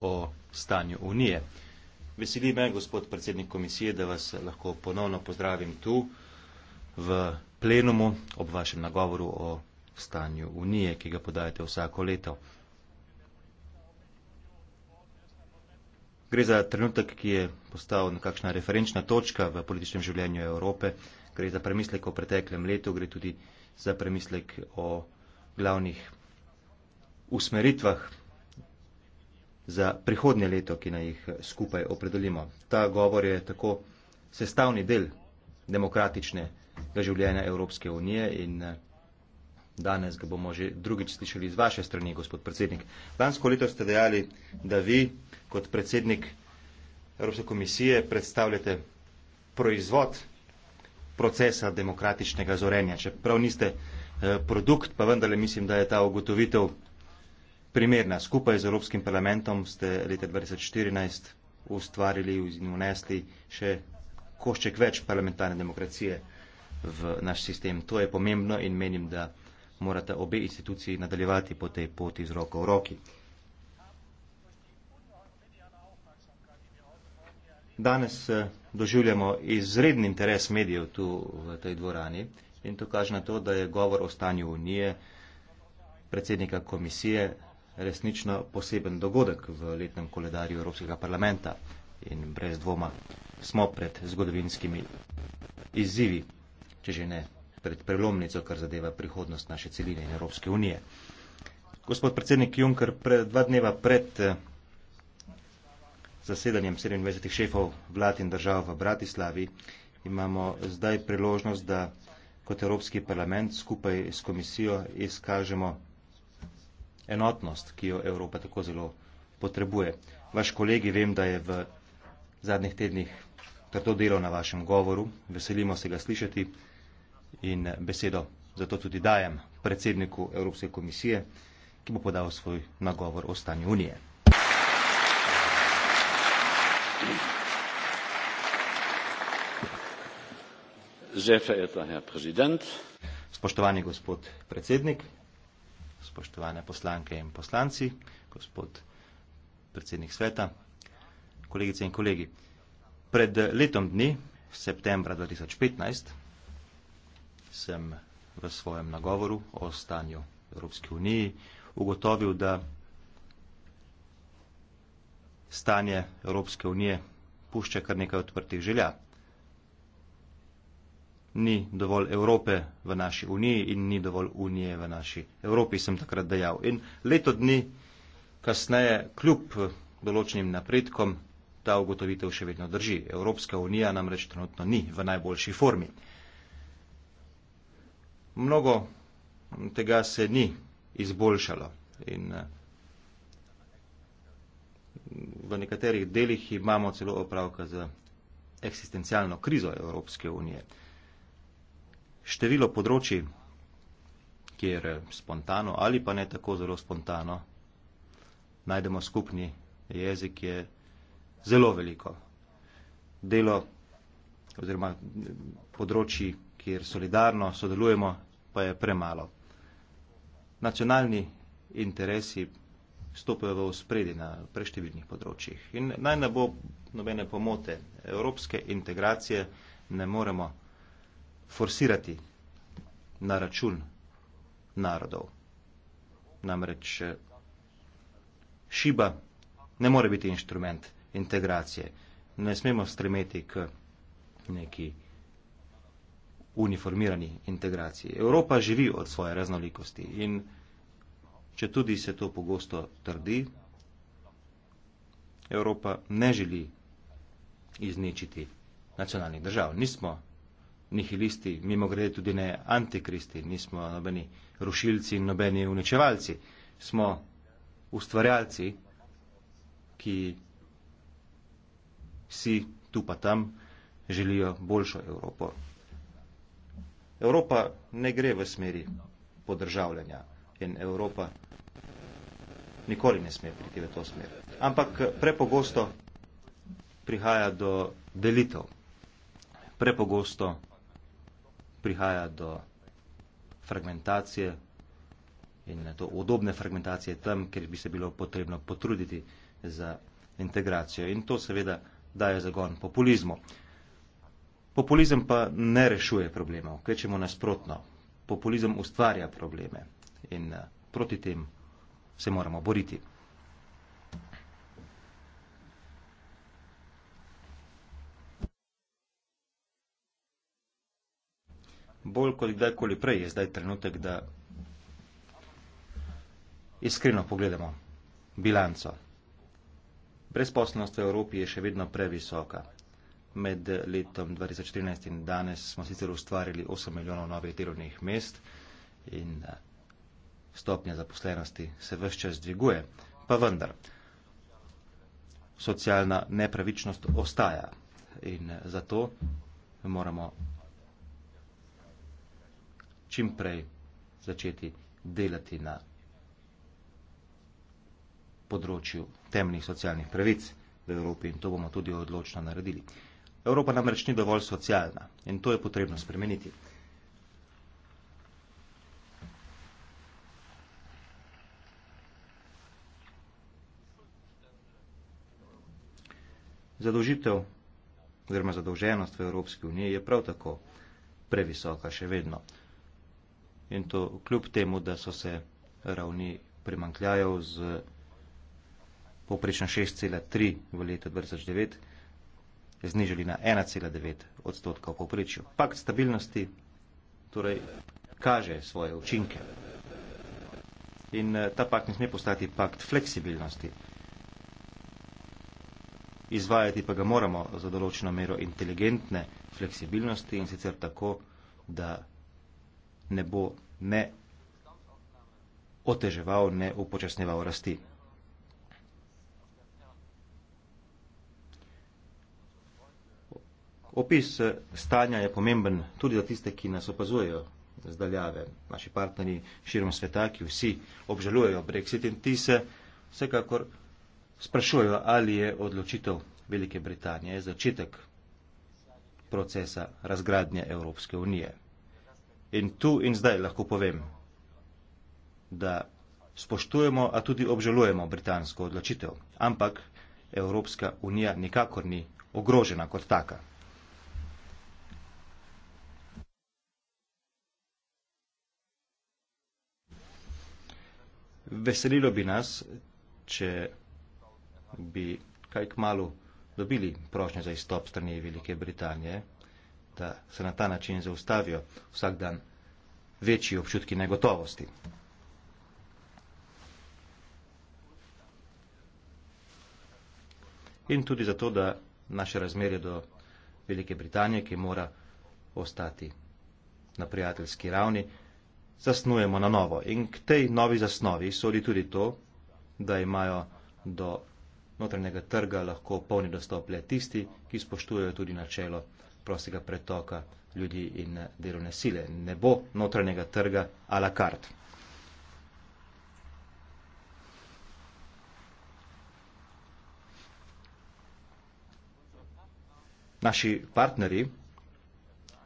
o stanju Unije. Veseli me, gospod predsednik komisije, da vas lahko ponovno pozdravim tu v plenumu ob vašem nagovoru o stanju Unije, ki ga podajate vsako leto. Gre za trenutek, ki je postal nekakšna referenčna točka v političnem življenju Evrope. Gre za premislek o preteklem letu, gre tudi za premislek o glavnih usmeritvah za prihodnje leto, ki naj jih eh, skupaj opredelimo. Ta govor je tako sestavni del demokratičnega življenja Evropske unije in eh, danes ga bomo že drugič slišali iz vaše strani, gospod predsednik. Lansko leto ste dejali, da vi kot predsednik Evropske komisije predstavljate proizvod procesa demokratičnega zorenja. Čeprav niste eh, produkt, pa vendarle mislim, da je ta ugotovitev primerna. Skupaj z Evropskim parlamentom ste leta 2014 ustvarili in unesli še košček več parlamentarne demokracije v naš sistem. To je pomembno in menim, da morate obe instituciji nadaljevati po tej poti z roko v roki. Danes eh, doživljamo izredni interes medijev tu v tej dvorani in to kaže na to, da je govor o stanju Unije predsednika komisije resnično poseben dogodek v letnem koledarju Evropskega parlamenta in brez dvoma smo pred zgodovinskimi izzivi, če že ne pred prelomnico, kar zadeva prihodnost naše celine in Evropske unije. Gospod predsednik Juncker, pred dva dneva pred eh, zasedanjem 27 šefov vlad in držav v Bratislavi imamo zdaj priložnost, da kot Evropski parlament skupaj s komisijo izkažemo enotnost, ki jo Evropa tako zelo potrebuje. Vaš kolegi vem, da je v zadnjih tednih trdo delo na vašem govoru, veselimo se ga slišati in besedo zato tudi dajem predsedniku Evropske komisije, ki bo podal svoj nagovor o stanju Unije. Spoštovani gospod predsednik, spoštovane poslanke in poslanci, gospod predsednik sveta, kolegice in kolegi. Pred letom dni, septembra 2015, sem v svojem nagovoru o stanju Evropske unije ugotovil, da stanje Evropske unije pušča kar nekaj odprtih želja ni dovolj Evrope v naši uniji in ni dovolj unije v naši Evropi, sem takrat dejal. In leto dni kasneje, kljub določenim napredkom, ta ugotovitev še vedno drži. Evropska unija namreč trenutno ni v najboljši formi. Mnogo tega se ni izboljšalo in v nekaterih delih imamo celo opravka z eksistencialno krizo Evropske unije število področji, kjer spontano ali pa ne tako zelo spontano najdemo skupni jezik, je zelo veliko. Delo oziroma področji, kjer solidarno sodelujemo, pa je premalo. Nacionalni interesi stopajo v spredi na preštevilnih področjih. In naj ne bo nobene pomote, evropske integracije ne moremo forsirati na račun narodov. Namreč eh, šiba ne more biti inštrument integracije. Ne smemo stremeti k neki uniformirani integraciji. Evropa živi od svoje raznolikosti in če tudi se to pogosto trdi, Evropa ne želi izničiti nacionalnih držav. Nismo nihilisti, mimo grede tudi ne antikristi, nismo nobeni rušilci in nobeni uničevalci. Smo ustvarjalci, ki si tu pa tam želijo boljšo Evropo. Evropa ne gre v smeri podržavljanja in Evropa nikoli ne sme priti v to smer. Ampak prepogosto prihaja do delitev. Prepogosto prihaja do fragmentacije in do odobne fragmentacije tam, ker bi se bilo potrebno potruditi za integracijo. In to seveda daje zagon populizmu. Populizem pa ne rešuje problemov, kaj čemu nasprotno. Populizem ustvarja probleme in eh, proti tem se moramo boriti. bolj kot kdajkoli prej je zdaj trenutek, da iskreno pogledamo bilanco. Brezposobnost v Evropi je še vedno previsoka. Med letom 2013 in danes smo sicer ustvarili 8 milijonov novih delovnih mest in eh, stopnja zaposlenosti se vse čas dviguje. Pa vendar, socialna nepravičnost ostaja in eh, zato moramo čim prej začeti delati na področju temnih socialnih pravic v Evropi in to bomo tudi odločno naredili. Evropa namreč ni dovolj socialna in to je potrebno spremeniti. Zadožitev oziroma zadolženost v Evropski uniji je prav tako previsoka še vedno in to kljub temu, da so se ravni primankljajev z poprečno 6,3 v letu 2009 znižali na 1,9 odstotka v poprečju. Pakt stabilnosti torej kaže svoje učinke. In eh, ta pakt ne sme postati pakt fleksibilnosti. Izvajati pa ga moramo za določeno mero inteligentne fleksibilnosti in sicer tako, da ne bo ne oteževal, ne upočasneval rasti. Opis eh, stanja je pomemben tudi za tiste, ki nas opazujejo zdaljave, naši partnerji širom sveta, ki vsi obžalujejo Brexit in ti se vsekakor sprašujejo, ali je odločitev Velike Britanije začetek procesa razgradnje Evropske unije. In tu in zdaj lahko povem, da spoštujemo, a tudi obžalujemo britansko odločitev, ampak Evropska unija nikakor ni ogrožena kot taka. Veselilo bi nas, če bi kaj k malu dobili prošnje za izstop strani Velike Britanije da se na ta način zaustavijo vsak dan večji občutki negotovosti. In tudi zato, da naše razmerje do Velike Britanije, ki mora ostati na prijateljski ravni, zasnujemo na novo. In k tej novi zasnovi sodi tudi to, da imajo do notranjega trga lahko polni dostop le tisti, ki spoštujejo tudi načelo prostega pretoka ljudi in eh, delovne sile. Ne bo notranjega trga a la carte. Naši partnerji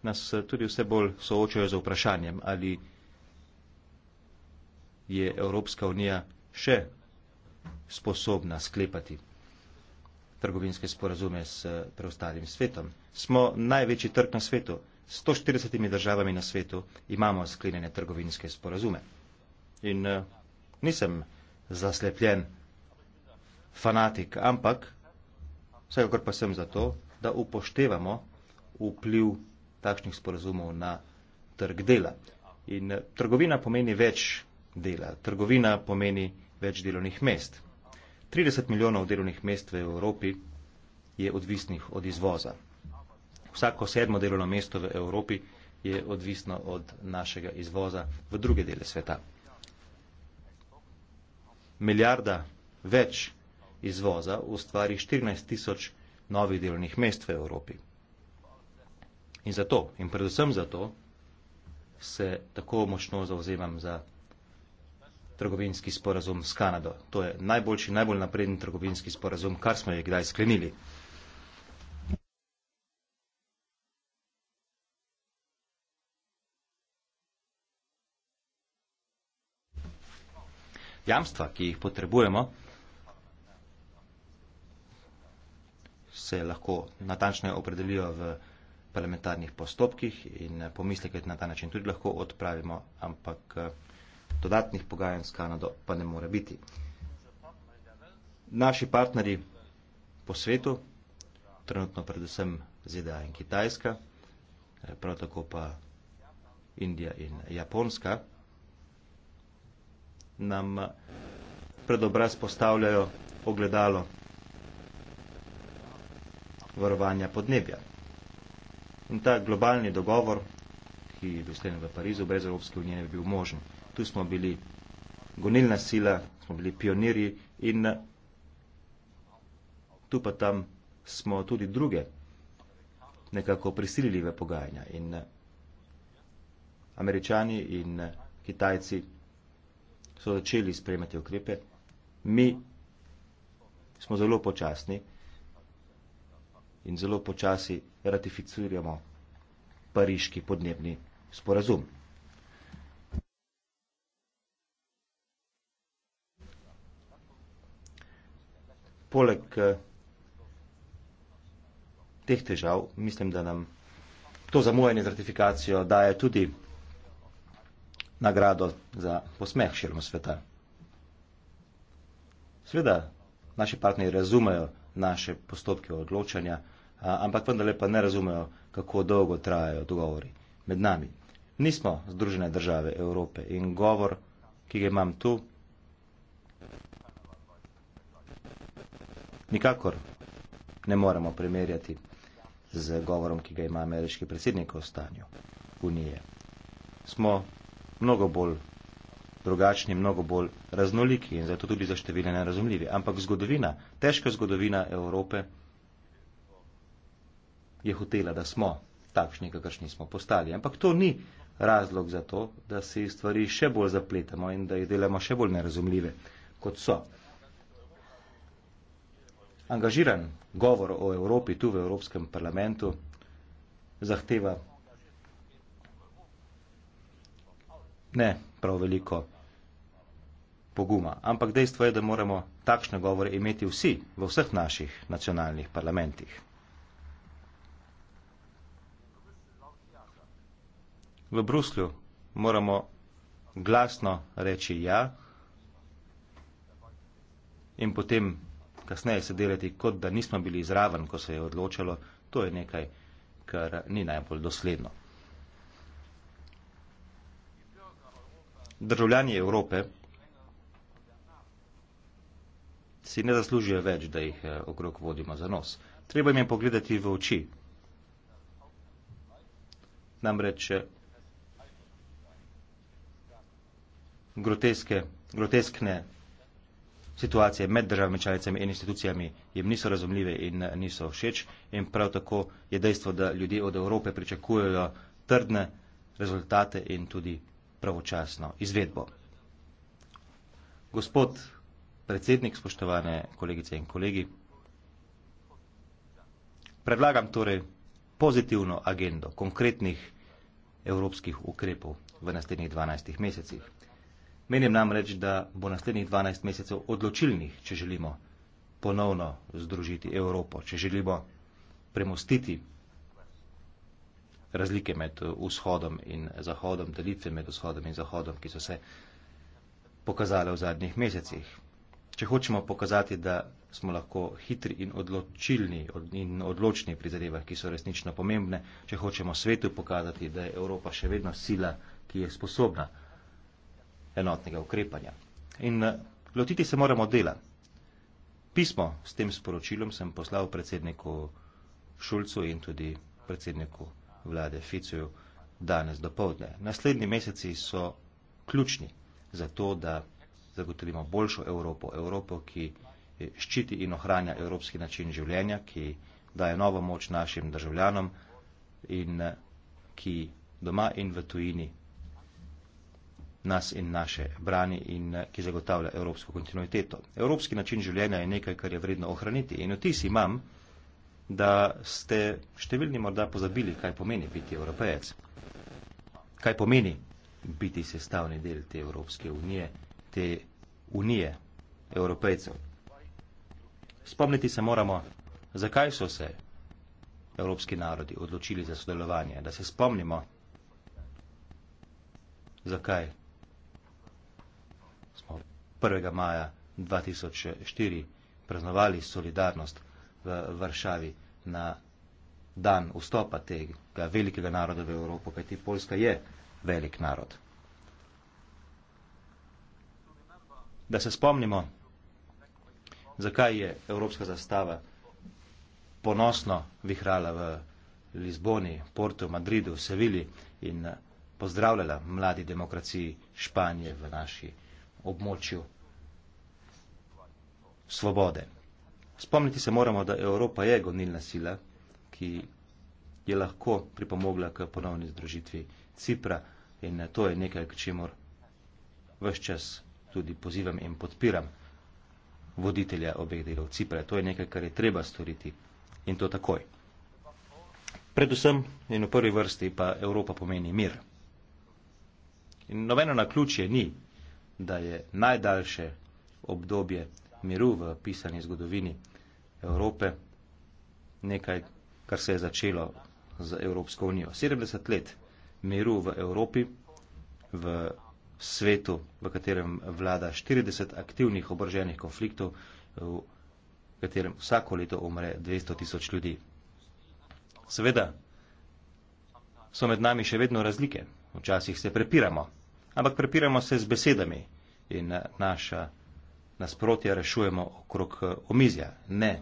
nas eh, tudi vse bolj soočajo z vprašanjem, ali je Evropska unija še sposobna sklepati trgovinske sporazume s eh, preostalim svetom. Smo največji trg na svetu, 140 državami na svetu imamo sklenjene trgovinske sporazume. In eh, nisem zaslepljen fanatik, ampak vsekakor pa sem zato, da upoštevamo vpliv takšnih sporazumov na trg dela. In eh, trgovina pomeni več dela, trgovina pomeni več delovnih mest. 30 milijonov delovnih mest v Evropi je odvisnih od izvoza. Vsako sedmo delovno mesto v Evropi je odvisno od našega izvoza v druge dele sveta. Milijarda več izvoza ustvari 14 tisoč novih delovnih mest v Evropi. In zato, in predvsem zato, se tako močno zauzemam za trgovinski sporazum s Kanado. To je najboljši, najbolj napreden trgovinski sporazum, kar smo jih kdaj sklenili. Jamstva, ki jih potrebujemo, se lahko natančno opredelijo v parlamentarnih postopkih in pomisleke na ta način tudi lahko odpravimo, ampak eh, dodatnih pogajanj s Kanado pa ne more biti. Naši partnerji po svetu, trenutno predvsem ZDA in Kitajska, eh, prav tako pa Indija in Japonska, nam eh, pred obraz postavljajo ogledalo varovanja podnebja. In ta globalni dogovor, ki je bil sklenjen v Parizu, brez Evropske unije ne bi bil možen tu smo bili gonilna sila, smo bili pionirji in tu pa tam smo tudi druge nekako prisilili v pogajanja. In eh, američani in eh, kitajci so začeli sprejemati ukrepe. Mi smo zelo počasni in zelo počasi ratificiramo pariški podnebni sporazum. poleg eh, teh težav, mislim, da nam to zamujanje z ratifikacijo daje tudi nagrado za posmeh širom sveta. Sveda, naši partneri razumejo naše postopke odločanja, ampak vendarle pa ne razumejo, kako dolgo trajajo dogovori med nami. Nismo združene države Evrope in govor, ki ga imam tu, nikakor ne moremo primerjati z govorom, ki ga ima ameriški predsednik o stanju Unije. Smo mnogo bolj drugačni, mnogo bolj raznoliki in zato tudi za številne nerazumljivi. Ampak zgodovina, težka zgodovina Evrope je hotela, da smo takšni, kakršni smo postali. Ampak to ni razlog za to, da se stvari še bolj zapletamo in da jih delamo še bolj nerazumljive, kot so angažiran govor o Evropi tu v Evropskem parlamentu zahteva ne prav veliko poguma. Ampak dejstvo je, da moramo takšne govore imeti vsi v vseh naših nacionalnih parlamentih. V Bruslju moramo glasno reči ja in potem kasneje se delati, kot da nismo bili zraven, ko se je odločalo, to je nekaj, kar ni najbolj dosledno. Državljani Evrope si ne zaslužijo več, da jih eh, okrog vodimo za nos. Treba jim je pogledati v oči. Namreč eh, groteske, groteskne situacije med državami članicami in institucijami jim niso razumljive in eh, niso všeč. In prav tako je dejstvo, da ljudje od Evrope pričakujejo trdne rezultate in tudi pravočasno izvedbo. Gospod predsednik, spoštovane kolegice in kolegi, predlagam torej pozitivno agendo konkretnih evropskih ukrepov v naslednjih 12 mesecih. Menim namreč, da bo naslednjih 12 mesecev odločilnih, če želimo ponovno združiti Evropo, če želimo premustiti razlike med eh, vzhodom in zahodom, delitve med vzhodom in zahodom, ki so se pokazale v zadnjih mesecih. Če hočemo pokazati, da smo lahko hitri in odločilni in odločni pri zadevah, ki so resnično pomembne, če hočemo svetu pokazati, da je Evropa še vedno sila, ki je sposobna enotnega ukrepanja. In eh, lotiti se moramo dela. Pismo s tem sporočilom sem poslal predsedniku Šulcu in tudi predsedniku vlade Ficiju danes do povdne. Naslednji meseci so ključni za to, da zagotovimo boljšo Evropo. Evropo, ki eh, ščiti in ohranja evropski način življenja, ki daje novo moč našim državljanom in eh, ki doma in v tujini nas in naše brani in eh, ki zagotavlja evropsko kontinuiteto. Evropski način življenja je nekaj, kar je vredno ohraniti in vtis imam, da ste številni morda pozabili, kaj pomeni biti evropejec. Kaj pomeni biti sestavni del te Evropske unije, te unije evropejcev. Spomniti se moramo, zakaj so se evropski narodi odločili za sodelovanje, da se spomnimo, zakaj 1. maja 2004 praznovali solidarnost v Varšavi na dan vstopa tega velikega naroda v Evropo, kajti Poljska je velik narod. Da se spomnimo, zakaj je evropska zastava ponosno vihrala v Lizboni, Portu, Madridu, Sevili in pozdravljala mladi demokraciji Španije v naši območju svobode. Spomniti se moramo, da Evropa je gonilna sila, ki je lahko pripomogla k ponovni združitvi Cipra in to je nekaj, k čemor vse čas tudi pozivam in podpiram voditelja obeh delov Cipra. To je nekaj, kar je treba storiti in to takoj. Predvsem in v prvi vrsti pa Evropa pomeni mir. In nobeno na ključje ni da je najdaljše obdobje miru v pisani zgodovini Evrope nekaj, kar se je začelo z Evropsko unijo. 70 let miru v Evropi, v svetu, v katerem vlada 40 aktivnih oboroženih konfliktov, v katerem vsako leto umre 200 tisoč ljudi. Seveda so med nami še vedno razlike. Včasih se prepiramo ampak prepiramo se z besedami in eh, naša nasprotja rešujemo okrog eh, omizja, ne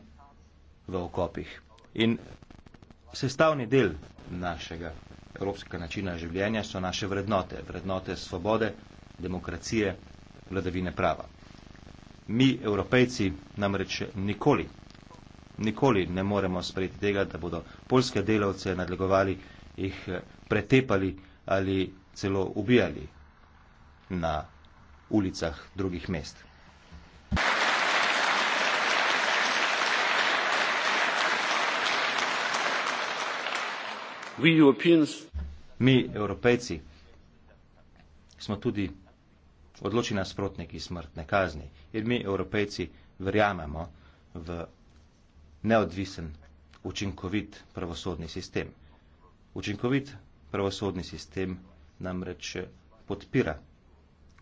v okopih. In sestavni del našega evropskega načina življenja so naše vrednote, vrednote svobode, demokracije, vladavine prava. Mi, evropejci, namreč nikoli, nikoli ne moremo sprejeti tega, da bodo polske delavce nadlegovali, jih eh, pretepali ali celo ubijali, na ulicah drugih mest. Mi, evropejci, smo tudi odločili nasprotniki smrtne kazni, jer mi, evropejci, verjamemo v neodvisen, učinkovit pravosodni sistem. Učinkovit pravosodni sistem namreč podpira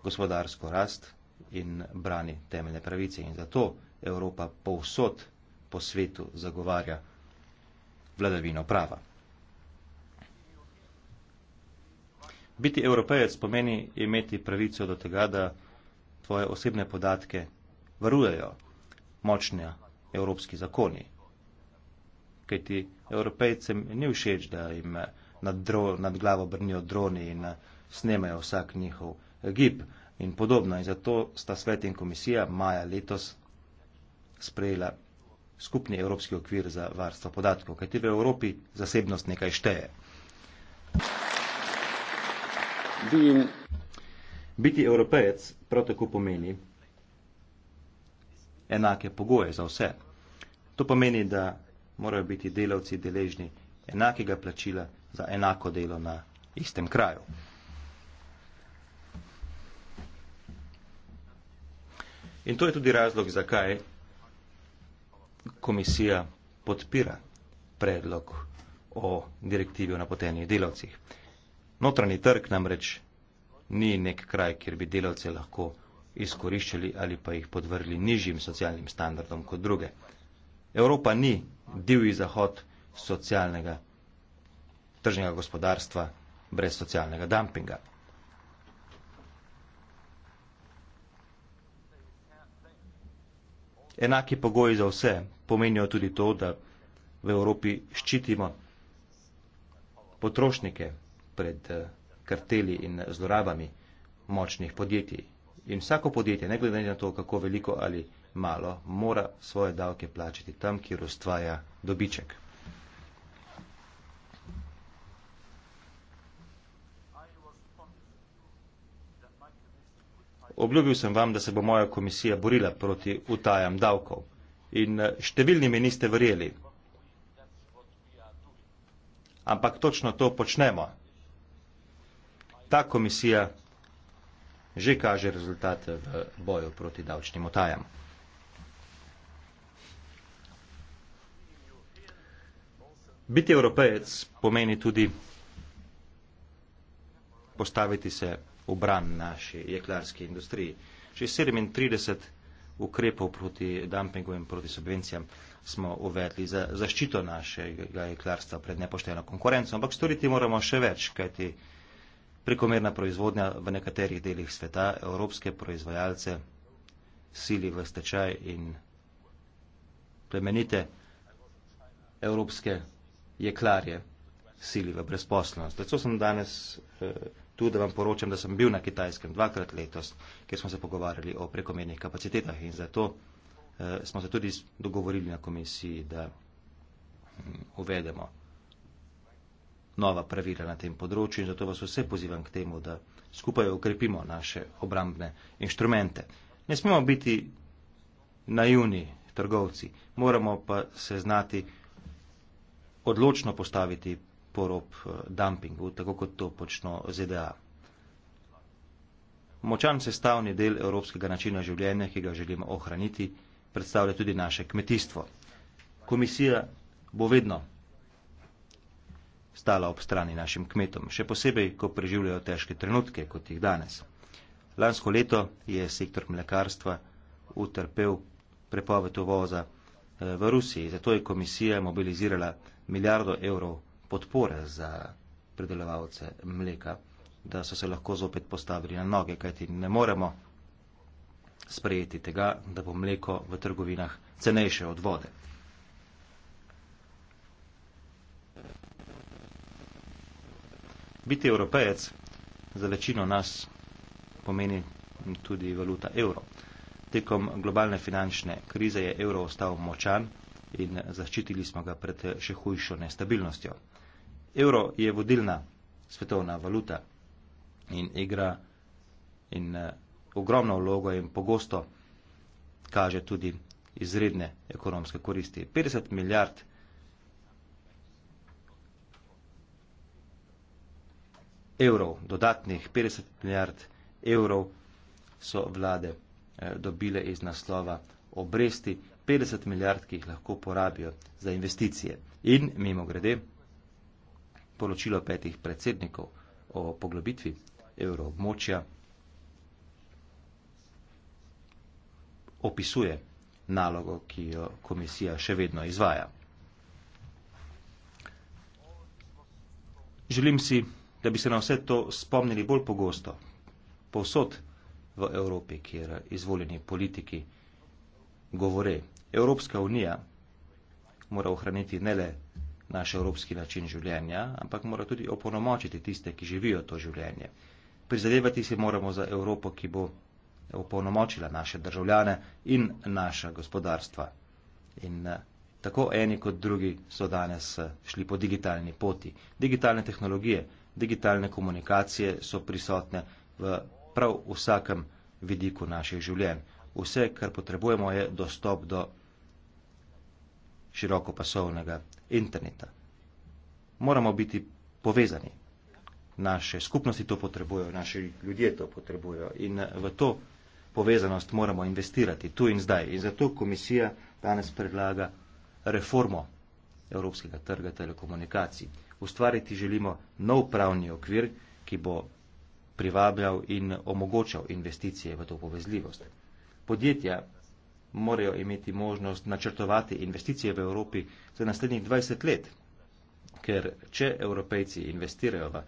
gospodarsko rast in brani temeljne pravice. In zato Evropa povsod po svetu zagovarja vladavino prava. Biti evropejec pomeni imeti pravico do tega, da tvoje osebne podatke varujejo močne evropski zakoni. Kaj ti evropejcem ni všeč, da jim nad, dro, nad glavo brnijo droni in snemajo vsak njihov gib in podobno. In zato sta svet in komisija maja letos sprejela skupni evropski okvir za varstvo podatkov, kajti v Evropi zasebnost nekaj šteje. Biti evropejec prav tako pomeni enake pogoje za vse. To pomeni, da morajo biti delavci deležni enakega plačila za enako delo na istem kraju. In to je tudi razlog, zakaj komisija podpira predlog o direktivi o napotenih delavcih. Notranji trg namreč ni nek kraj, kjer bi delavce lahko izkoriščali ali pa jih podvrli nižjim socialnim standardom kot druge. Evropa ni divji zahod socialnega tržnega gospodarstva brez socialnega dumpinga. enaki pogoji za vse pomenijo tudi to, da v Evropi ščitimo potrošnike pred eh, karteli in zlorabami močnih podjetij. In vsako podjetje, ne glede na to, kako veliko ali malo, mora svoje davke plačati tam, kjer ustvaja dobiček. obljubil sem vam, da se bo moja komisija borila proti utajam davkov. In eh, številni mi niste verjeli. Ampak točno to počnemo. Ta komisija že kaže rezultate v boju proti davčnim utajam. Biti evropejec pomeni tudi postaviti se obran naši jeklarski industriji. Že 37 ukrepov proti dumpingu in proti subvencijam smo uvedli za zaščito našega jeklarstva pred nepošteno konkurenco, ampak storiti moramo še več, kajti prekomerna proizvodnja v nekaterih delih sveta evropske proizvajalce sili v stečaj in plemenite evropske jeklarje sili v brezposlenost. Zato sem danes eh, tudi, da vam poročam, da sem bil na Kitajskem dvakrat letos, kjer smo se pogovarjali o prekomernih kapacitetah in zato eh, smo se tudi dogovorili na komisiji, da hm, uvedemo nova pravila na tem področju in zato vas vse pozivam k temu, da skupaj ukrepimo naše obrambne inštrumente. Ne smemo biti naivni trgovci, moramo pa se znati odločno postaviti porob eh, dumpingu, tako kot to počno ZDA. Močan sestavni del evropskega načina življenja, ki ga želimo ohraniti, predstavlja tudi naše kmetijstvo. Komisija bo vedno stala ob strani našim kmetom, še posebej, ko preživljajo težke trenutke, kot jih danes. Lansko leto je sektor mlekarstva utrpel prepoved uvoza eh, v Rusiji, zato je komisija mobilizirala milijardo evrov podpore za predelovalce mleka, da so se lahko zopet postavili na noge, kajti ne moremo sprejeti tega, da bo mleko v trgovinah cenejše od vode. Biti evropejec za večino nas pomeni tudi valuta evro. Tekom globalne finančne krize je evro ostal močan in zaščitili smo ga pred še hujšo nestabilnostjo evro je vodilna svetovna valuta in igra in eh, ogromno vlogo in pogosto kaže tudi izredne ekonomske koristi. 50 milijard evrov, dodatnih 50 milijard evrov so vlade eh, dobile iz naslova obresti, 50 milijard, ki jih lahko porabijo za investicije. In mimo grede, poročilo petih predsednikov o poglobitvi evroobmočja opisuje nalogo, ki jo komisija še vedno izvaja. Želim si, da bi se na vse to spomnili bolj pogosto, povsod v Evropi, kjer izvoljeni politiki govore. Evropska unija mora ohraniti ne le naš evropski način življenja, ampak mora tudi opolnomočiti tiste, ki živijo to življenje. Prizadevati si moramo za Evropo, ki bo opolnomočila naše državljane in naša gospodarstva. In eh, tako eni kot drugi so danes eh, šli po digitalni poti. Digitalne tehnologije, digitalne komunikacije so prisotne v prav vsakem vidiku naših življenj. Vse, kar potrebujemo, je dostop do širokopasovnega interneta. Moramo biti povezani. Naše skupnosti to potrebujejo, naši ljudje to potrebujejo in eh, v to povezanost moramo investirati tu in zdaj. In zato komisija danes predlaga reformo evropskega trga telekomunikacij. Ustvariti želimo nov pravni okvir, ki bo privabljal in omogočal investicije v to povezljivost. Podjetja morajo imeti možnost načrtovati investicije v Evropi za naslednjih 20 let. Ker če evropejci investirajo v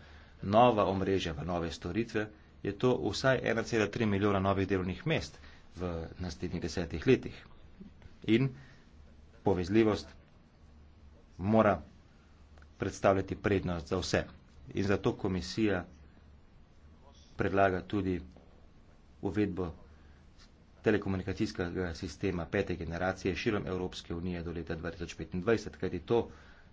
nova omrežja, v nove storitve, je to vsaj 1,3 milijona novih delovnih mest v naslednjih desetih letih. In povezljivost mora predstavljati prednost za vse. In zato komisija predlaga tudi uvedbo telekomunikacijskega sistema pete generacije širom Evropske unije do leta 2025, kajti to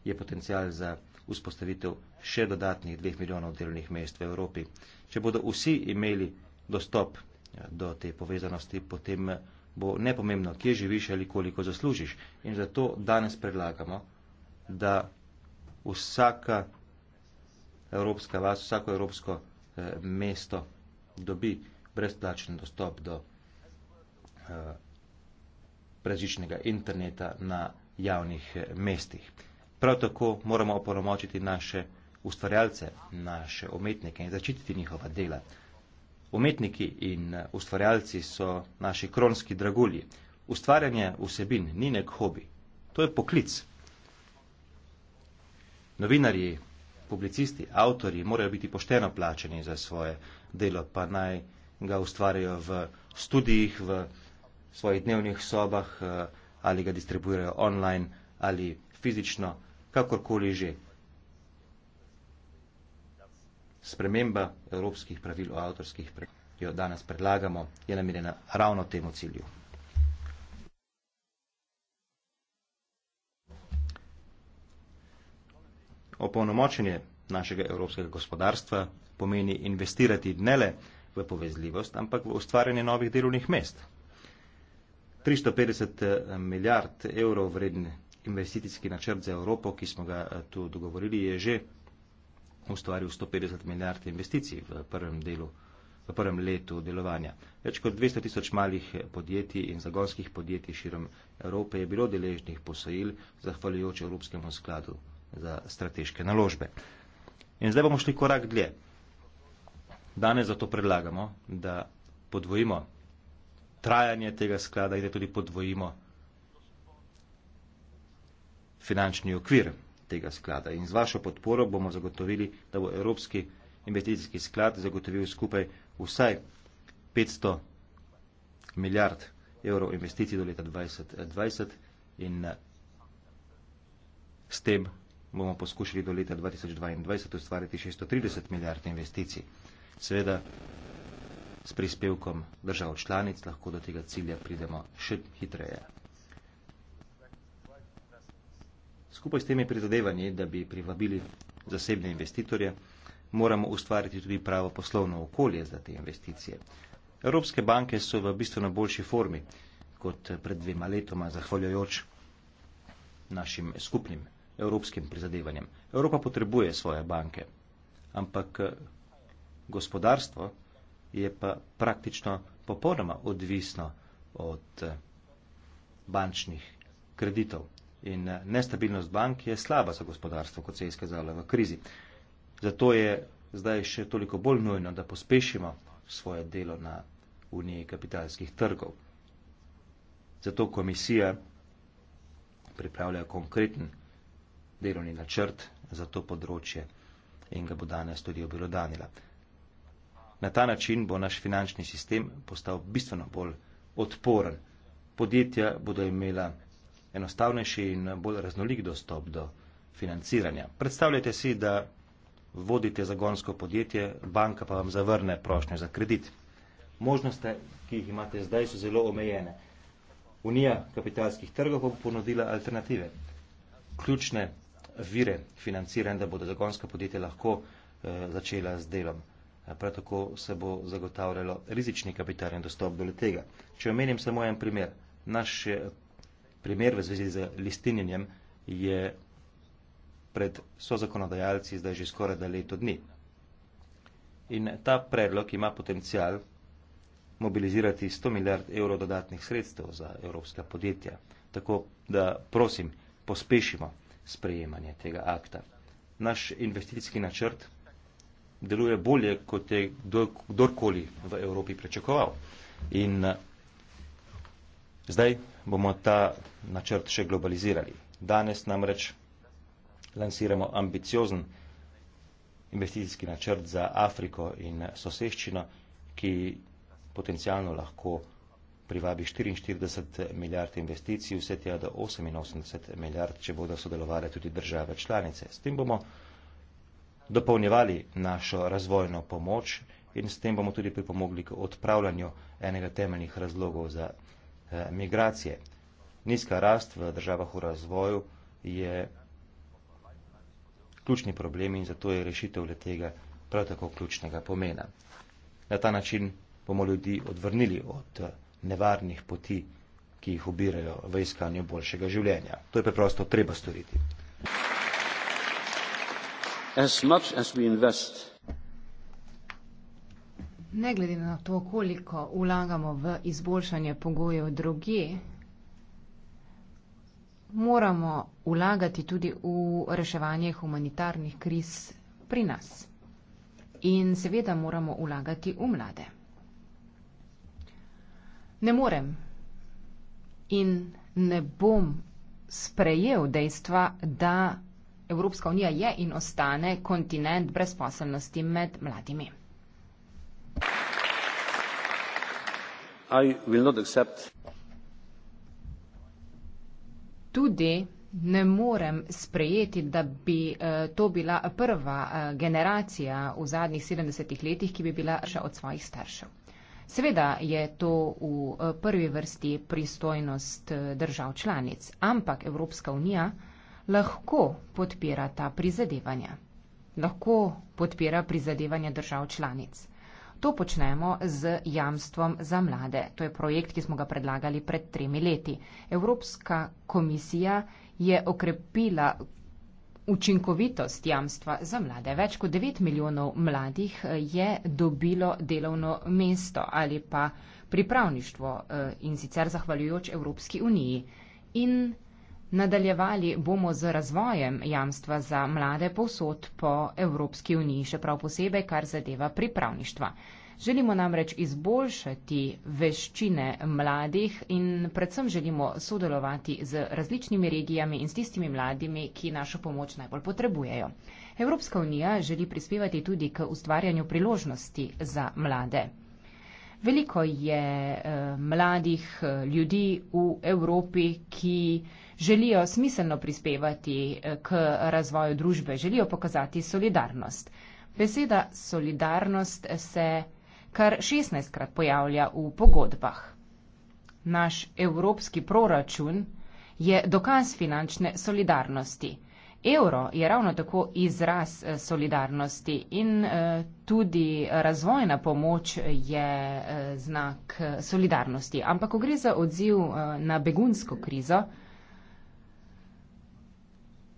je potencial za vzpostavitev še dodatnih dveh milijonov delovnih mest v Evropi. Če bodo vsi imeli dostop ja, do te povezanosti, potem eh, bo nepomembno, kje živiš ali koliko zaslužiš. In zato danes predlagamo, da vsaka evropska vas, vsako evropsko eh, mesto dobi brezplačen dostop do Eh, različnega interneta na javnih eh, mestih. Prav tako moramo opolnomočiti naše ustvarjalce, naše umetnike in začititi njihova dela. Umetniki in eh, ustvarjalci so naši kronski dragulji. Ustvarjanje vsebin ni nek hobi, to je poklic. Novinarji, publicisti, avtori morajo biti pošteno plačeni za svoje delo, pa naj ga ustvarjajo v studijih, v svojih dnevnih sobah eh, ali ga distribuirajo online ali fizično, kakorkoli že. Sprememba evropskih pravil o avtorskih pravilih, ki jo danes predlagamo, je namirjena ravno temu cilju. Opolnomočenje našega evropskega gospodarstva pomeni investirati ne le v povezljivost, ampak v ustvarjanje novih delovnih mest – 350 eh, milijard evrov vreden investicijski načrt za Evropo, ki smo ga eh, tu dogovorili, je že ustvaril 150 milijard investicij v prvem delu v prvem letu delovanja. Več kot 200 tisoč malih podjetij in zagonskih podjetij širom Evrope je bilo deležnih posojil zahvaljujoč Evropskemu skladu za strateške naložbe. In zdaj bomo šli korak dlje. Danes zato predlagamo, da podvojimo trajanje tega sklada in da tudi podvojimo finančni okvir tega sklada. In z vašo podporo bomo zagotovili, da bo Evropski investicijski sklad zagotovil skupaj vsaj 500 milijard evrov investicij do leta 2020 in eh, s tem bomo poskušali do leta 2022 ustvariti 630 milijard investicij. Seveda S prispevkom držav članic lahko do tega cilja pridemo še hitreje. Skupaj s temi prizadevanji, da bi privabili zasebne investitorje, moramo ustvariti tudi pravo poslovno okolje za te investicije. Evropske banke so v bistveno boljši formi kot pred dvema letoma, zahvaljujoč našim skupnim evropskim prizadevanjem. Evropa potrebuje svoje banke, ampak gospodarstvo, je pa praktično popolnoma odvisno od eh, bančnih kreditov. In eh, nestabilnost bank je slaba za gospodarstvo, kot se je izkazalo v krizi. Zato je zdaj še toliko bolj nujno, da pospešimo svoje delo na uniji kapitalskih trgov. Zato komisija pripravlja konkreten delovni načrt za to področje in ga bo danes tudi obilodanila. Na ta način bo naš finančni sistem postal bistveno bolj odporen. Podjetja bodo imela enostavnejši in bolj raznolik dostop do financiranja. Predstavljajte si, da vodite zagonsko podjetje, banka pa vam zavrne prošnjo za kredit. Možnosti, ki jih imate zdaj, so zelo omejene. Unija kapitalskih trgov bo ponudila alternative. Ključne vire financiranja, da bodo zagonska podjetja lahko eh, začela z delom prav tako se bo zagotavljalo rizični kapital in dostop do tega. Če omenim samo en primer, naš eh, primer v zvezi z listinjenjem je pred sozakonodajalci zdaj že skoraj da leto dni. In ta predlog ima potencial mobilizirati 100 milijard evrov dodatnih sredstev za evropska podjetja. Tako da prosim, pospešimo sprejemanje tega akta. Naš investicijski načrt 2021-2027 deluje bolje, kot je kdorkoli v Evropi pričakoval. In zdaj bomo ta načrt še globalizirali. Danes namreč lansiramo ambiciozen investicijski načrt za Afriko in soseščino, ki potencialno lahko privabi 44 milijard investicij, vse tja do 88 milijard, če bodo sodelovali tudi države članice. S tem bomo dopolnjevali našo razvojno pomoč in s tem bomo tudi pripomogli k odpravljanju enega temeljnih razlogov za eh, migracije. Nizka rast v državah v razvoju je ključni problem in zato je rešitev le tega prav tako ključnega pomena. Na ta način bomo ljudi odvrnili od eh, nevarnih poti, ki jih obirajo v iskanju boljšega življenja. To je preprosto treba storiti. Ne glede na to, koliko vlagamo v izboljšanje pogojev druge, moramo vlagati tudi v reševanje humanitarnih kriz pri nas. In seveda moramo vlagati v mlade. Ne morem in ne bom sprejel dejstva, da. Evropska unija je in ostane kontinent brezposelnosti med mladimi. Tudi ne morem sprejeti, da bi eh, to bila prva eh, generacija v zadnjih 70 letih, ki bi bila še od svojih staršev. Seveda je to v eh, prvi vrsti pristojnost držav članic, ampak Evropska unija lahko podpira ta prizadevanja. Lahko podpira prizadevanja držav članic. To počnemo z jamstvom za mlade. To je projekt, ki smo ga predlagali pred tremi leti. Evropska komisija je okrepila učinkovitost jamstva za mlade. Več kot 9 milijonov mladih eh, je dobilo delovno mesto ali pa pripravništvo eh, in sicer zahvaljujoč Evropski uniji. In Nadaljevali bomo z razvojem jamstva za mlade povsod po Evropski uniji, še prav posebej, kar zadeva pripravništva. Želimo namreč izboljšati veščine mladih in predvsem želimo sodelovati z različnimi regijami in s tistimi mladimi, ki našo pomoč najbolj potrebujejo. Evropska unija želi prispevati tudi k ustvarjanju priložnosti za mlade. Veliko je eh, mladih eh, ljudi v Evropi, ki želijo smiselno prispevati eh, k razvoju družbe, želijo pokazati solidarnost. Beseda solidarnost se kar 16krat pojavlja v pogodbah. Naš evropski proračun je dokaz finančne solidarnosti. Evro je ravno tako izraz eh, solidarnosti in eh, tudi razvojna pomoč je znak solidarnosti. Ampak, ko gre za odziv na begunsko krizo,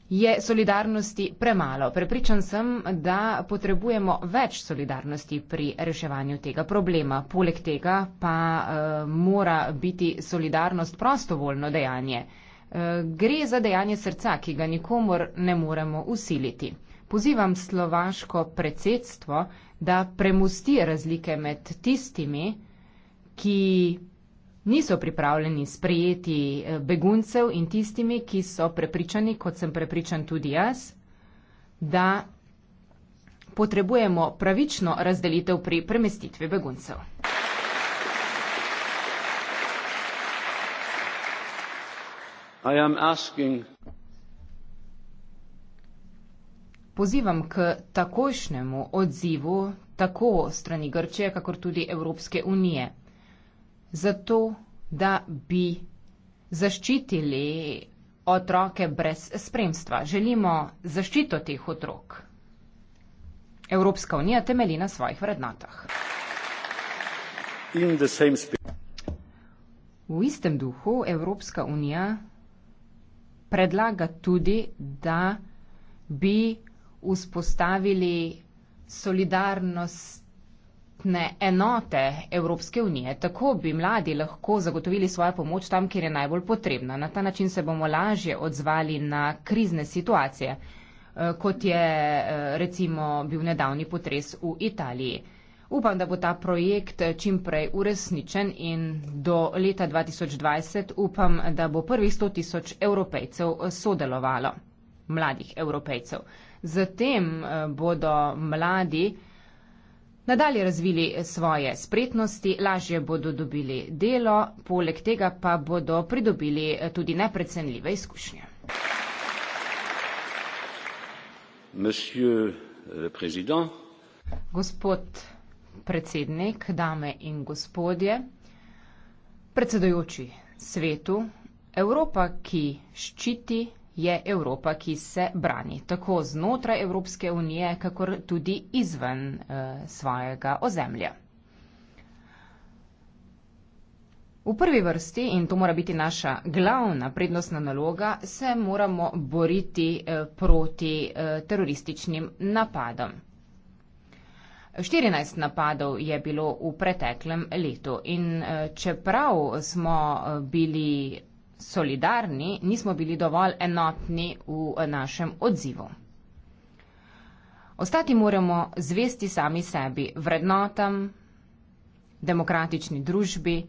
je solidarnosti premalo. Prepričan sem, da potrebujemo več solidarnosti pri reševanju tega problema. Poleg tega pa uh, mora biti solidarnost prostovoljno dejanje. Uh, gre za dejanje srca, ki ga nikomor ne moremo usiliti. Pozivam slovaško predsedstvo, da premusti razlike med tistimi, ki niso pripravljeni sprejeti eh, beguncev in tistimi, ki so prepričani, kot sem prepričan tudi jaz, da potrebujemo pravično razdelitev pri premestitvi beguncev. Pozivam k takojšnjemu odzivu tako strani Grčije, kakor tudi Evropske unije zato da bi zaščitili otroke brez spremstva. Želimo zaščito teh otrok. Evropska unija temelji na svojih vrednotah. V istem duhu Evropska unija predlaga tudi, da bi vzpostavili solidarnost celotne enote Evropske unije. Tako bi mladi lahko zagotovili svojo pomoč tam, kjer je najbolj potrebna. Na ta način se bomo lažje odzvali na krizne situacije, eh, kot je eh, recimo bil nedavni potres v Italiji. Upam, da bo ta projekt eh, čim prej uresničen in do leta 2020 upam, da bo prvih 100 tisoč evropejcev sodelovalo, mladih evropejcev. Zatem bodo mladi nadalje razvili svoje spretnosti, lažje bodo dobili delo, poleg tega pa bodo pridobili eh, tudi neprecenljive izkušnje. Eh, Gospod predsednik, dame in gospodje, predsedujoči svetu, Evropa, ki ščiti je Evropa, ki se brani tako znotraj Evropske unije, kakor tudi izven eh, svojega ozemlja. V prvi vrsti, in to mora biti naša glavna prednostna naloga, se moramo boriti eh, proti eh, terorističnim napadom. 14 napadov je bilo v preteklem letu in eh, čeprav smo eh, bili solidarni, nismo bili dovolj enotni v našem odzivu. Ostati moramo zvesti sami sebi, vrednotam, demokratični družbi,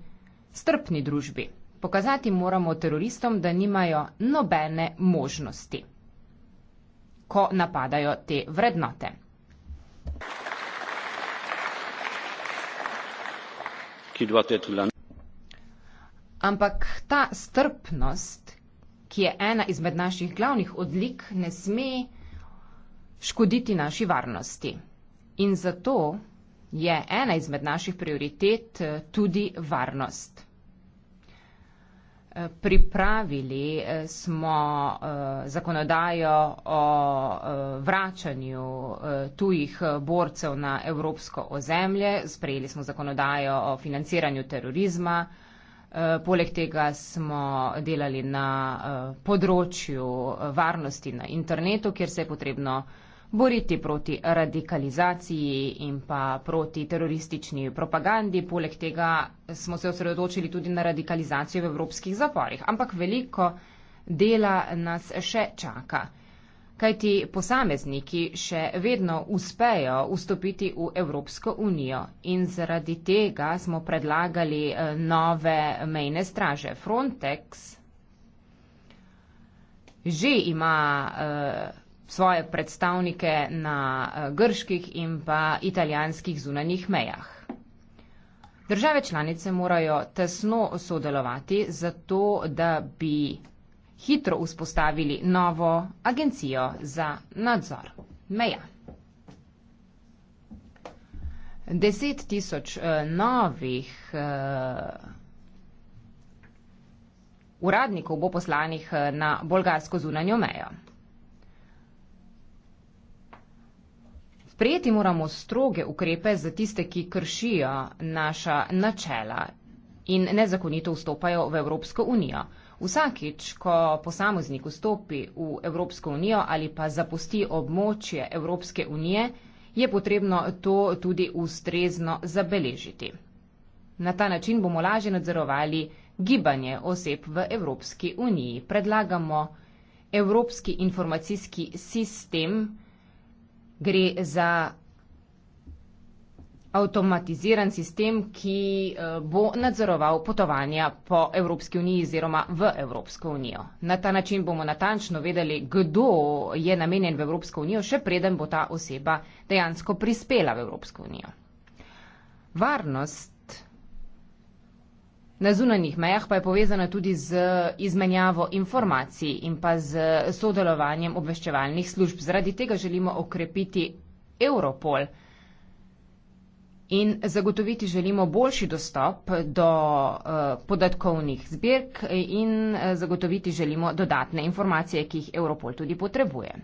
strpni družbi. Pokazati moramo teroristom, da nimajo nobene možnosti, ko napadajo te vrednote. Ampak ta strpnost, ki je ena izmed naših glavnih odlik, ne sme škoditi naši varnosti. In zato je ena izmed naših prioritet eh, tudi varnost. Eh, pripravili eh, smo zakonodajo o vračanju tujih borcev na evropsko ozemlje, sprejeli smo zakonodajo o financiranju terorizma, Eh, poleg tega smo delali na eh, področju eh, varnosti na internetu, kjer se je potrebno boriti proti radikalizaciji in pa proti teroristični propagandi. Poleg tega smo se osredotočili tudi na radikalizacijo v evropskih zaporih. Ampak veliko dela nas še čaka kajti posamezniki še vedno uspejo vstopiti v Evropsko unijo in zaradi tega smo predlagali eh, nove mejne straže. Frontex že ima uh, svoje predstavnike na eh, grških in pa italijanskih zunanjih mejah. Države članice morajo tesno sodelovati zato, da bi hitro vzpostavili novo agencijo za nadzor meja. Deset tisoč eh, novih eh, uradnikov bo poslanih eh, na bolgarsko zunanjo mejo. Prijeti moramo stroge ukrepe za tiste, ki kršijo naša načela in nezakonito vstopajo v Evropsko unijo. Vsakič, ko posameznik vstopi v Evropsko unijo ali pa zapusti območje Evropske unije, je potrebno to tudi ustrezno zabeležiti. Na ta način bomo lažje nadzorovali gibanje oseb v Evropski uniji. Predlagamo Evropski informacijski sistem. Gre za avtomatiziran sistem, ki eh, bo nadzoroval potovanja po Evropski uniji oziroma v Evropsko unijo. Na ta način bomo natančno vedeli, kdo je namenjen v Evropsko unijo, še preden bo ta oseba dejansko prispela v Evropsko unijo. Varnost na zunanjih mejah pa je povezana tudi z izmenjavo informacij in pa z sodelovanjem obveščevalnih služb. Zaradi tega želimo okrepiti Europol in zagotoviti želimo boljši dostop do eh, podatkovnih zbirk in eh, zagotoviti želimo dodatne informacije, ki jih Europol tudi potrebuje.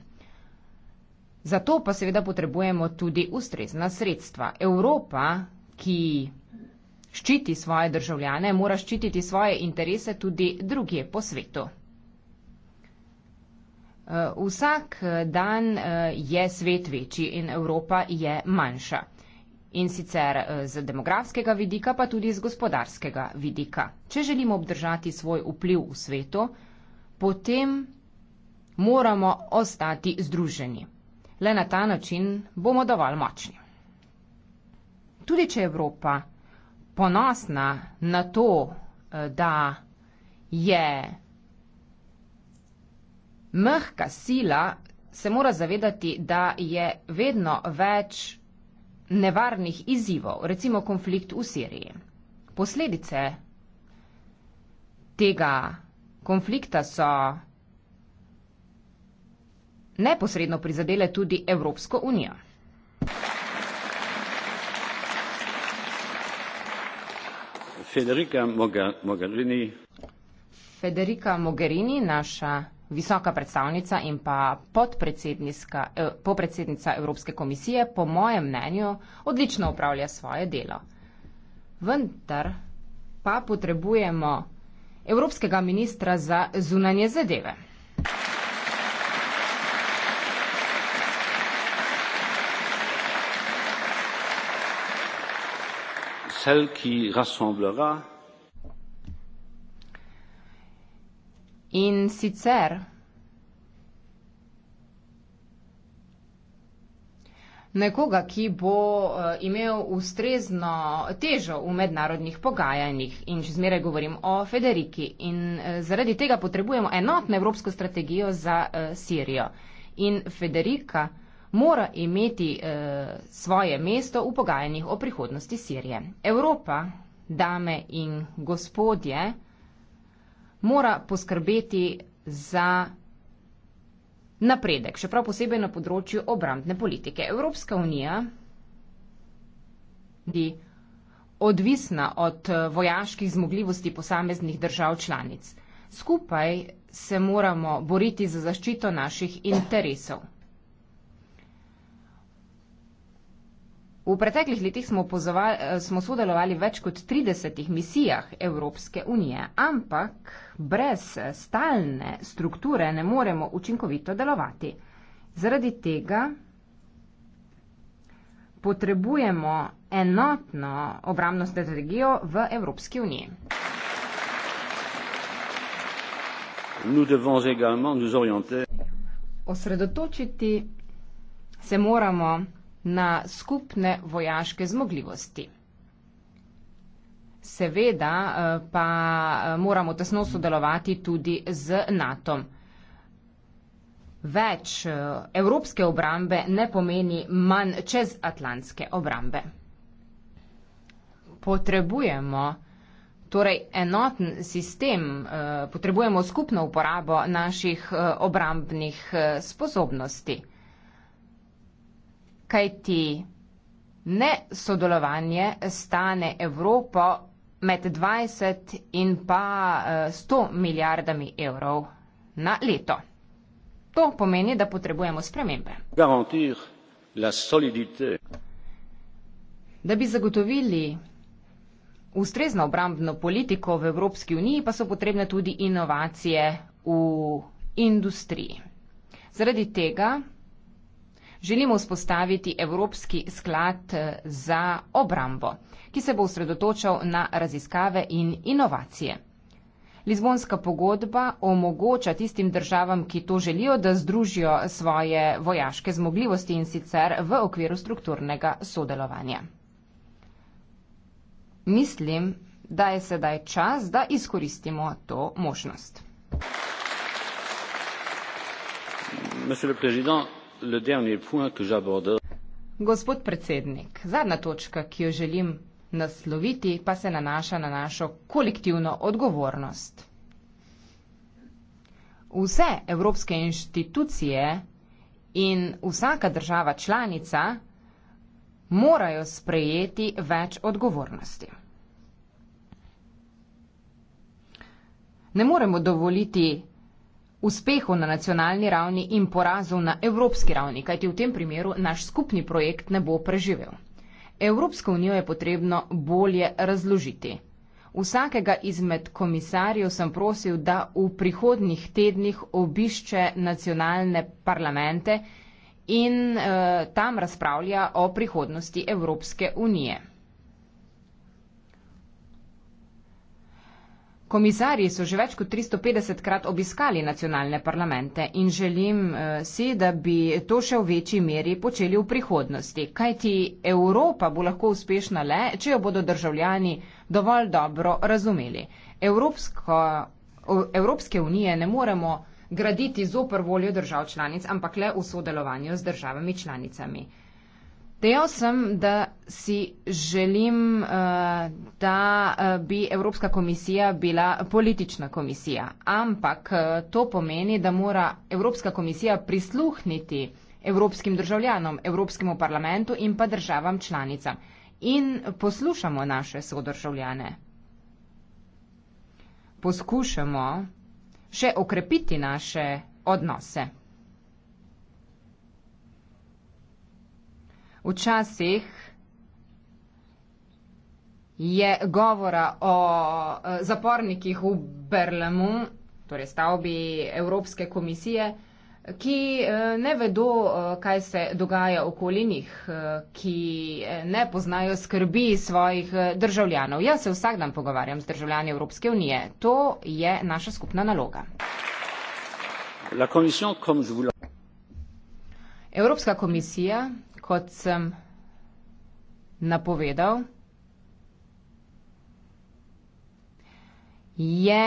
Zato pa seveda potrebujemo tudi ustrezna sredstva. Evropa, ki ščiti svoje državljane, mora ščititi svoje interese tudi druge po svetu. Eh, vsak dan je svet večji in Evropa je manjša in sicer eh, z demografskega vidika, pa tudi z gospodarskega vidika. Če želimo obdržati svoj vpliv v svetu, potem moramo ostati združeni. Le na ta način bomo dovolj močni. Tudi če je Evropa ponosna na to, eh, da je mehka sila, se mora zavedati, da je vedno več nevarnih izzivov, recimo konflikt v Siriji. Posledice tega konflikta so neposredno prizadele tudi Evropsko unijo. Federica Mogherini, naša visoka predstavnica in pa podpredsednica, eh, podpredsednica Evropske komisije, po mojem mnenju, odlično upravlja svoje delo. Vendar pa potrebujemo Evropskega ministra za zunanje zadeve. Cel, ki rassemblera In sicer nekoga, ki bo eh, imel ustrezno težo v mednarodnih pogajanjih in še zmeraj govorim o Federiki in eh, zaradi tega potrebujemo enotno evropsko strategijo za eh, Sirijo. In Federika mora imeti svoje mesto v pogajanjih o prihodnosti Sirije. Evropa, dame in gospodje, mora poskrbeti za napredek, še prav posebej na področju obrambne politike. Evropska unija je odvisna od eh, vojaških zmogljivosti posameznih držav članic. Skupaj se moramo boriti za zaščito naših interesov. V preteklih letih smo, pozovali, eh, smo sodelovali več kot 30 misijah Evropske unije, ampak brez stalne strukture ne moremo učinkovito delovati. Zaradi tega potrebujemo enotno obramno strategijo v Evropski uniji. Osredotočiti se moramo na skupne vojaške zmogljivosti. Seveda eh, pa eh, moramo tesno sodelovati tudi z NATO. Več eh, evropske obrambe ne pomeni manj čezatlantske obrambe. Potrebujemo torej enoten sistem, potrebujemo skupno uporabo naših obrambnih sposobnosti kajti ne sodelovanje stane Evropo med 20 in pa 100 eh, milijardami evrov na leto. To pomeni, da potrebujemo spremembe. Da bi zagotovili ustrezno obrambno politiko v Evropski uniji, pa so potrebne tudi inovacije v industriji. Zaradi tega želimo vzpostaviti Evropski sklad eh, za obrambo, ki se bo usredotočal na raziskave in inovacije. Lizbonska pogodba omogoča tistim državam, ki to želijo, da združijo svoje vojaške zmogljivosti in sicer v okviru strukturnega sodelovanja. Mislim, da je sedaj čas, da izkoristimo to možnost. Gospod predsednik, Gospod predsednik, zadnja točka, ki jo želim nasloviti, pa se nanaša na našo kolektivno odgovornost. Vse evropske inštitucije in vsaka država članica morajo sprejeti več odgovornosti. Ne moremo dovoliti uspehov na nacionalni ravni in porazov na evropski ravni, kajti v tem primeru naš skupni projekt ne bo preživel. Evropsko unijo je potrebno bolje razložiti. Vsakega izmed komisarjev sem prosil, da v prihodnih tednih obišče nacionalne parlamente in e, tam razpravlja o prihodnosti Evropske unije. Komisarji so že več kot 350 krat obiskali nacionalne parlamente in želim eh, si, da bi to še v večji meri počeli v prihodnosti. Kajti Evropa bo lahko uspešna le, če jo bodo državljani dovolj dobro razumeli. Evropsko, Evropske unije ne moremo graditi zopr voljo držav članic, ampak le v sodelovanju z državami članicami. Dejal sem, da si želim, eh, da eh, bi Evropska komisija bila politična komisija, ampak eh, to pomeni, da mora Evropska komisija prisluhniti evropskim državljanom, Evropskemu parlamentu in pa državam članicam. In poslušamo naše sodržavljane. Poskušamo še okrepiti naše odnose. Včasih je govora o e, zapornikih v Berlemu, torej stavbi Evropske komisije, ki e, ne vedo, e, kaj se dogaja okoli njih, ki ne poznajo skrbi svojih državljanov. Jaz se vsak dan pogovarjam z državljani Evropske unije. To je naša skupna naloga. Evropska komisija, kot sem napovedal, je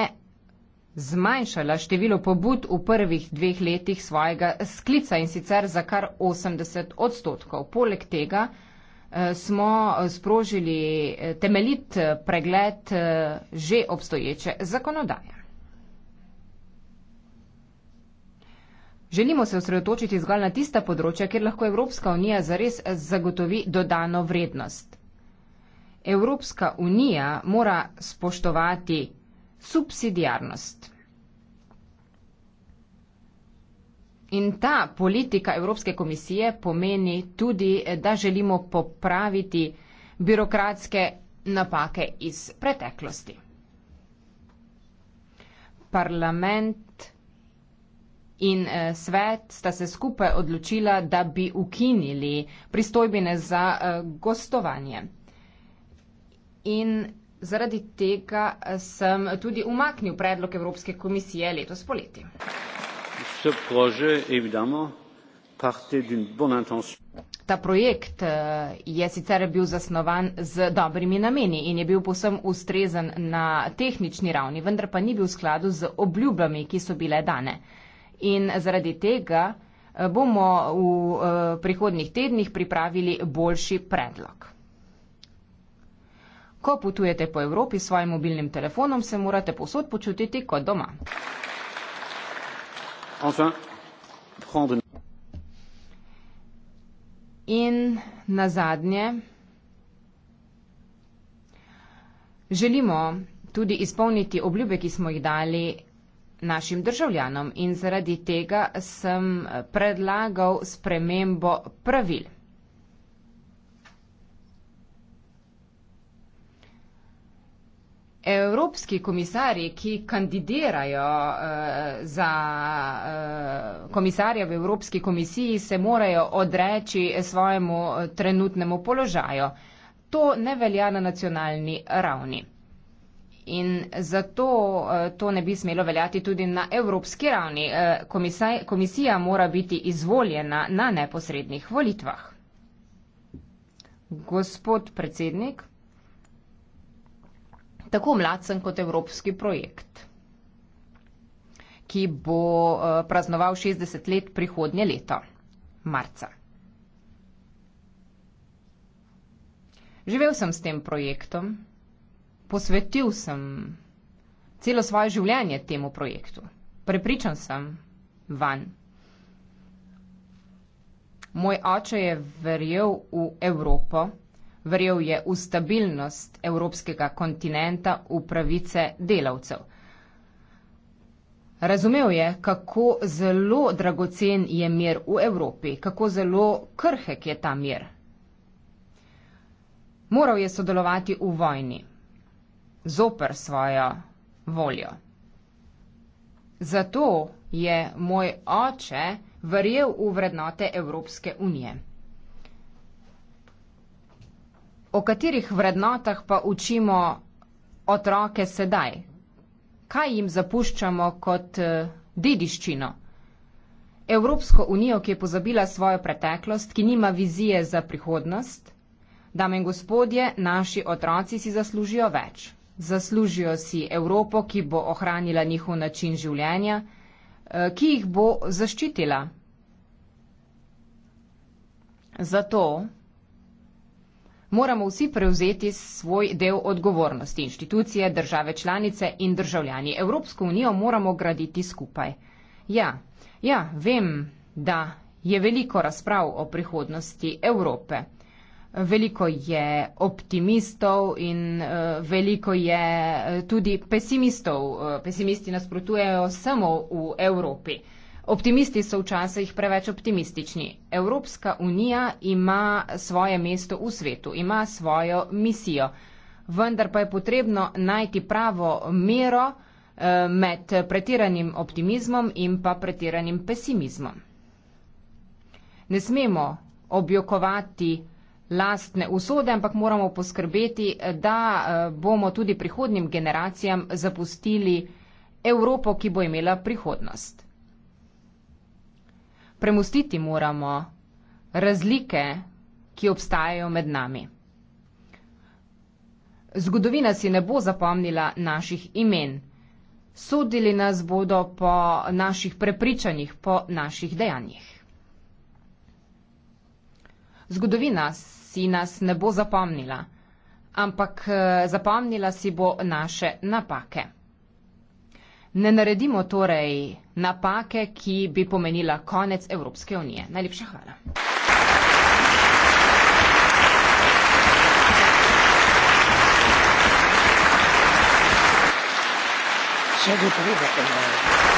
zmanjšala število pobud v prvih dveh letih svojega sklica in sicer za kar 80 odstotkov. Poleg tega eh, smo sprožili eh, temeljit eh, pregled že obstoječe zakonodaje. Želimo se osredotočiti zgolj na tista področja, kjer lahko Evropska unija zares zagotovi dodano vrednost. Evropska unija mora spoštovati subsidijarnost. In ta politika Evropske komisije pomeni tudi, da želimo popraviti birokratske napake iz preteklosti. Parlament in eh, svet sta se skupaj odločila, da bi ukinili pristojbine za eh, gostovanje. In zaradi tega eh, sem tudi umaknil predlog Evropske komisije letos poleti. Ta projekt eh, je sicer bil zasnovan z dobrimi nameni in je bil posem ustrezen na tehnični ravni, vendar pa ni bil v skladu z obljubami, ki so bile dane in zaradi tega eh, bomo v eh, prihodnih tednih pripravili boljši predlog. Ko potujete po Evropi s svojim mobilnim telefonom, se morate posod počutiti kot doma. In na zadnje želimo tudi izpolniti obljube, ki smo jih dali našim državljanom in zaradi tega sem predlagal spremembo pravil. Evropski komisari, ki kandidirajo uh, za uh, komisarja v Evropski komisiji, se morajo odreči svojemu eh, trenutnemu položaju. To ne velja na nacionalni ravni in zato eh, to ne bi smelo veljati tudi na evropski ravni. Eh, komisaj, komisija mora biti izvoljena na neposrednih volitvah. Gospod predsednik, tako mladen kot evropski projekt, ki bo eh, praznoval 60 let prihodnje leto, marca. Živel sem s tem projektom, posvetil sem celo svoje življenje temu projektu. Prepričan sem vanj. Moj oče je verjel v Evropo, verjel je v stabilnost evropskega kontinenta, v pravice delavcev. Razumev je, kako zelo dragocen je mir v Evropi, kako zelo krhek je ta mir. Moral je sodelovati v vojni zoper svojo voljo. Zato je moj oče verjel v vrednote Evropske unije. O katerih vrednotah pa učimo otroke sedaj? Kaj jim zapuščamo kot eh, dediščino? Evropsko unijo, ki je pozabila svojo preteklost, ki nima vizije za prihodnost, dame in gospodje, naši otroci si zaslužijo več zaslužijo si Evropo, ki bo ohranila njihov način življenja, eh, ki jih bo zaščitila. Zato moramo vsi prevzeti svoj del odgovornosti. Inštitucije, države članice in državljani. Evropsko unijo moramo graditi skupaj. Ja, ja, vem, da je veliko razprav o prihodnosti Evrope veliko je optimistov in uh, veliko je uh, tudi pesimistov. Uh, pesimisti nasprotujejo samo v Evropi. Optimisti so včasih preveč optimistični. Evropska unija ima svoje mesto v svetu, ima svojo misijo. Vendar pa je potrebno najti pravo mero med pretiranim optimizmom in pa pretiranim pesimizmom. Ne smemo objokovati lastne usode, ampak moramo poskrbeti, da eh, bomo tudi prihodnim generacijam zapustili Evropo, ki bo imela prihodnost. Premustiti moramo razlike, ki obstajajo med nami. Zgodovina si ne bo zapomnila naših imen. Sodili nas bodo po naših prepričanjih, po naših dejanjih. Zgodovina si nas ne bo zapomnila, ampak eh, zapomnila si bo naše napake. Ne naredimo torej napake, ki bi pomenila konec Evropske unije. Najlepša hvala. Thank you.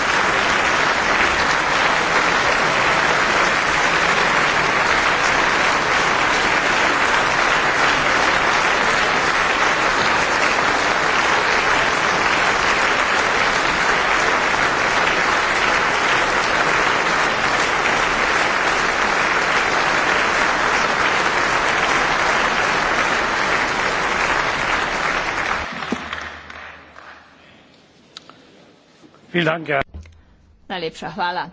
Najlepša hvala,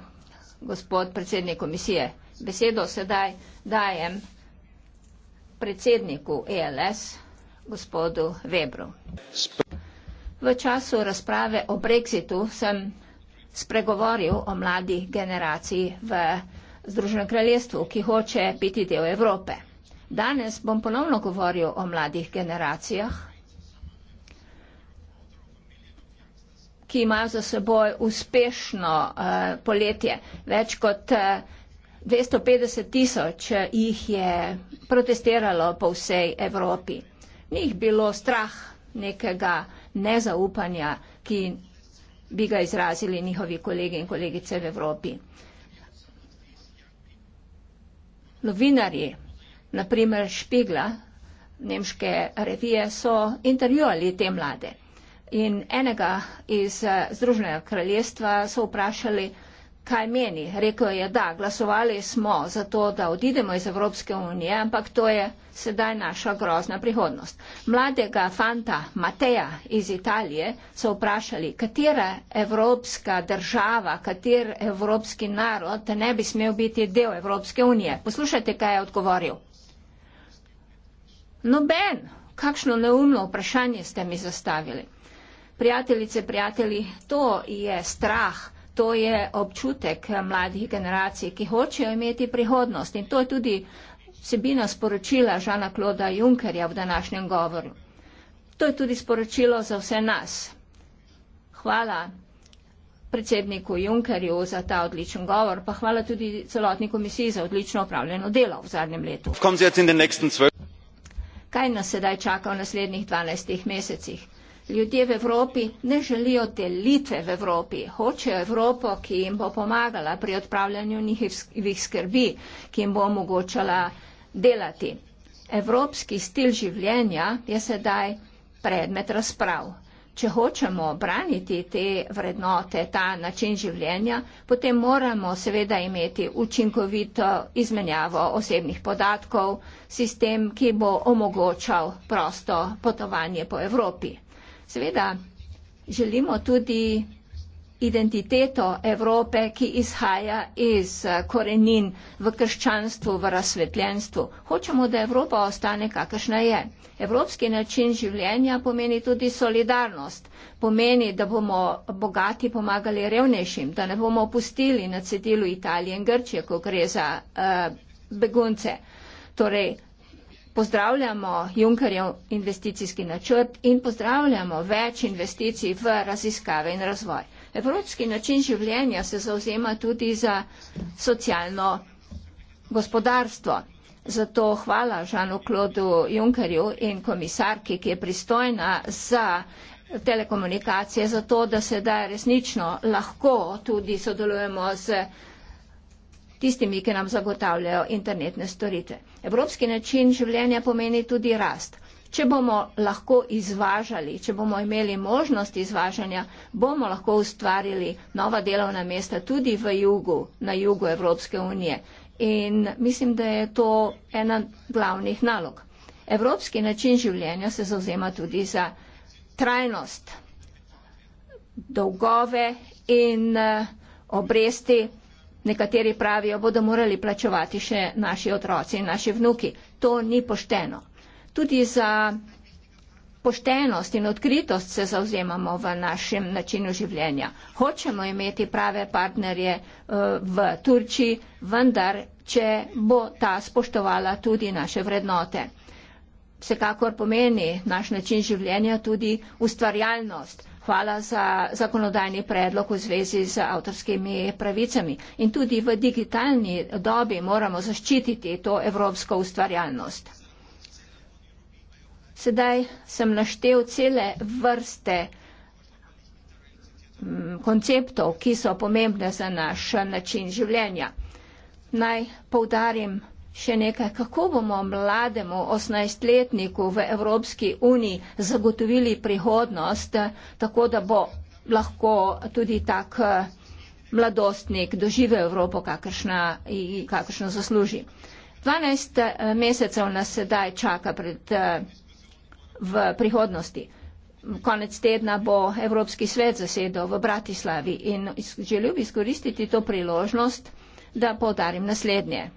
gospod predsednik komisije. Besedo sedaj dajem predsedniku ELS, gospodu Webru. V času razprave o brexitu sem spregovoril o mladih generaciji v Združenem kraljestvu, ki hoče biti del Evrope. Danes bom ponovno govoril o mladih generacijah ki imajo za seboj uspešno uh, poletje. Več kot uh, eh, 250 tisoč eh, jih je protestiralo po vsej Evropi. Ni jih bilo strah nekega nezaupanja, ki bi ga izrazili njihovi kolegi in kolegice v Evropi. Novinari, naprimer Špigla, nemške revije, so intervjuali te mlade in enega iz eh, Združenega kraljestva so vprašali, kaj meni. Rekel je, da glasovali smo za to, da odidemo iz Evropske unije, ampak to je sedaj naša grozna prihodnost. Mladega fanta Mateja iz Italije so vprašali, katera evropska država, kater evropski narod ne bi smel biti del Evropske unije. Poslušajte, kaj je odgovoril. Noben, kakšno neumno vprašanje ste mi zastavili. Prijateljice, prijatelji, to je strah, to je občutek mladih generacij, ki hočejo imeti prihodnost in to je tudi vsebina sporočila Žana Kloda Junkerja v današnjem govoru. To je tudi sporočilo za vse nas. Hvala predsedniku Junkerju za ta odličen govor, pa hvala tudi celotni komisiji za odlično upravljeno delo v zadnjem letu. Kaj nas sedaj čaka v naslednjih 12 mesecih? Ljudje v Evropi ne želijo delitve v Evropi, hočejo Evropo, ki jim bo pomagala pri odpravljanju njihovih skrbi, ki jim bo omogočala delati. Evropski stil življenja je sedaj predmet razprav. Če hočemo braniti te vrednote, ta način življenja, potem moramo seveda imeti učinkovito izmenjavo osebnih podatkov, sistem, ki bo omogočal prosto potovanje po Evropi. Seveda želimo tudi identiteto Evrope, ki izhaja iz eh, korenin v krščanstvu, v razsvetljenstvu. Hočemo, da Evropa ostane, kakršna je. Evropski način življenja pomeni tudi solidarnost, pomeni, da bomo bogati pomagali revnejšim, da ne bomo opustili na cedilu Italije in Grčije, ko gre za uh, begunce. Torej, pozdravljamo Junkerjev investicijski načrt in pozdravljamo več investicij v raziskave in razvoj. Evropski način življenja se zauzema tudi za socialno gospodarstvo. Zato hvala Žanu Klodu Junkerju in komisarki, ki je pristojna za telekomunikacije, za to, da se da resnično lahko tudi sodelujemo z tistimi, ki nam zagotavljajo internetne storitve. Evropski način življenja pomeni tudi rast. Če bomo lahko izvažali, če bomo imeli možnost izvažanja, bomo lahko ustvarili nova delovna mesta tudi v jugu, na jugu Evropske unije. In mislim, da je to ena glavnih nalog. Evropski način življenja se zauzema tudi za trajnost, dolgove in eh, obresti. Uh, Nekateri pravijo, bodo morali plačevati še naši otroci in naši vnuki. To ni pošteno. Tudi za poštenost in odkritost se zauzemamo v našem načinu življenja. Hočemo imeti prave partnerje eh, v Turčiji, vendar, če bo ta spoštovala tudi naše vrednote. Vsekakor pomeni naš način življenja tudi ustvarjalnost hvala za zakonodajni predlog v zvezi z avtorskimi pravicami. In tudi v digitalni dobi moramo zaščititi to evropsko ustvarjalnost. Sedaj sem naštel cele vrste mm, konceptov, ki so pomembne za naš način življenja. Naj povdarim, Še nekaj, kako bomo mlademu 18-letniku v Evropski uniji zagotovili prihodnost, tako da bo lahko tudi tak eh, mladostnik doživel Evropo, kakršno zasluži. 12 eh, mesecev nas sedaj čaka pred, eh, v prihodnosti. Konec tedna bo Evropski svet zasedel v Bratislavi in želim izkoristiti to priložnost, da povdarim naslednje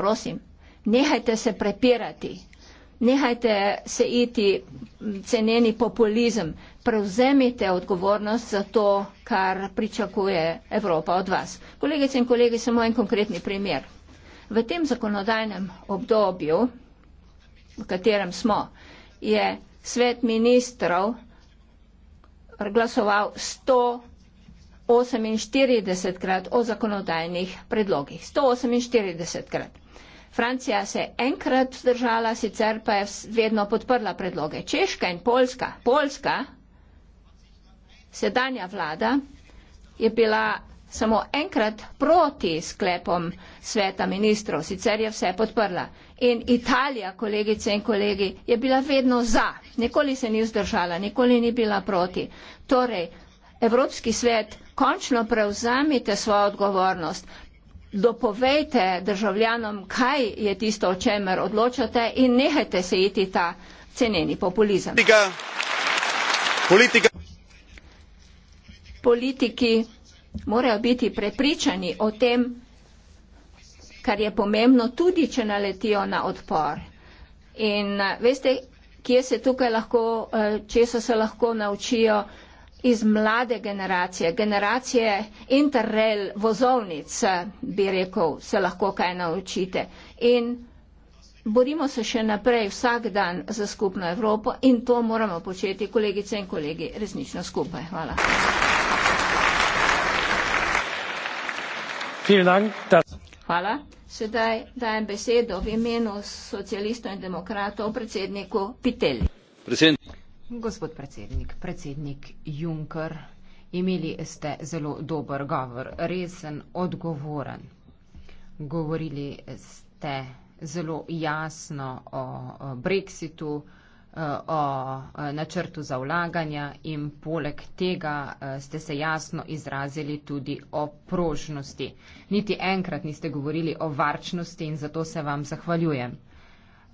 prosim, nehajte se prepirati, nehajte se iti ceneni populizem, prevzemite odgovornost za to, kar pričakuje Evropa od vas. Kolegice in kolegi, samo en konkretni primer. V tem zakonodajnem obdobju, v katerem smo, je svet ministrov glasoval 148 krat o zakonodajnih predlogih. 148 krat. Francija se je enkrat vzdržala, sicer pa je vedno podprla predloge. Češka in Poljska. Poljska, sedanja vlada, je bila samo enkrat proti sklepom sveta ministrov, sicer je vse podprla. In Italija, kolegice in kolegi, je bila vedno za. Nikoli se ni vzdržala, nikoli ni bila proti. Torej, Evropski svet, končno prevzamite svojo odgovornost dopovejte državljanom, kaj je tisto, o čemer odločate in nehajte se iti ta ceneni populizem. Politika, politika. Politiki morajo biti prepričani o tem, kar je pomembno, tudi če naletijo na odpor. In veste, kje se tukaj lahko, eh, če so se lahko naučijo iz mlade generacije, generacije interrel vozovnic, bi rekel, se lahko kaj naučite. In borimo se še naprej vsak dan za skupno Evropo in to moramo početi, kolegice in kolegi, resnično skupaj. Hvala. Hvala. Sedaj dajem besedo v imenu socialistov in demokratov predsedniku Piteli. Gospod predsednik, predsednik Juncker, imeli ste zelo dober govor, resen, odgovoren. Govorili ste zelo jasno o brexitu, e, o e, načrtu za vlaganja in poleg tega e, ste se jasno izrazili tudi o prožnosti. Niti enkrat niste govorili o varčnosti in zato se vam zahvaljujem.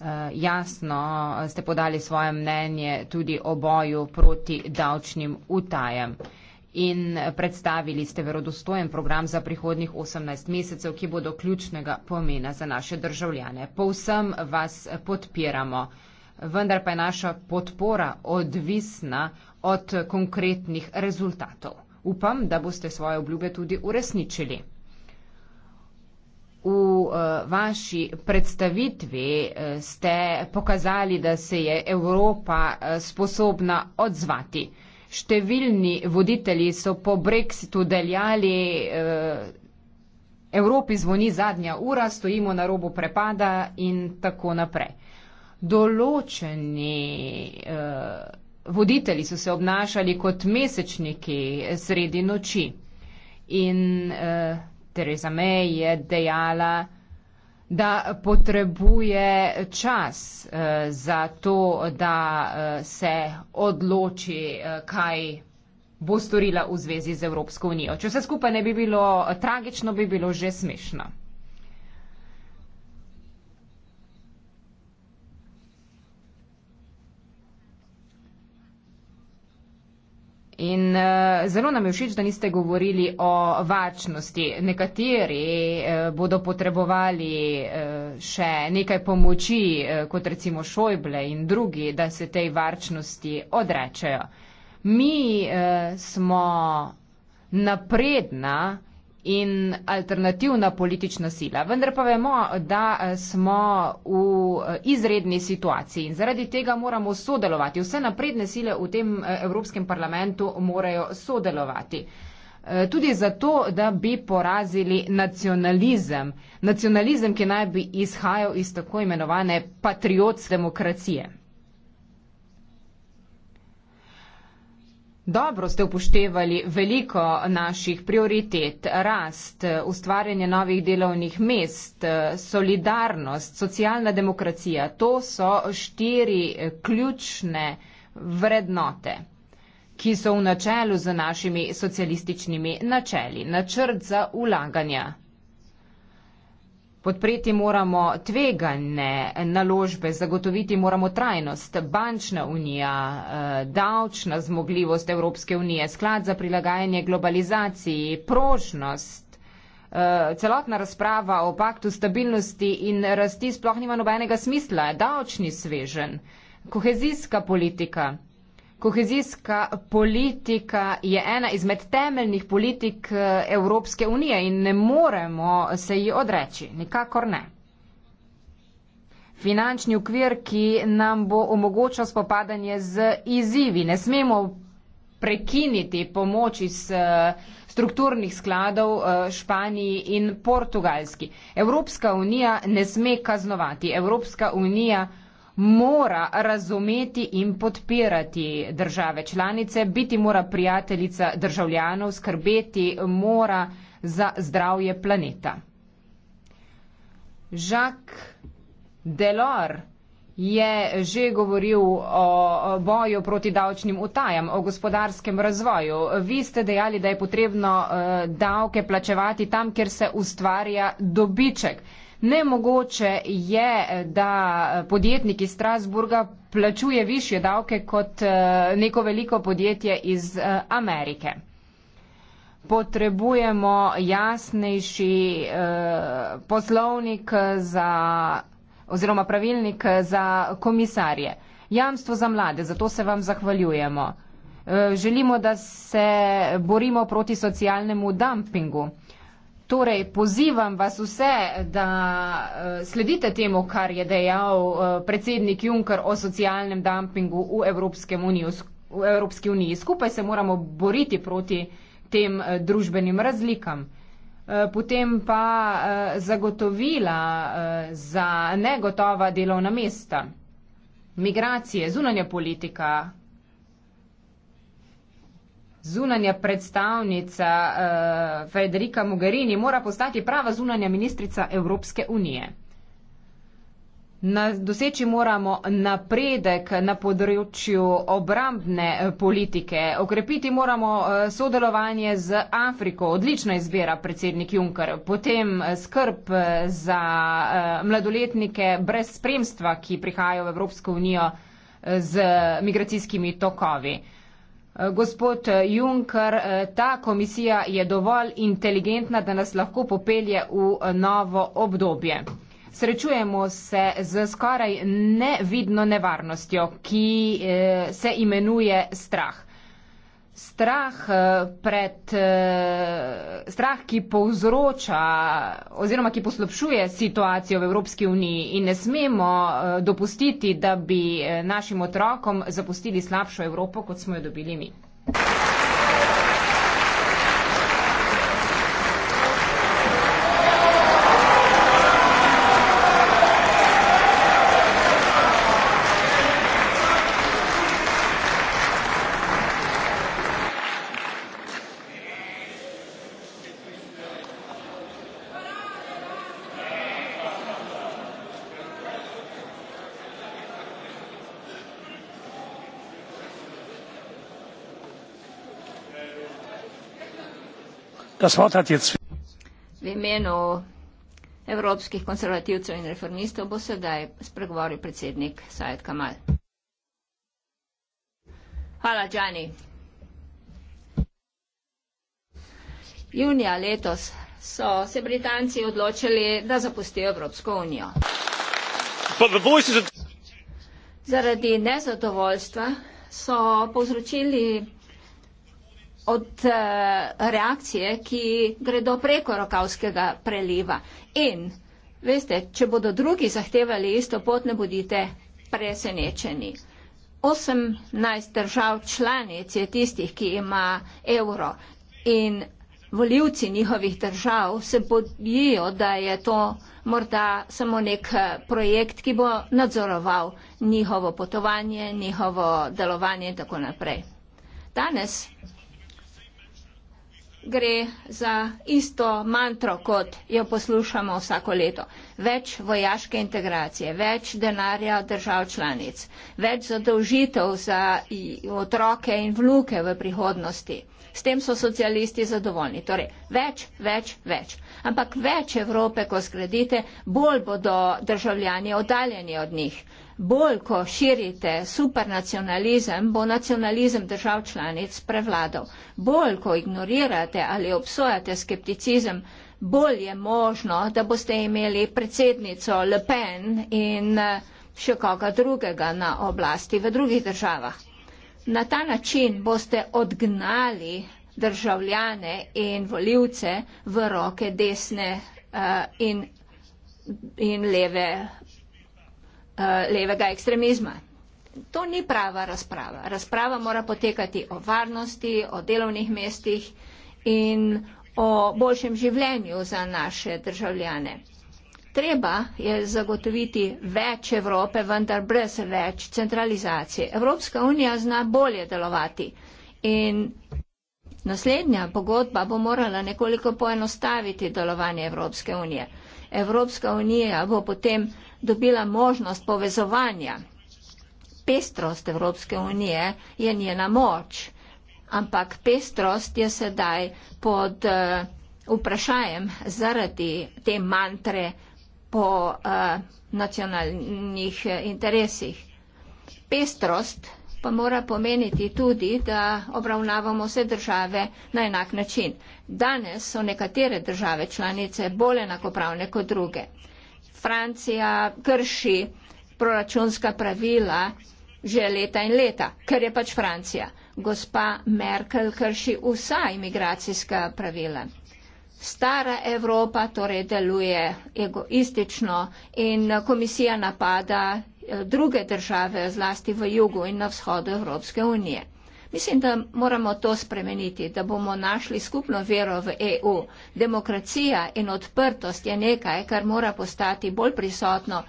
Eh, jasno eh, ste podali svoje mnenje tudi o boju proti davčnim utajem. In predstavili ste verodostojen program za prihodnih 18 mesecev, ki bodo ključnega pomena za naše državljane. Povsem vas podpiramo, vendar pa je naša podpora odvisna od konkretnih rezultatov. Upam, da boste svoje obljube tudi uresničili. V eh, vaši predstavitvi eh, ste pokazali, da se je Evropa eh, sposobna odzvati. Številni voditelji so po brexitu deljali, Evropi zvoni zadnja ura, stojimo na robu prepada in tako naprej. Določeni voditelji so se obnašali kot mesečniki sredi noči. In eh, Tereza May je dejala, da potrebuje čas eh, za to, da eh, se odloči, eh, kaj bo storila v zvezi z Evropsko unijo. Če vse skupaj ne bi bilo eh, tragično, bi bilo že smešno. In uh, zelo nam je všeč, da niste govorili o varčnosti. Nekateri uh, bodo potrebovali uh, še nekaj pomoči, uh, kot recimo Šojble in drugi, da se tej varčnosti odrečejo. Mi uh, smo napredna, in alternativna politična sila. Vendar pa vemo, da eh, smo v eh, izredni situaciji in zaradi tega moramo sodelovati. Vse napredne sile v tem eh, Evropskem parlamentu morajo sodelovati. Tudi zato, da bi porazili nacionalizem. Nacionalizem, ki naj bi izhajal iz tako imenovane patriotske demokracije. Dobro ste upoštevali veliko naših prioritet, rast, ustvarjanje novih delovnih mest, solidarnost, socialna demokracija. To so štiri ključne vrednote, ki so v načelu z našimi socialističnimi načeli. Načrt za ulaganja. Podpreti moramo tvegane naložbe, zagotoviti moramo trajnost, bančna unija, eh, davčna zmogljivost Evropske unije, sklad za prilagajanje globalizaciji, prožnost. Eh, celotna razprava o paktu stabilnosti in rasti sploh nima nobenega smisla, davčni svežen, kohezijska politika. Kohezijska politika je ena izmed temeljnih politik eh, Evropske unije in ne moremo se ji odreči, nikakor ne. Finančni ukvir, ki nam bo omogočal spopadanje z izzivi, ne smemo prekiniti pomoč iz eh, strukturnih skladov eh, Španiji in Portugalski. Evropska unija ne sme kaznovati, Evropska unija mora razumeti in podpirati države članice, biti mora prijateljica državljanov, skrbeti mora za zdravje planeta. Jacques Delors je že govoril o boju proti davčnim utajam, o gospodarskem razvoju. Vi ste dejali, da je potrebno eh, davke plačevati tam, kjer se ustvarja dobiček. Nemogoče je, da podjetnik iz Strasburga plačuje više davke kot eh, neko veliko podjetje iz eh, Amerike. Potrebujemo jasnejši eh, poslovnik za, oziroma pravilnik za komisarje. Jamstvo za mlade, zato se vam zahvaljujemo. Želimo, da se borimo proti socialnemu dumpingu. Torej, pozivam vas vse, da eh, sledite temu, kar je dejal eh, predsednik Juncker o socialnem dumpingu v, v Evropski uniji. Skupaj se moramo boriti proti tem eh, družbenim razlikam. Potem pa zagotovila za negotova delovna mesta, migracije, zunanja politika, zunanja predstavnica uh, eh, Federika Mogherini mora postati prava zunanja ministrica Evropske unije. Na, doseči moramo napredek na področju obrambne eh, politike, okrepiti moramo eh, sodelovanje z Afriko, odlična izbira, predsednik Juncker, potem skrb za mladoletnike brez spremstva, ki prihajajo v Evropsko unijo z migracijskimi tokovi. Eh, gospod eh, Juncker, eh, ta komisija je dovolj inteligentna, da nas lahko popelje v novo obdobje. Srečujemo se z skoraj nevidno nevarnostjo, ki se imenuje strah strah eh, pred, eh, strah, ki povzroča oziroma ki poslopšuje situacijo v Evropski uniji in ne smemo eh, dopustiti, da bi našim otrokom zapustili slabšo Evropo, kot smo jo dobili mi. V imenu evropskih konservativcev in reformistov bo sedaj spregovoril predsednik Sajed Kamal. Hvala, Džani. Junija letos so se Britanci odločili, da zapustijo Evropsko unijo. Zaradi nezadovoljstva so povzročili od eh, reakcije, ki gredo preko rokavskega preliva. In, veste, če bodo drugi zahtevali isto pot, ne bodite presenečeni. 18 držav članic je tistih, ki ima evro in voljivci njihovih držav se bojijo, da je to morda samo nek eh, projekt, ki bo nadzoroval njihovo potovanje, njihovo delovanje in tako naprej. Danes gre za isto mantro, kot jo poslušamo vsako leto. Več vojaške integracije, več denarja od držav članic, več zadolžitev za otroke in vnuke v prihodnosti. S tem so socialisti zadovoljni. Torej, več, več, več. Ampak več Evrope, ko zgradite, bolj bodo državljani oddaljeni od njih. Bolj, ko širite supernacionalizem, bo nacionalizem držav članic prevladal. Bolj, ko ignorirate ali obsojate skepticizem, bolj je možno, da boste imeli predsednico Le Pen in eh, še koga drugega na oblasti v drugih državah. Na ta način boste odgnali državljane in voljivce v roke desne uh, in, in leve, uh, levega ekstremizma. To ni prava razprava. Razprava mora potekati o varnosti, o delovnih mestih in o boljšem življenju za naše državljane. Treba je zagotoviti več Evrope, vendar brez več centralizacije. Evropska unija zna bolje delovati in naslednja pogodba bo morala nekoliko poenostaviti delovanje Evropske unije. Evropska unija bo potem dobila možnost povezovanja. Pestrost Evropske unije je njena moč, ampak pestrost je sedaj pod uh, eh, vprašajem zaradi te mantre, uh, po uh, nacionalnih eh, interesih. Pestrost pa mora pomeniti tudi, da obravnavamo vse države na enak način. Danes so nekatere države članice bolj enakopravne kot druge. Francija krši proračunska pravila že leta in leta, ker je pač Francija. Gospa Merkel krši vsa imigracijska pravila stara Evropa torej deluje egoistično in komisija napada eh, druge države, zlasti v jugu in na vzhodu Evropske unije. Mislim, da moramo to spremeniti, da bomo našli skupno vero v EU. Demokracija in odprtost je nekaj, kar mora postati bolj prisotno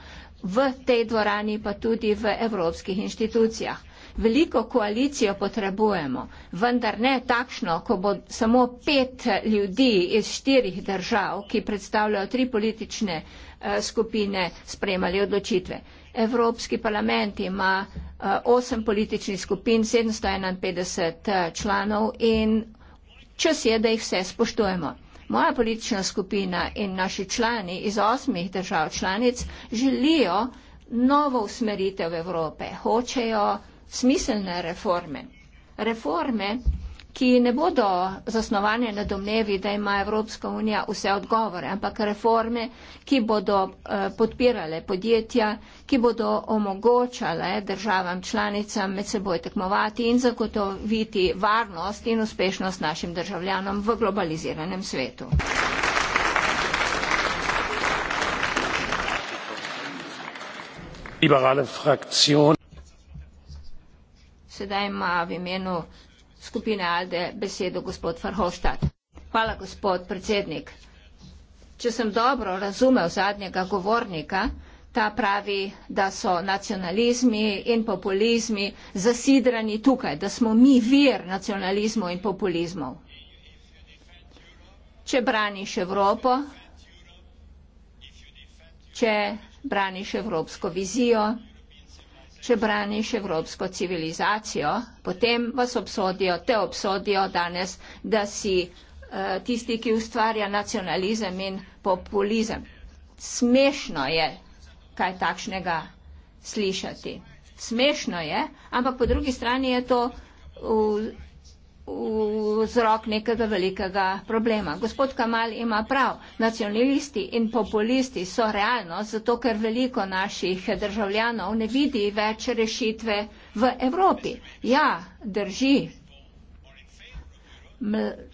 v tej dvorani, pa tudi v evropskih inštitucijah veliko koalicijo potrebujemo, vendar ne takšno, ko bo samo pet ljudi iz štirih držav, ki predstavljajo tri politične eh, skupine, sprejemali odločitve. Evropski parlament ima eh, osem političnih skupin, 751 eh, članov in čas je, da jih vse spoštujemo. Moja politična skupina in naši člani iz osmih držav članic želijo novo usmeritev Evrope. Hočejo smiselne reforme. Reforme, ki ne bodo zasnovane na domnevi, da ima Evropska unija vse odgovore, ampak reforme, ki bodo eh, podpirale podjetja, ki bodo omogočale državam članicam med seboj tekmovati in zagotoviti varnost in uspešnost našim državljanom v globaliziranem svetu. Liberale frakcija. Sedaj ima v imenu skupine ALDE besedo gospod Farhoštat. Hvala, gospod predsednik. Če sem dobro razumel zadnjega govornika, ta pravi, da so nacionalizmi in populizmi zasidrani tukaj, da smo mi vir nacionalizmu in populizmov. Če braniš Evropo, če braniš evropsko vizijo, če braniš evropsko civilizacijo, potem vas obsodijo, te obsodijo danes, da si eh, tisti, ki ustvarja nacionalizem in populizem. Smešno je kaj takšnega slišati. Smešno je, ampak po drugi strani je to v vzrok nekega velikega problema. Gospod Kamal ima prav, nacionalisti in populisti so realnost, zato ker veliko naših državljanov ne vidi več rešitve v Evropi. Ja, drži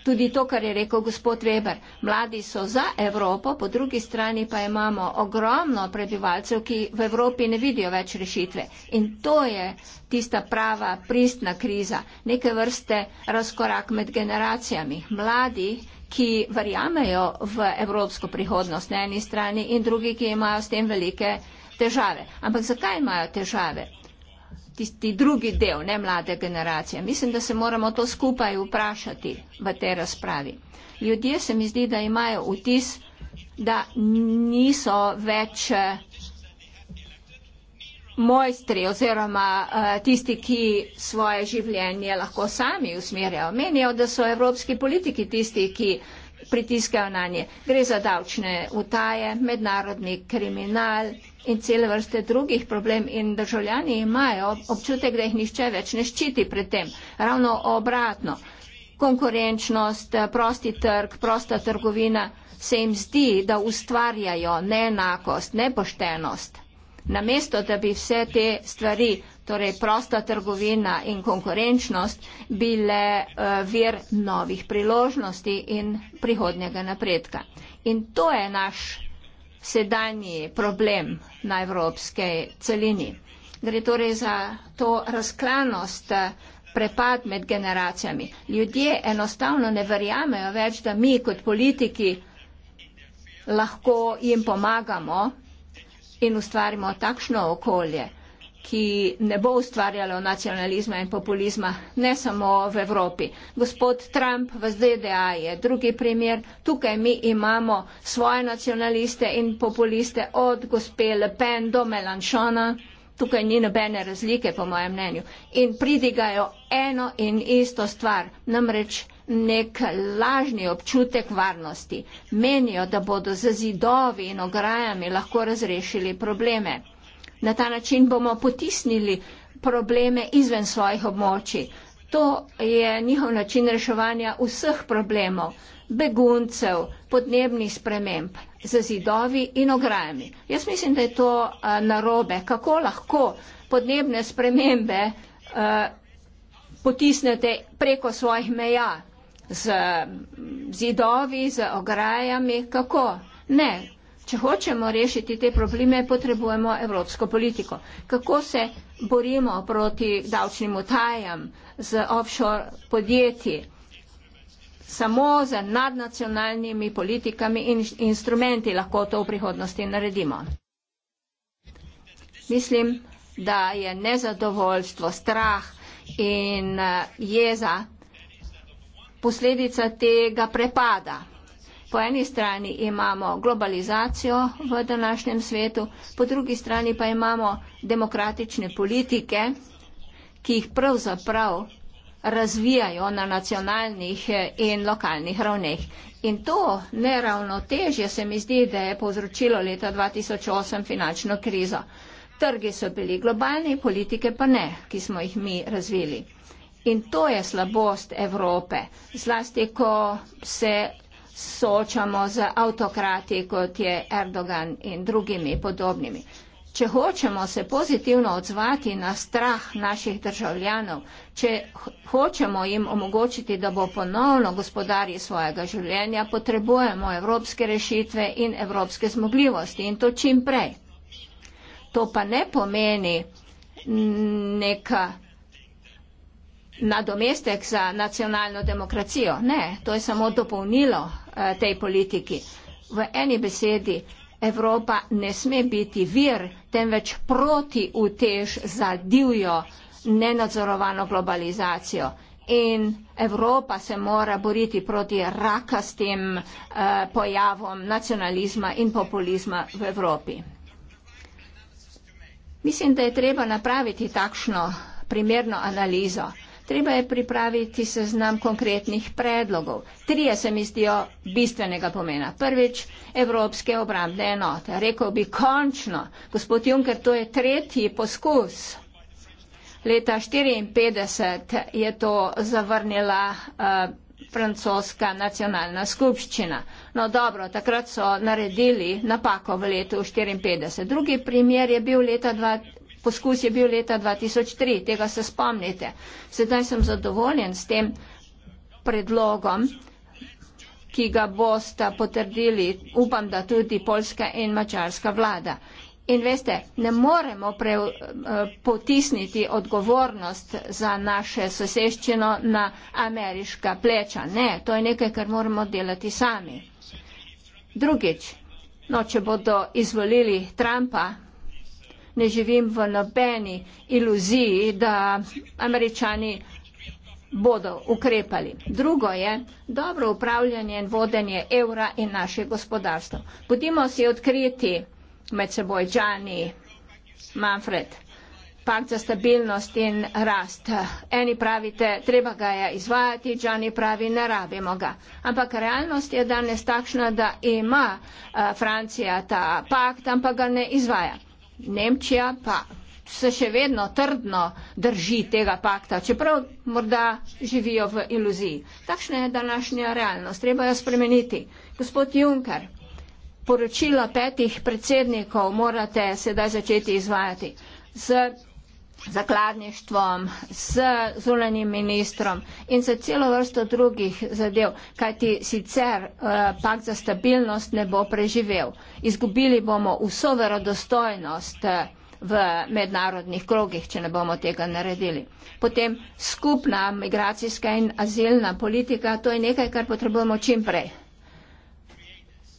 tudi to, kar je rekel gospod Weber. Mladi so za Evropo, po drugi strani pa imamo ogromno prebivalcev, ki v Evropi ne vidijo več rešitve. In to je tista prava pristna kriza, neke vrste razkorak med generacijami. Mladi, ki verjamejo v evropsko prihodnost na eni strani in drugi, ki imajo s tem velike težave. Ampak zakaj imajo težave? tisti drugi del, ne mlade generacije. Mislim, da se moramo to skupaj vprašati v tej razpravi. Ljudje se mi zdi, da imajo vtis, da niso več eh, mojstri oziroma eh, tisti, ki svoje življenje lahko sami usmerjajo. Menijo, da so evropski politiki tisti, ki pritiskajo na nje. Gre za davčne utaje, mednarodni kriminal in cele vrste drugih problem in državljani imajo občutek, da jih nišče več ne ščiti pred tem. Ravno obratno, konkurenčnost, prosti trg, prosta trgovina se jim zdi, da ustvarjajo neenakost, nepoštenost. Namesto, da bi vse te stvari torej prosta trgovina in konkurenčnost, bile eh, vir novih priložnosti in prihodnjega napredka. In to je naš sedanji problem na evropske celini. Gre torej za to razklanost, eh, prepad med generacijami. Ljudje enostavno ne verjamejo več, da mi kot politiki lahko jim pomagamo in ustvarimo takšno okolje, ki ne bo ustvarjalo nacionalizma in populizma, ne samo v Evropi. Gospod Trump v ZDA je drugi primer. Tukaj mi imamo svoje nacionaliste in populiste od gospe Le Pen do Melanchona. Tukaj ni nobene razlike, po mojem mnenju. In pridigajo eno in isto stvar, namreč nek lažni občutek varnosti. Menijo, da bodo z zidovi in ograjami lahko razrešili probleme. Na ta način bomo potisnili probleme izven svojih območij. To je njihov način reševanja vseh problemov, beguncev, podnebnih sprememb, za zidovi in ograjami. Jaz mislim, da je to uh, narobe. Kako lahko podnebne spremembe uh, potisnete preko svojih meja z zidovi, z ograjami, kako? Ne, Če hočemo rešiti te probleme, potrebujemo evropsko politiko. Kako se borimo proti davčnim utajam z offshore podjetji? Samo z nadnacionalnimi politikami in instrumenti lahko to v prihodnosti naredimo. Mislim, da je nezadovoljstvo, strah in eh, jeza posledica tega prepada. Po eni strani imamo globalizacijo v današnjem svetu, po drugi strani pa imamo demokratične politike, ki jih pravzaprav razvijajo na nacionalnih eh, in lokalnih ravneh. In to neravnotežje se mi zdi, da je povzročilo leta 2008 finančno krizo. Trgi so bili globalni, politike pa ne, ki smo jih mi razvili. In to je slabost Evrope, zlasti, ko se soočamo z avtokrati, kot je Erdogan in drugimi podobnimi. Če hočemo se pozitivno odzvati na strah naših državljanov, če hočemo jim omogočiti, da bo ponovno gospodari svojega življenja, potrebujemo evropske rešitve in evropske zmogljivosti in to čim prej. To pa ne pomeni neka nadomestek za nacionalno demokracijo. Ne, to je samo dopolnilo eh, tej politiki. V eni besedi Evropa ne sme biti vir, temveč proti utež za divjo nenadzorovano globalizacijo. In Evropa se mora boriti proti rakastim eh, pojavom nacionalizma in populizma v Evropi. Mislim, da je treba napraviti takšno primerno analizo. Treba je pripraviti seznam konkretnih predlogov. Trije se mi zdijo bistvenega pomena. Prvič, Evropske obrambne enote. Rekel bi končno, gospod Juncker, to je tretji poskus. Leta 1954 je to zavrnila uh, francoska nacionalna skupščina. No dobro, takrat so naredili napako v letu 1954. Drugi primer je bil leta poskus je bil leta 2003, tega se spomnite. Sedaj sem zadovoljen s tem predlogom, ki ga boste potrdili, upam, da tudi polska in mačarska vlada. In veste, ne moremo pre, eh, potisniti odgovornost za naše soseščino na ameriška pleča. Ne, to je nekaj, kar moramo delati sami. Drugič, no, če bodo izvolili Trumpa, ne živim v nobeni iluziji, da američani bodo ukrepali. Drugo je dobro upravljanje in vodenje evra in naše gospodarstvo. Budimo si odkriti med seboj Džani, Manfred, pakt za stabilnost in rast. Eni pravite, treba ga je izvajati, Džani pravi, ne rabimo ga. Ampak realnost je danes takšna, da ima eh, Francija ta pakt, ampak ga ne izvaja. Nemčija pa se še vedno trdno drži tega pakta, čeprav morda živijo v iluziji. Takšna je današnja realnost, treba jo spremeniti. Gospod Juncker, poročilo petih predsednikov morate sedaj začeti izvajati. Z zakladništvom, s zunanjim ministrom in za celo vrsto drugih zadev, kajti sicer eh, pak za stabilnost ne bo preživel. Izgubili bomo vso verodostojnost eh, v mednarodnih krogih, če ne bomo tega naredili. Potem skupna migracijska in azilna politika, to je nekaj, kar potrebujemo čim prej.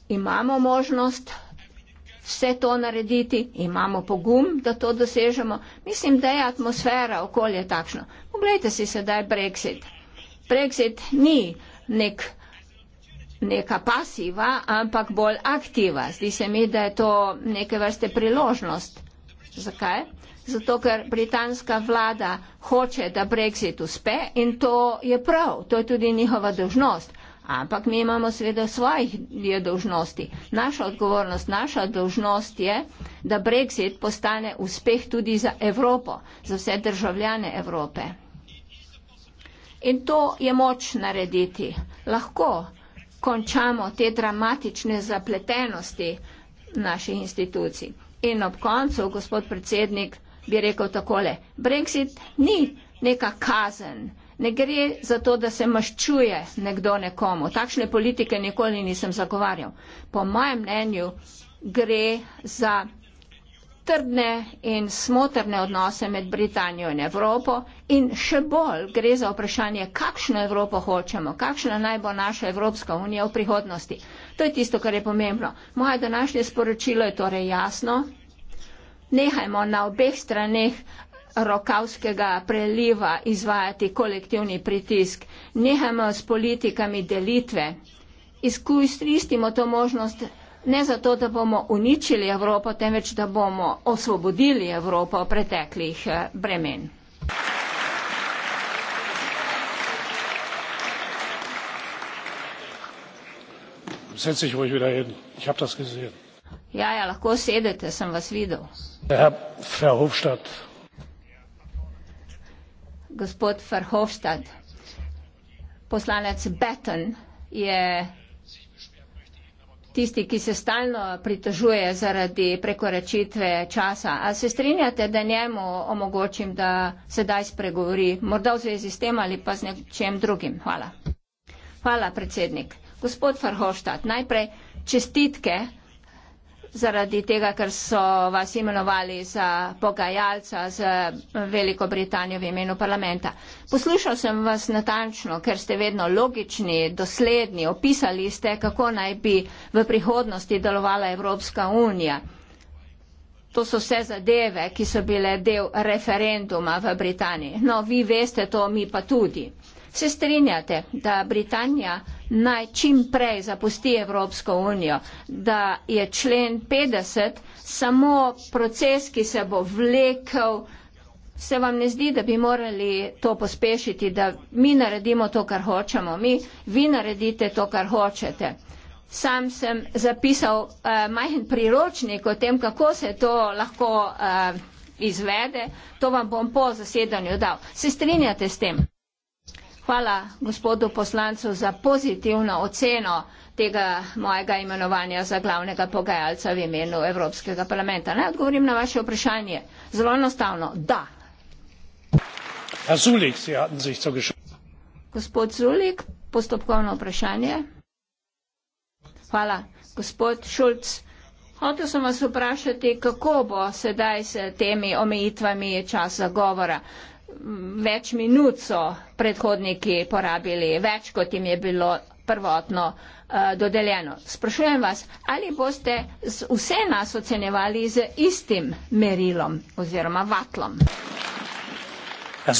Imamo možnost vse to narediti, imamo pogum, da to dosežemo. Mislim, da je atmosfera, okolje takšno. Poglejte si sedaj Brexit. Brexit ni nek, neka pasiva, ampak bolj aktiva. Zdi se mi, da je to neke vrste priložnost. Zakaj? Zato, ker britanska vlada hoče, da Brexit uspe in to je prav, to je tudi njihova dožnost. Ampak mi imamo seveda svojih dolžnosti. Naša odgovornost, naša dolžnost je, da Brexit postane uspeh tudi za Evropo, za vse državljane Evrope. In to je moč narediti. Lahko končamo te dramatične zapletenosti naših institucij. In ob koncu, gospod predsednik, bi rekel takole, Brexit ni neka kazen. Ne gre za to, da se maščuje nekdo nekomu. Takšne politike nikoli nisem zagovarjal. Po mojem mnenju gre za trdne in smotrne odnose med Britanijo in Evropo in še bolj gre za vprašanje, kakšno Evropo hočemo, kakšna naj bo naša Evropska unija v prihodnosti. To je tisto, kar je pomembno. Moje današnje sporočilo je torej jasno. Nehajmo na obeh straneh rokavskega preliva izvajati kolektivni pritisk. Nehamo s politikami delitve. Izkustristimo to možnost ne zato, da bomo uničili Evropo, temveč da bomo osvobodili Evropo preteklih eh, bremen. Ja, ja, lahko sedete, sem vas videl. Herr Verhofstadt, gospod Verhofstadt. Poslanec Betten je tisti, ki se stalno pritožuje zaradi prekoračitve časa. A se strinjate, da njemu omogočim, da sedaj spregovori, morda v zvezi s tem ali pa z nečem drugim? Hvala. Hvala, predsednik. Gospod Farhoštat, najprej čestitke zaradi tega, ker so vas imenovali za pogajalca z Veliko Britanijo v imenu parlamenta. Poslušal sem vas natančno, ker ste vedno logični, dosledni, opisali ste, kako naj bi v prihodnosti delovala Evropska unija. To so vse zadeve, ki so bile del referenduma v Britaniji. No, vi veste to, mi pa tudi. Se strinjate, da Britanija naj čim prej zapusti Evropsko unijo, da je člen 50 samo proces, ki se bo vlekel. Se vam ne zdi, da bi morali to pospešiti, da mi naredimo to, kar hočemo, mi, vi naredite to, kar hočete. Sam sem zapisal eh, majhen priročnik o tem, kako se to lahko eh, izvede. To vam bom po zasedanju dal. Se strinjate s tem? Hvala gospodu poslancu za pozitivno oceno tega mojega imenovanja za glavnega pogajalca v imenu Evropskega parlamenta. Naj odgovorim na vaše vprašanje. Zelo enostavno, da. Zulik, gospod Zulik, postopkovno vprašanje. Hvala. Gospod Šulc, hotel sem vas vprašati, kako bo sedaj s temi omejitvami časa govora več minut so predhodniki porabili, več kot jim je bilo prvotno eh, dodeljeno. Sprašujem vas, ali boste vse nas ocenjevali z istim merilom oziroma vatlom? Ja,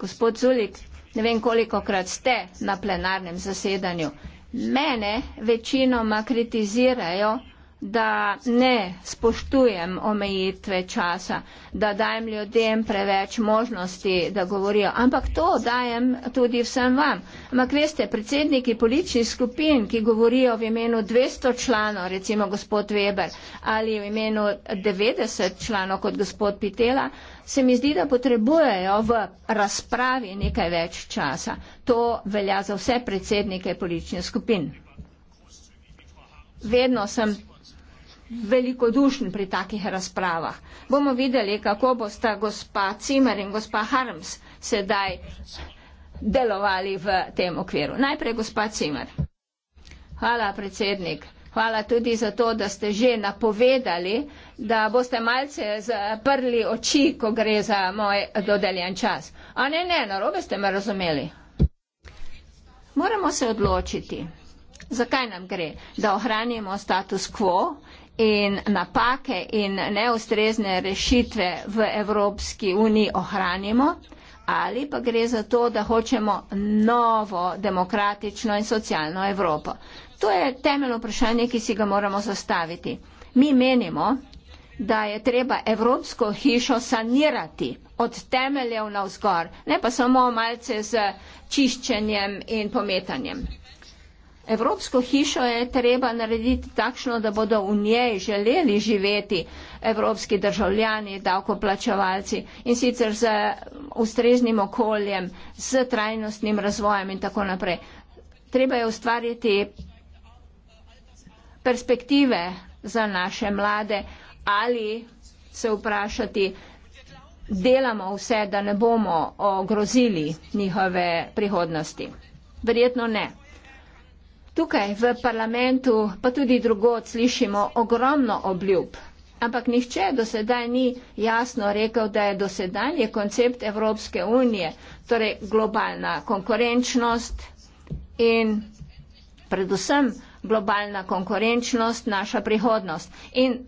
Gospod Zulik, ne vem, koliko krat ste na plenarnem zasedanju. Mene večinoma kritizirajo, da ne spoštujem omejitve časa, da dajem ljudem preveč možnosti, da govorijo. Ampak to dajem tudi vsem vam. Ampak veste, predsedniki političnih skupin, ki govorijo v imenu 200 članov, recimo gospod Weber, ali v imenu 90 članov kot gospod Pitela, se mi zdi, da potrebujejo v razpravi nekaj več časa. To velja za vse predsednike političnih skupin. Vedno sem velikodušen pri takih razpravah. Bomo videli, kako bosta gospa Cimer in gospa Harms sedaj delovali v tem okviru. Najprej gospa Cimer. Hvala, predsednik. Hvala tudi za to, da ste že napovedali, da boste malce zaprli oči, ko gre za moj dodeljen čas. A ne, ne, narobe ste me razumeli. Moramo se odločiti, zakaj nam gre, da ohranimo status quo in napake in neustrezne rešitve v Evropski uniji ohranimo ali pa gre za to, da hočemo novo demokratično in socialno Evropo. To je temeljno vprašanje, ki si ga moramo zastaviti. Mi menimo, da je treba Evropsko hišo sanirati od temeljev na vzgor, ne pa samo malce z čiščenjem in pometanjem. Evropsko hišo je treba narediti takšno, da bodo v njej želeli živeti evropski državljani, davkoplačevalci in sicer z ustreznim okoljem, z trajnostnim razvojem in tako naprej. Treba je ustvariti perspektive za naše mlade ali se vprašati, delamo vse, da ne bomo ogrozili njihove prihodnosti. Verjetno ne. Tukaj v parlamentu, pa tudi drugod, slišimo ogromno obljub. Ampak nihče do sedaj ni jasno rekel, da je do sedaj je koncept Evropske unije, torej globalna konkurenčnost in predvsem globalna konkurenčnost naša prihodnost. In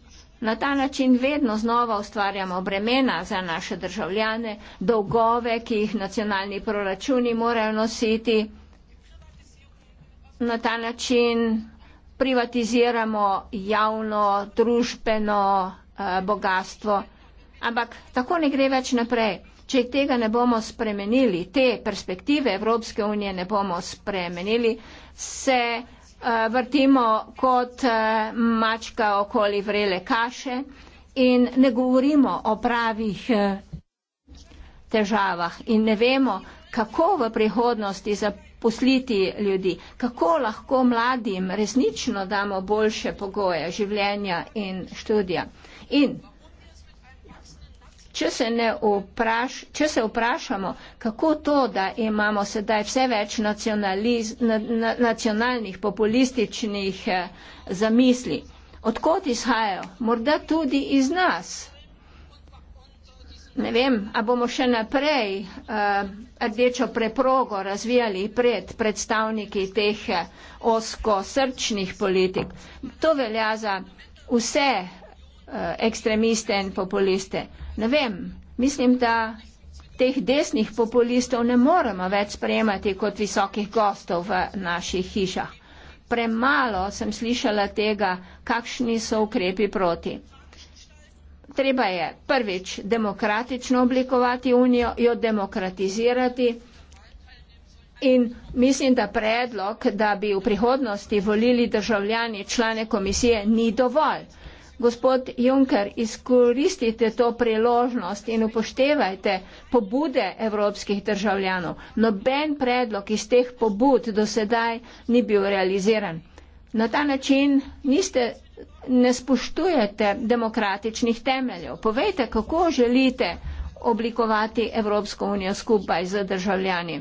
na ta način vedno znova ustvarjamo bremena za naše državljane, dolgove, ki jih nacionalni proračuni morajo nositi na ta način privatiziramo javno, družbeno eh, bogatstvo. Ampak tako ne gre več naprej. Če tega ne bomo spremenili, te perspektive Evropske unije ne bomo spremenili, se eh, vrtimo kot eh, mačka okoli vrele kaše in ne govorimo o pravih eh, težavah in ne vemo, kako v prihodnosti zapisati posliti ljudi. Kako lahko mladim resnično damo boljše pogoje življenja in študija? In če se, ne vpraš, če se vprašamo, kako to, da imamo sedaj vse več na, na, nacionalnih populističnih eh, zamisli, odkot izhajajo, morda tudi iz nas ne vem, a bomo še naprej uh, rdečo preprogo razvijali pred predstavniki teh eh, oskosrčnih politik. To velja za vse uh, ekstremiste in populiste. Ne vem, mislim, da teh desnih populistov ne moremo več sprejemati kot visokih gostov v naših hišah. Premalo sem slišala tega, kakšni so ukrepi proti treba je prvič demokratično oblikovati unijo, jo demokratizirati in mislim, da predlog, da bi v prihodnosti volili državljani člane komisije, ni dovolj. Gospod Juncker, izkoristite to priložnost in upoštevajte pobude evropskih državljanov. Noben predlog iz teh pobud do sedaj ni bil realiziran. Na ta način niste, ne spoštujete demokratičnih temeljev. Povejte, kako želite oblikovati Evropsko unijo skupaj z državljani.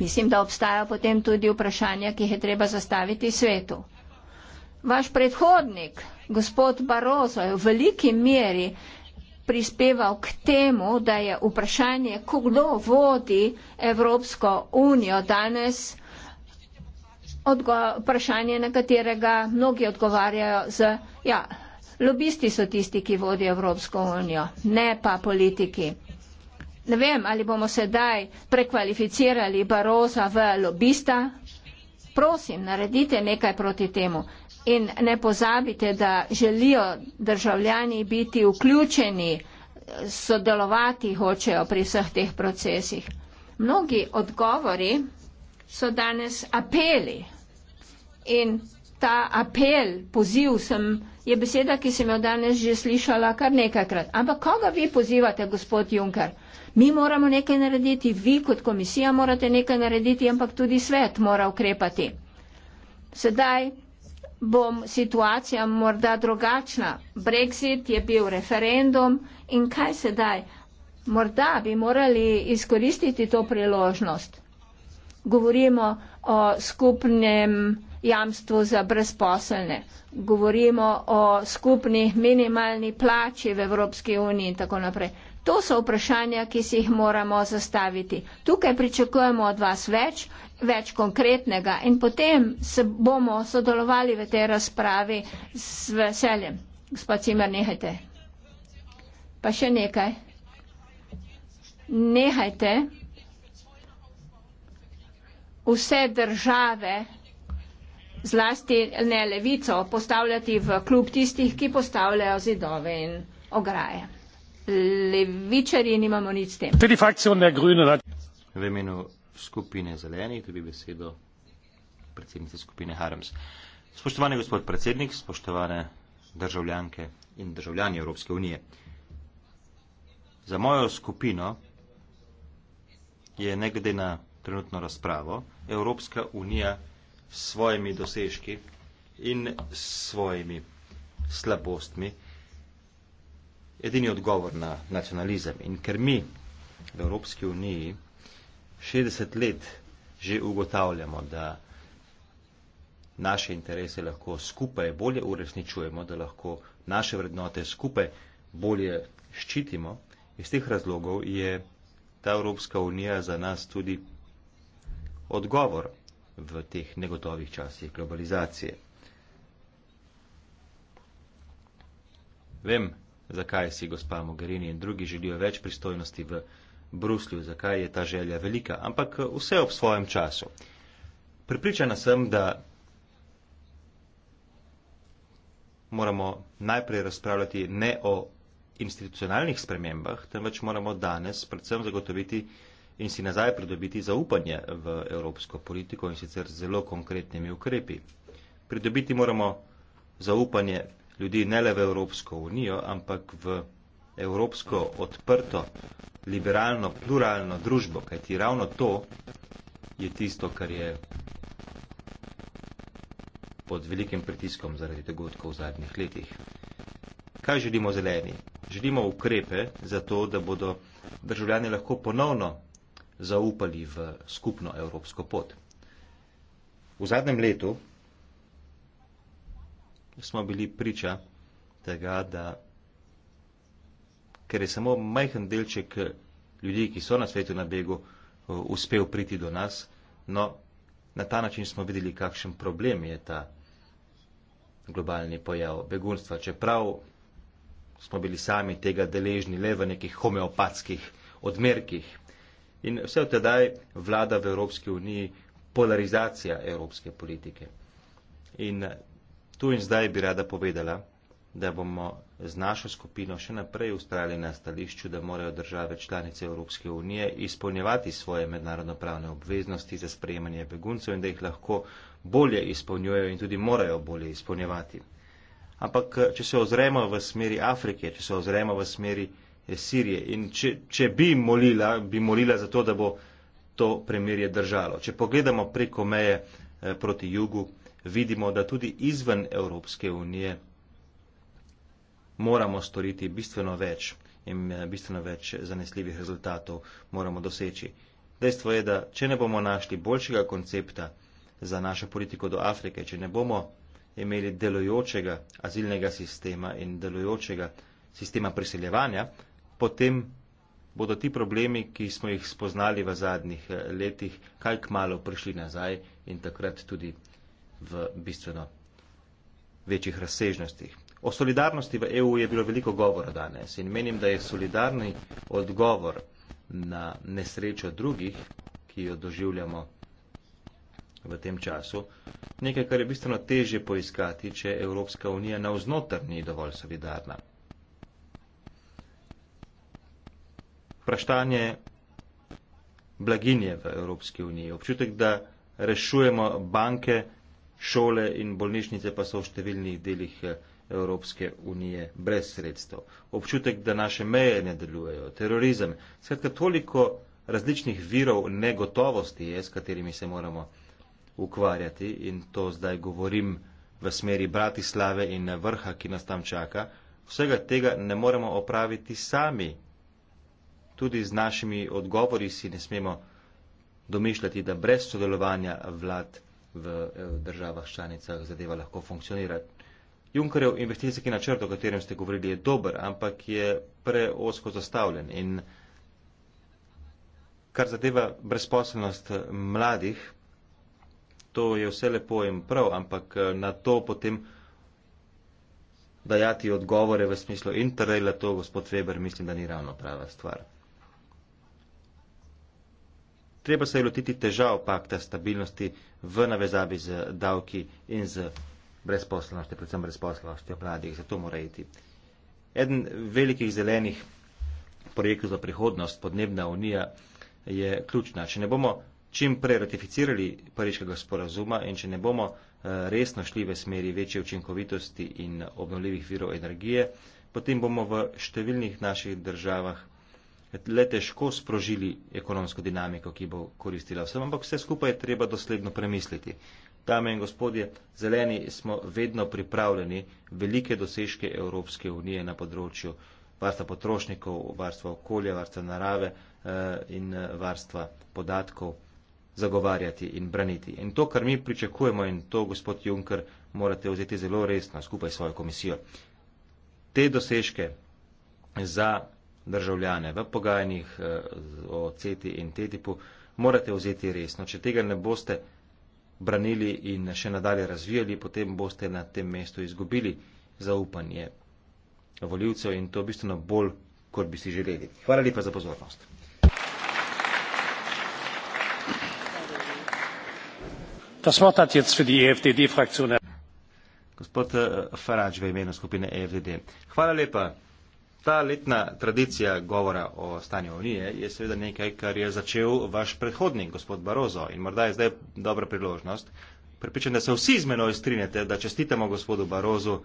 Mislim, da obstajajo potem tudi vprašanja, ki jih je treba zastaviti svetu. Vaš predhodnik, gospod Barozo, je v veliki meri prispeval k temu, da je vprašanje, kdo vodi Evropsko unijo danes, vprašanje, na katerega mnogi odgovarjajo z, ja, lobisti so tisti, ki vodi Evropsko unijo, ne pa politiki. Ne vem, ali bomo sedaj prekvalificirali Baroza v lobista. Prosim, naredite nekaj proti temu. In ne pozabite, da želijo državljani biti vključeni, sodelovati hočejo pri vseh teh procesih. Mnogi odgovori so danes apeli, In ta apel, poziv sem, je beseda, ki sem jo danes že slišala kar nekajkrat. Ampak koga vi pozivate, gospod Juncker? Mi moramo nekaj narediti, vi kot komisija morate nekaj narediti, ampak tudi svet mora ukrepati. Sedaj bo situacija morda drugačna. Brexit je bil referendum in kaj sedaj? Morda bi morali izkoristiti to priložnost. Govorimo o skupnem jamstvo za brezposelne. Govorimo o skupni minimalni plači v Evropski uniji in tako naprej. To so vprašanja, ki si jih moramo zastaviti. Tukaj pričakujemo od vas več, več konkretnega in potem se bomo sodelovali v tej razpravi z veseljem. Gospod Cimer, nehajte. Pa še nekaj. Nehajte. Vse države zlasti ne levico, postavljati v klub tistih, ki postavljajo zidove in ograje. Levičari nimamo nič s tem. V imenu skupine zelenih dobi besedo predsednice skupine Harams. Spoštovani gospod predsednik, spoštovane državljanke in državljani Evropske unije. Za mojo skupino je ne glede na trenutno razpravo Evropska unija s svojimi dosežki in s svojimi slabostmi edini odgovor na nacionalizem. In ker mi v Evropski uniji 60 let že ugotavljamo, da naše interese lahko skupaj bolje uresničujemo, da lahko naše vrednote skupaj bolje ščitimo, iz teh razlogov je ta Evropska unija za nas tudi odgovor v teh negotovih časih globalizacije. Vem, zakaj si gospa Mogherini in drugi želijo več pristojnosti v Bruslju, zakaj je ta želja velika, ampak eh, vse ob svojem času. Pripričana sem, da moramo najprej razpravljati ne o institucionalnih spremembah, temveč moramo danes predvsem zagotoviti in si nazaj pridobiti zaupanje v evropsko politiko in sicer z zelo konkretnimi ukrepi. Pridobiti moramo zaupanje ljudi ne le v Evropsko unijo, ampak v evropsko odprto, liberalno, pluralno družbo, kajti ravno to je tisto, kar je pod velikim pritiskom zaradi dogodkov v zadnjih letih. Kaj želimo zeleni? Želimo ukrepe za to, da bodo državljani lahko ponovno zaupali v skupno evropsko pot. V zadnjem letu smo bili priča tega, da ker je samo majhen delček ljudi, ki so na svetu na begu, eh, uspel priti do nas, no, na ta način smo videli, kakšen problem je ta globalni pojav begunstva. Čeprav smo bili sami tega deležni le v nekih homeopatskih odmerkih, In vse od tedaj vlada v Evropski uniji polarizacija evropske politike. In eh, tu in zdaj bi rada povedala, da bomo z našo skupino še naprej ustrali na stališču, da morajo države članice Evropske unije izpolnjevati svoje mednarodno pravne obveznosti za sprejemanje beguncev in da jih lahko bolje izpolnjujejo in tudi morajo bolje izpolnjevati. Ampak, eh, če se ozremo v smeri Afrike, če se ozremo v smeri Eh, Sirije. In če, če bi molila, bi molila za to, da bo to premirje držalo. Če pogledamo preko meje eh, proti jugu, vidimo, da tudi izven Evropske unije moramo storiti bistveno več in eh, bistveno več zanesljivih rezultatov moramo doseči. Dejstvo je, da če ne bomo našli boljšega koncepta za našo politiko do Afrike, če ne bomo imeli delojočega azilnega sistema in delojočega sistema priseljevanja, potem bodo ti problemi, ki smo jih spoznali v zadnjih eh, letih, kaj k malo prišli nazaj in takrat tudi v bistveno večjih razsežnostih. O solidarnosti v EU je bilo veliko govora danes in menim, da je solidarni odgovor na nesrečo drugih, ki jo doživljamo v tem času, nekaj, kar je bistveno teže poiskati, če Evropska unija na vznoter ni dovolj solidarna. vprašanje blaginje v Evropski uniji. Občutek, da rešujemo banke, šole in bolnišnice pa so v številnih delih eh, Evropske unije brez sredstev. Občutek, da naše meje ne delujejo, terorizem. Skratka, toliko različnih virov negotovosti je, s katerimi se moramo ukvarjati in to zdaj govorim v smeri Bratislave in vrha, ki nas tam čaka. Vsega tega ne moremo opraviti sami, tudi z našimi odgovori si ne smemo domišljati, da brez sodelovanja vlad eh, v državah članicah zadeva lahko funkcionira. Junkerjev investicijski načrt, o katerem ste govorili, je dober, ampak je preosko zastavljen. In kar zadeva brezposelnost eh, mladih, to je vse lepo in prav, ampak eh, na to potem dajati odgovore v smislu interrela, to gospod Weber mislim, da ni ravno prava stvar. Treba se je lotiti težav pakta stabilnosti v navezavi z davki in z brezposlenostjo, predvsem brezposlenostjo mladih. Zato mora iti. Eden velikih zelenih projektov za prihodnost, podnebna unija, je ključna. Če ne bomo čim prej ratificirali pariškega sporazuma in če ne bomo eh, resno šli v smeri večje učinkovitosti in obnovljivih virov energije, potem bomo v številnih naših državah le težko sprožili ekonomsko dinamiko, ki bo koristila vsem, ampak vse skupaj je treba dosledno premisliti. Dame in gospodje, zeleni smo vedno pripravljeni velike dosežke Evropske unije na področju varstva potrošnikov, varstva okolja, varstva narave eh, in eh, varstva podatkov zagovarjati in braniti. In to, kar mi pričakujemo in to, gospod Juncker, morate vzeti zelo resno skupaj s svojo komisijo. Te dosežke za državljane v pogajanjih eh, o CETI in TTIP-u, morate vzeti resno. Če tega ne boste branili in še nadalje razvijali, potem boste na tem mestu izgubili zaupanje voljivcev in to bistveno bolj, kot bi si želeli. Hvala lepa za pozornost. E Gospod eh, Farage v imenu skupine EFDD. Hvala lepa. Ta letna tradicija govora o stanju unije je seveda nekaj, kar je začel vaš predhodnik, gospod Barozo, in morda je zdaj dobra priložnost. Pripričam, da se vsi z menoj strinjate, da čestitamo gospodu Barozu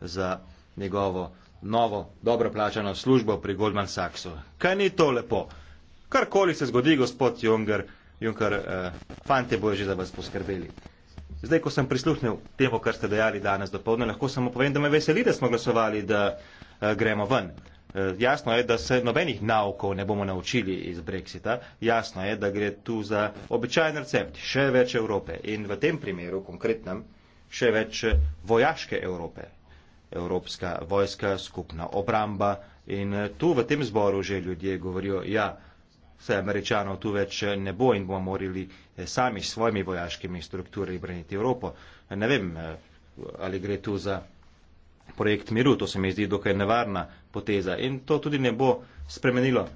za njegovo novo, dobro plačano službo pri Goldman Sachsu. Kaj ni to lepo? Karkoli se zgodi, gospod Junger, Junker, eh, fante bojo že za vas poskrbeli. Zdaj, ko sem prisluhnil temu, kar ste dejali danes do povdne, lahko samo povem, da me veseli, da smo glasovali, da Eh, gremo ven. Eh, jasno je, da se nobenih naukov ne bomo naučili iz Brexita, jasno je, da gre tu za običajen recept, še več Evrope in v tem primeru konkretnem še več eh, vojaške Evrope, Evropska vojska, skupna obramba in tu v tem zboru že ljudje govorijo, ja, vse američanov tu več ne bo in bomo morali sami s svojimi vojaškimi strukturami braniti Evropo. Ne vem, ali gre tu za projekt miru. To se mi zdi dokaj nevarna poteza in to tudi ne bo spremenilo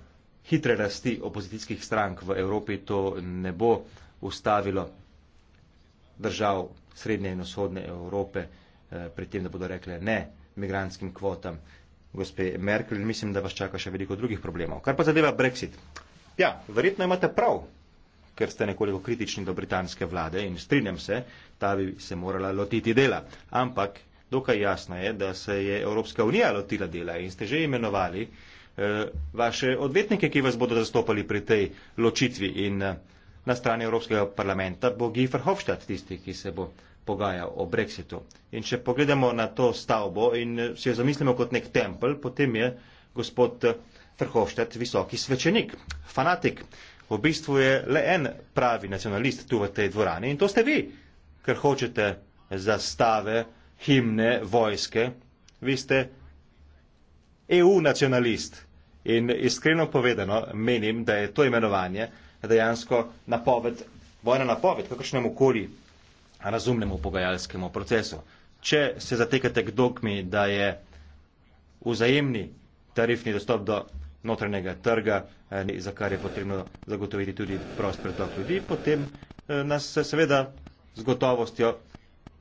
hitre rasti opozicijskih strank v Evropi. To ne bo ustavilo držav srednje in vzhodne Evrope eh, pri tem, da bodo rekle ne migranskim kvotam. Gospe Merkel, mislim, da vas čaka še veliko drugih problemov. Kar pa zadeva Brexit. Ja, verjetno imate prav, ker ste nekoliko kritični do britanske vlade in strinjam se, ta bi se morala lotiti dela. Ampak dokaj jasna je, da se je Evropska unija lotila dela in ste že imenovali eh, vaše odvetnike, ki vas bodo zastopali pri tej ločitvi in eh, na strani Evropskega parlamenta bo Giefer Hofstadt tisti, ki se bo pogajal o brexitu. In če pogledamo na to stavbo in eh, si jo zamislimo kot nek tempel, potem je gospod eh, Verhofstadt visoki svečenik, fanatik. V bistvu je le en pravi nacionalist tu v tej dvorani in to ste vi, ker hočete zastave himne vojske, vi ste EU nacionalist. In iskreno povedano, menim, da je to imenovanje dejansko napoved, vojna napoved, kakršnemu koli razumnemu pogajalskemu procesu. Če se zatekate k dogmi, da je vzajemni tarifni dostop do notranjega trga, eh, za kar je potrebno zagotoviti tudi prost pretok ljudi, potem eh, nas seveda z gotovostjo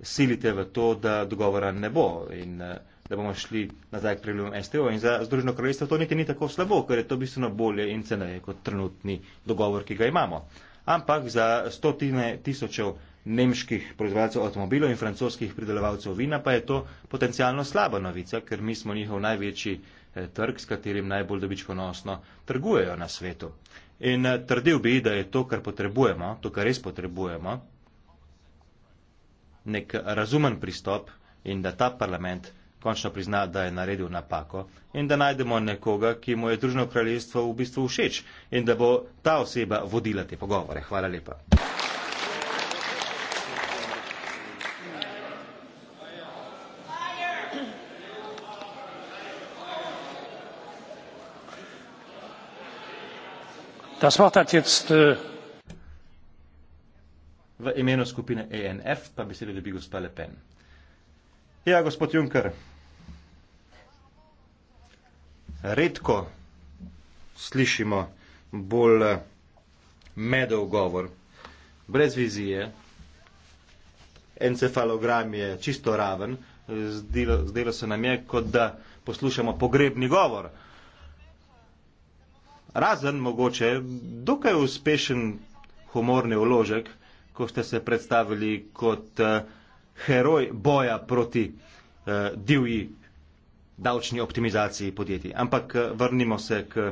silite v to, da dogovora ne bo in eh, da bomo šli nazaj k pravilom STO. In za Združeno kraljestvo to niti ni tako slabo, ker je to bistveno bolje in ceneje kot trenutni dogovor, ki ga imamo. Ampak za stotine tisočev nemških proizvajalcev avtomobilov in francoskih pridelovalcev vina pa je to potencialno slaba novica, ker mi smo njihov največji eh, trg, s katerim najbolj dobičkonosno trgujejo na svetu. In eh, trdil bi, da je to, kar potrebujemo, to, kar res potrebujemo, nek razumen pristop in da ta parlament končno prizna, da je naredil napako in da najdemo nekoga, ki mu je družno kraljestvo v bistvu všeč in da bo ta oseba vodila te pogovore. Hvala lepa. Das Wort hat jetzt äh V imenu skupine ANF pa besedo dobi gospa Le Pen. Ja, gospod Juncker. Redko slišimo bolj eh, medov govor, brez vizije, encefalogram je čisto raven, zdelo, zdelo se nam je, kot da poslušamo pogrebni govor. Razen mogoče dokaj uspešen humorni uložek, ko ste se predstavili kot uh, heroj boja proti uh, divji davčni optimizaciji podjetij. Ampak uh, vrnimo se k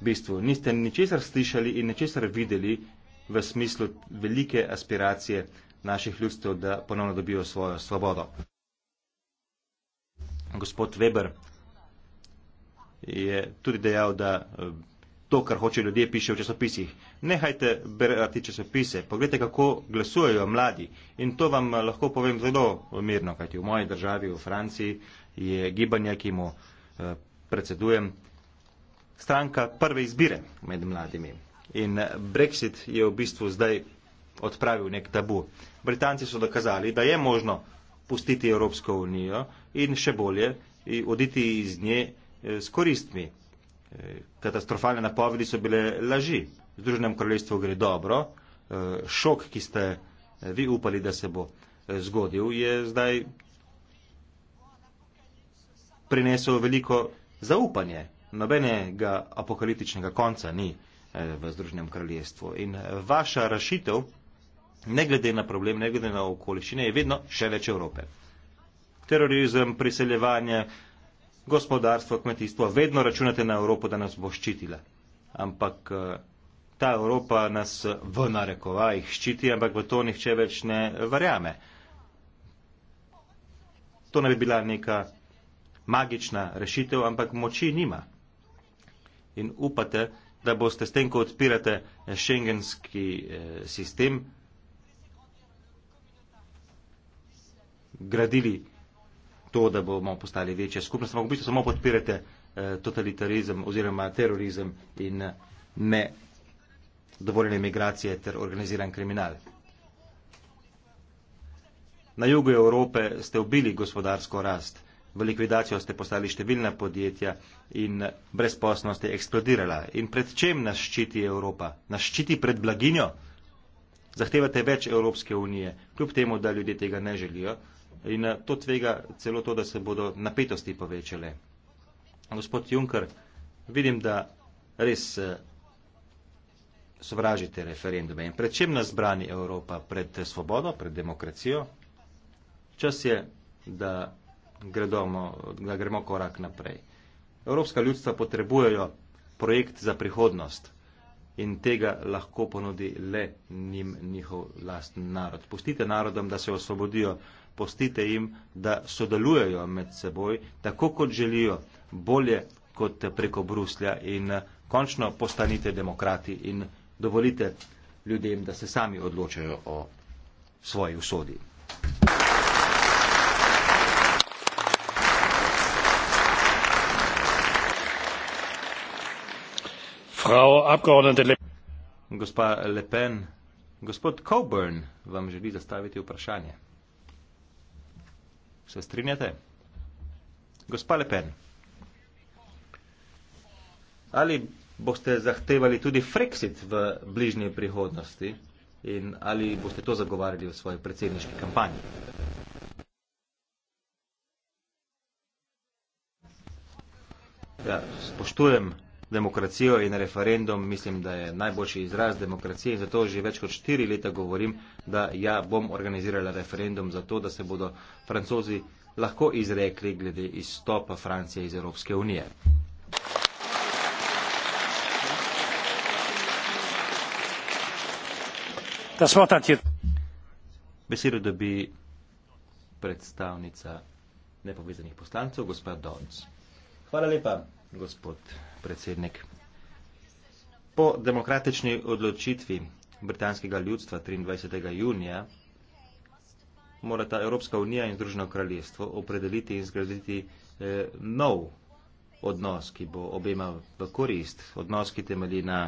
bistvu. Niste ničesar slišali in ničesar videli v smislu velike aspiracije naših ljudstev, da ponovno dobijo svojo svobodo. Gospod Weber je tudi dejal, da. Uh, to, kar hočejo ljudje, piše v časopisih. Nehajte brati časopise, poglejte, kako glasujejo mladi. In to vam eh, lahko povem zelo mirno, kajti v moji državi, v Franciji, je gibanje, ki mu eh, predsedujem, stranka prve izbire med mladimi. In eh, Brexit je v bistvu zdaj odpravil nek tabu. Britanci so dokazali, da je možno pustiti Evropsko unijo in še bolje, oditi iz nje s koristmi katastrofalne napovedi so bile laži. Združenem kraljestvu gre dobro, e, šok, ki ste e, vi upali, da se bo e, zgodil, je zdaj prinesel veliko zaupanje. Nobenega apokaliptičnega konca ni v Združenem kraljestvu. In vaša rašitev, ne glede na problem, ne glede na okoliščine, je vedno še več Evrope. Terorizem, priseljevanje, gospodarstvo, kmetijstvo, vedno računate na Evropo, da nas bo ščitila. Ampak eh, ta Evropa nas eh, v narekovajih ščiti, ampak v to nihče več ne eh, verjame. To ne bi bila neka magična rešitev, ampak moči nima. In upate, da boste s tem, ko odpirate šengenski sistem, gradili to, da bomo postali večja skupnost, ampak v bistvu samo podpirate eh, totalitarizem oziroma terorizem in eh, ne dovoljene migracije ter organiziran kriminal. Na jugu Evrope ste ubili gospodarsko rast, v likvidacijo ste postali številna podjetja in brezposnost je eksplodirala. In pred čem nas ščiti Evropa? Nas ščiti pred blaginjo? Zahtevate več Evropske unije, kljub temu, da ljudje tega ne želijo in eh, to tvega celo to, da se bodo napetosti povečale. Gospod Juncker, vidim, da res eh, sovražite referendume in pred čem nas brani Evropa? Pred eh, svobodo, pred demokracijo? Čas je, da, gredomo, da gremo korak naprej. Evropska ljudstva potrebujejo projekt za prihodnost in tega lahko ponudi le njim njihov lasten narod. Pustite narodom, da se osvobodijo postite jim, da sodelujejo med seboj, tako kot želijo, bolje kot preko Bruslja in eh, končno postanite demokrati in dovolite ljudem, da se sami odločajo o svoji usodi. Gospa Le Pen, gospod Coburn vam želi zastaviti vprašanje. Se strinjate? Gospa Lepen. Ali boste zahtevali tudi Frexit v bližnji prihodnosti in ali boste to zagovarjali v svoji predsedniški kampanji? Ja, spoštujem demokracijo in referendum mislim, da je najboljši izraz demokracije in zato že več kot štiri leta govorim, da ja bom organizirala referendum za to, da se bodo francozi lahko izrekli glede izstopa Francije iz Evropske unije. Besedo dobi predstavnica nepovezanih poslancev, gospod Donc. Hvala lepa gospod predsednik. Po demokratični odločitvi britanskega ljudstva 23. junija morata Evropska unija in Združeno kraljestvo opredeliti in zgraditi eh, nov odnos, ki bo obema v korist, odnos, ki temelji na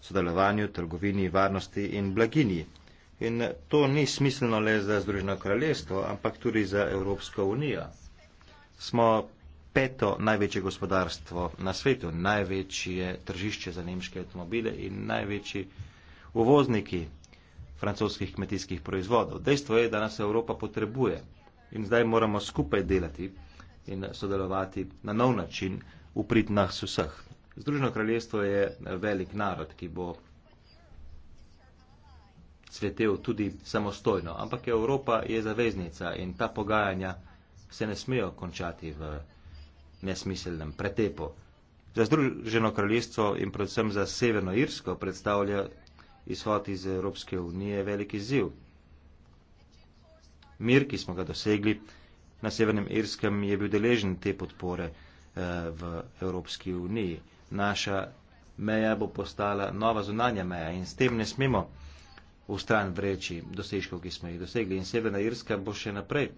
sodelovanju, trgovini, varnosti in blaginji. In eh, to ni smiselno le za Združeno kraljestvo, ampak tudi za Evropsko unijo. Smo peto največje gospodarstvo na svetu, največje tržišče za nemške avtomobile in največji uvozniki francoskih kmetijskih proizvodov. Dejstvo je, da nas Evropa potrebuje in zdaj moramo skupaj delati in sodelovati na nov način v prid nas vseh. Združeno kraljestvo je velik narod, ki bo cvetel tudi samostojno, ampak Evropa je zaveznica in ta pogajanja se ne smejo končati v Evropi nesmiselnem pretepu. Za Združeno kraljestvo in predvsem za Severno Irsko predstavlja izhod iz Evropske unije veliki ziv. Mir, ki smo ga dosegli na Severnem Irskem, je bil deležen te podpore eh, v Evropski uniji. Naša meja bo postala nova zunanja meja in s tem ne smemo ustran vreči dosežkov, ki smo jih dosegli. In Severna Irska bo še naprej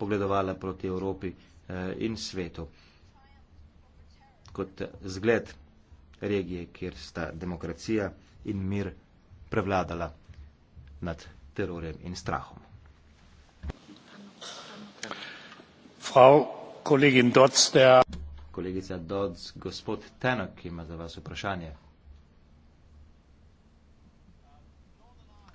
pogledovala proti Evropi eh, in svetu kot zgled regije, kjer sta demokracija in mir prevladala nad terorjem in strahom. Frau Kollegin Dodds, der Kolegica Dodds, gospod Tenok ima za vas vprašanje.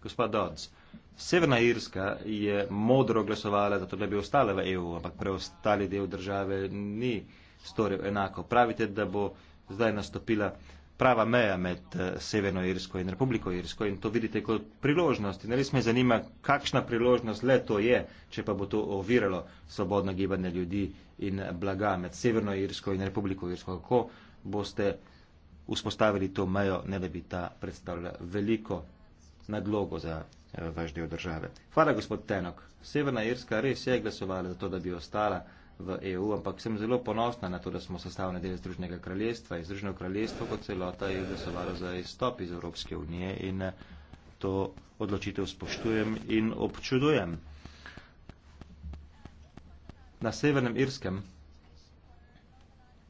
Gospod Dodds, Severna Irska je modro glasovala, zato da bi ostala v EU, ampak preostali del države ni storil enako. Pravite, da bo zdaj nastopila prava meja med eh, Severno Irsko in Republiko Irsko in to vidite kot priložnost. In res me zanima, kakšna priložnost le to je, če pa bo to oviralo svobodno gibanje ljudi in blaga med Severno Irsko in Republiko Irsko. Kako boste vzpostavili to mejo, ne da bi ta predstavljala veliko nadlogo za eh, vaš del države. Hvala, gospod Tenok. Severna Irska res je glasovala za to, da bi ostala v EU, ampak sem zelo ponosna na to, da smo sestavni del Združenega kraljestva in Združeno kraljestvo kot celota je glasovalo za izstop iz Evropske unije in eh, to odločitev spoštujem in občudujem. Na Severnem Irskem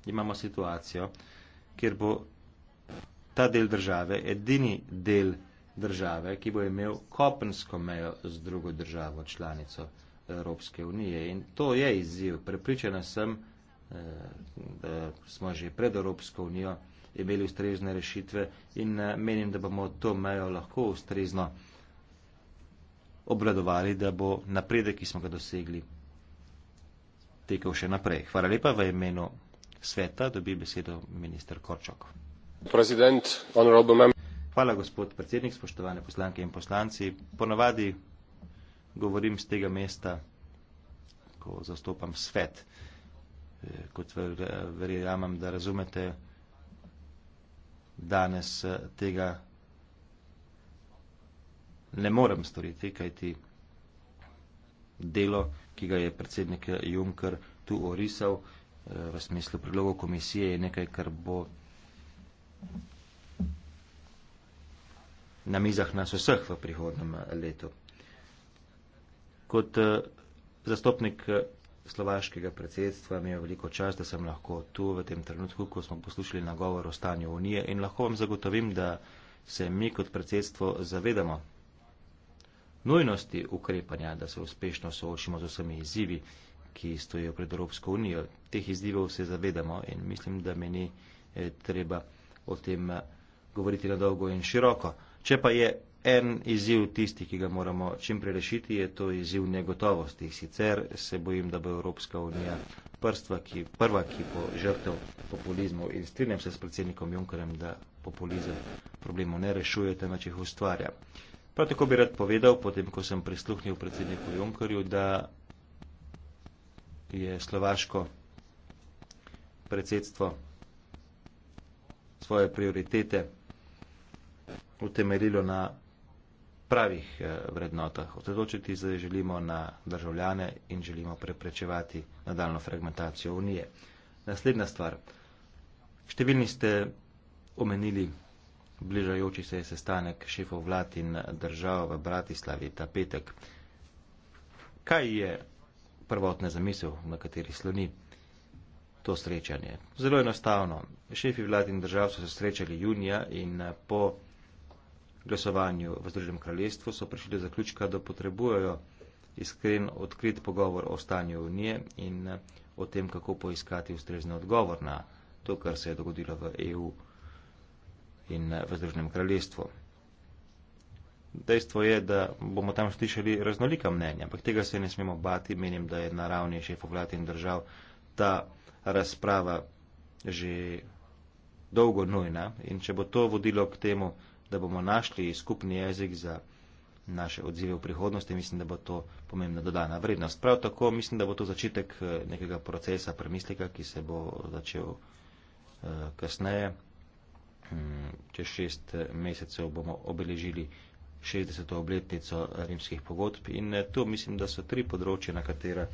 imamo situacijo, kjer bo ta del države edini del države, ki bo imel kopensko mejo z drugo državo članico. Evropske unije. In to je izziv. Prepričana sem, eh, da smo že pred Evropsko unijo imeli ustrezne rešitve in eh, menim, da bomo to mejo lahko ustrezno obladovali, da bo napredek, ki smo ga dosegli, tekel še naprej. Hvala lepa v imenu sveta, dobi besedo minister Korčok. Hvala, gospod predsednik, spoštovane poslanke in poslanci. Ponovadi govorim z tega mesta, ko zastopam svet, eh, kot verjamem, da razumete danes eh, tega. Ne morem storiti, kajti delo, ki ga je predsednik eh, Juncker tu orisal v smislu predlogov komisije, je nekaj, kar bo na mizah nas vseh v prihodnem letu. Kot eh, zastopnik eh, slovaškega predsedstva mi je veliko čast, da sem lahko tu v tem trenutku, ko smo poslušali nagovor o stanju Unije in lahko vam zagotovim, da se mi kot predsedstvo zavedamo nujnosti ukrepanja, da se uspešno soočimo z vsemi izzivi, ki stojijo pred Evropsko unijo. Teh izzivov se zavedamo in mislim, da mi ni eh, treba o tem govoriti na dolgo in široko. Če pa je En izziv tisti, ki ga moramo čim prej rešiti, je to izziv negotovosti. Sicer se bojim, da bo Evropska unija prstva, ki, prva, ki bo žrtev populizmu. In strinjam se s predsednikom Junkerem, da populizem problemov ne rešuje, temveč jih ustvarja. Prav tako bi rad povedal, potem ko sem prisluhnil predsedniku Junkerju, da je slovaško predsedstvo svoje prioritete utemeljilo na pravih eh, vrednotah. Osredotočiti se želimo na državljane in želimo preprečevati nadaljno fragmentacijo unije. Naslednja stvar. Številni ste omenili bližajoči se sestanek šefov vlad in držav v Bratislavi ta petek. Kaj je prvotna zamisel, na kateri sloni to srečanje? Zelo enostavno. Šefi vlad in držav so se srečali junija in eh, po glasovanju v Združenem kraljestvu so prišli do zaključka, da potrebujejo iskren odkrit pogovor o stanju unije in eh, o tem, kako poiskati ustrezni odgovor na to, kar se je dogodilo v EU in eh, v Združenem kraljestvu. Dejstvo je, da bomo tam slišali raznolika mnenja, ampak tega se ne smemo bati. Menim, da je na ravni šefov vlad in držav ta razprava že dolgo nujna in če bo to vodilo k temu, da bomo našli skupni jezik za naše odzive v prihodnosti, mislim, da bo to pomembna dodana vrednost. Prav tako mislim, da bo to začetek eh, nekega procesa premislika, ki se bo začel eh, kasneje. Mm, čez šest eh, mesecev bomo obeležili 60. obletnico rimskih pogodb in tu mislim, da so tri področje, na katera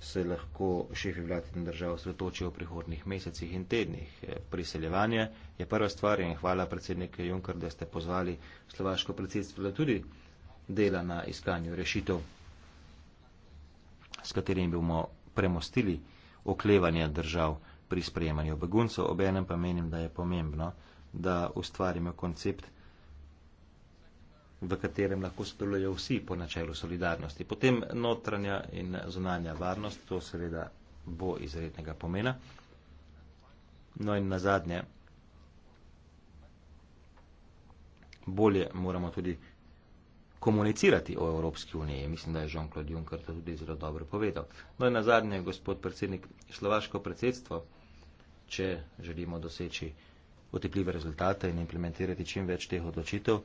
se lahko šefi vlad in držav sretočijo v prihodnih mesecih in tednih. Priseljevanje je prva stvar in hvala predsednike Junker, da ste pozvali slovaško predsedstvo, da tudi dela na iskanju rešitev, s katerimi bomo premostili oklevanje držav pri sprejemanju beguncev. Obenem pa menim, da je pomembno, da ustvarimo koncept, v katerem lahko sodelujejo vsi po načelu solidarnosti. Potem notranja in zunanja varnost, to seveda bo izrednega pomena. No in na zadnje, bolje moramo tudi komunicirati o Evropski uniji. Mislim, da je Jean-Claude Juncker to tudi zelo dobro povedal. No in na zadnje, gospod predsednik, slovaško predsedstvo, če želimo doseči otepljive rezultate in implementirati čim več teh odločitev,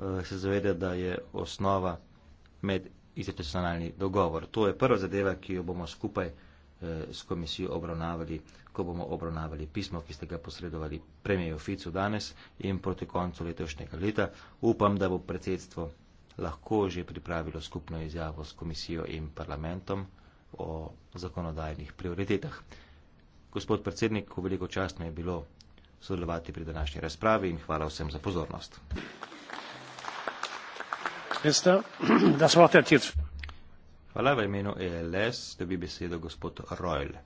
Eh, se zavede, da je osnova med institucionalni dogovor. To je prva zadeva, ki jo bomo skupaj eh, s komisijo obravnavali, ko bomo obravnavali pismo, ki ste ga posredovali premijo Ficu danes in proti koncu letošnjega leta. Upam, da bo predsedstvo lahko že pripravilo skupno izjavo s komisijo in parlamentom o zakonodajnih prioritetah. Gospod predsednik, veliko častno je bilo sodelovati pri današnji razpravi in hvala vsem za pozornost. Hvala. V imenu ELS dobi besedo gospod Royle.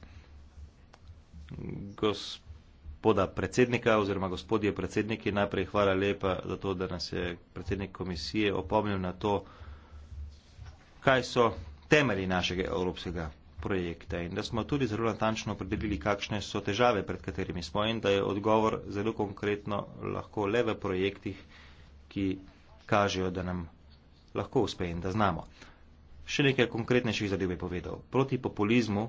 Gospoda predsednika oziroma gospodje predsedniki, najprej hvala lepa za to, da nas je predsednik komisije opomnil na to, kaj so temelji našega evropskega projekta in da smo tudi zelo natančno opredelili, kakšne so težave, pred katerimi smo in da je odgovor zelo konkretno lahko le v projektih, ki kažejo, da nam lahko uspe in da znamo. Še nekaj konkretnejših zadev bi povedal. Proti populizmu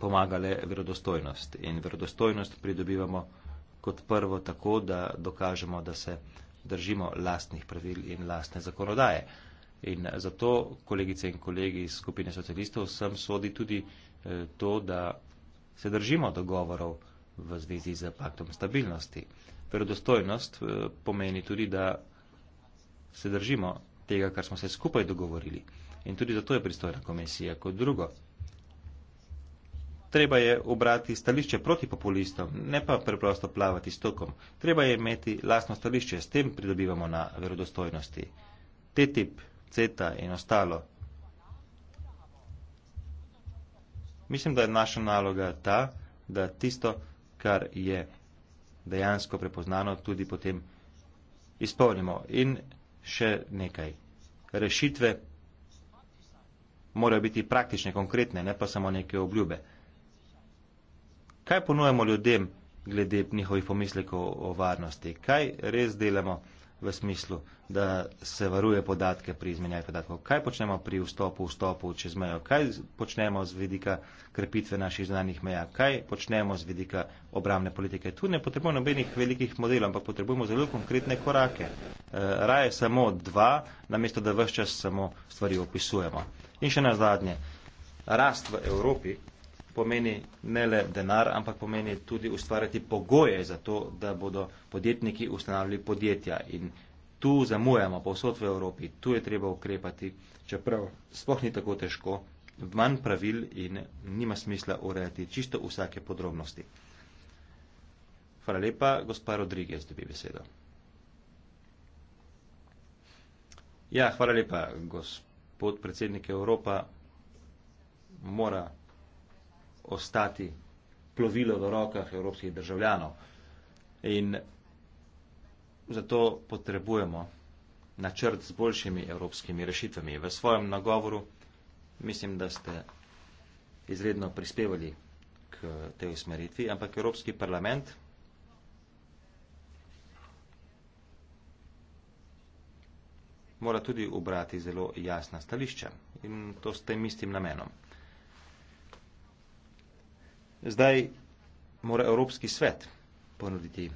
pomagale verodostojnost in verodostojnost pridobivamo kot prvo tako, da dokažemo, da se držimo lastnih pravil in lastne zakonodaje. In zato, kolegice in kolegi iz skupine socialistov, sem sodi tudi eh, to, da se držimo dogovorov v zvezi z paktom stabilnosti. Verodostojnost eh, pomeni tudi, da se držimo tega, kar smo se skupaj dogovorili. In tudi zato je pristojna komisija kot drugo. Treba je obrati stališče proti populistom, ne pa preprosto plavati s tokom. Treba je imeti lastno stališče, s tem pridobivamo na verodostojnosti. TTIP, CETA in ostalo. Mislim, da je naša naloga ta, da tisto, kar je dejansko prepoznano, tudi potem izpolnimo. In še nekaj. Rešitve morajo biti praktične, konkretne, ne pa samo neke obljube. Kaj ponujemo ljudem glede njihovih pomislekov o varnosti? Kaj res delamo? v smislu, da se varuje podatke pri izmenjavi podatkov. Kaj počnemo pri vstopu, vstopu čez mejo? Kaj počnemo z vidika krepitve naših zunanjih meja? Kaj počnemo z vidika obramne politike? Tu ne potrebujemo nobenih velikih modelov, ampak potrebujemo zelo konkretne korake. E, raje samo dva, namesto da vse čas samo stvari opisujemo. In še na zadnje. Rast v Evropi pomeni ne le denar, ampak pomeni tudi ustvarjati pogoje za to, da bodo podjetniki ustanavljali podjetja. In tu zamujamo, povsod v Evropi, tu je treba ukrepati, čeprav sploh ni tako težko, manj pravil in nima smisla urejati čisto vsake podrobnosti. Hvala lepa, gospa Rodriguez, da bi besedo. Ja, hvala lepa, gospod predsednik Evropa mora ostati plovilo v rokah evropskih državljanov. In zato potrebujemo načrt z boljšimi evropskimi rešitvami. V svojem nagovoru mislim, da ste izredno prispevali k tej usmeritvi, ampak Evropski parlament mora tudi obrati zelo jasna stališča in to s tem istim namenom. Zdaj mora Evropski svet ponuditi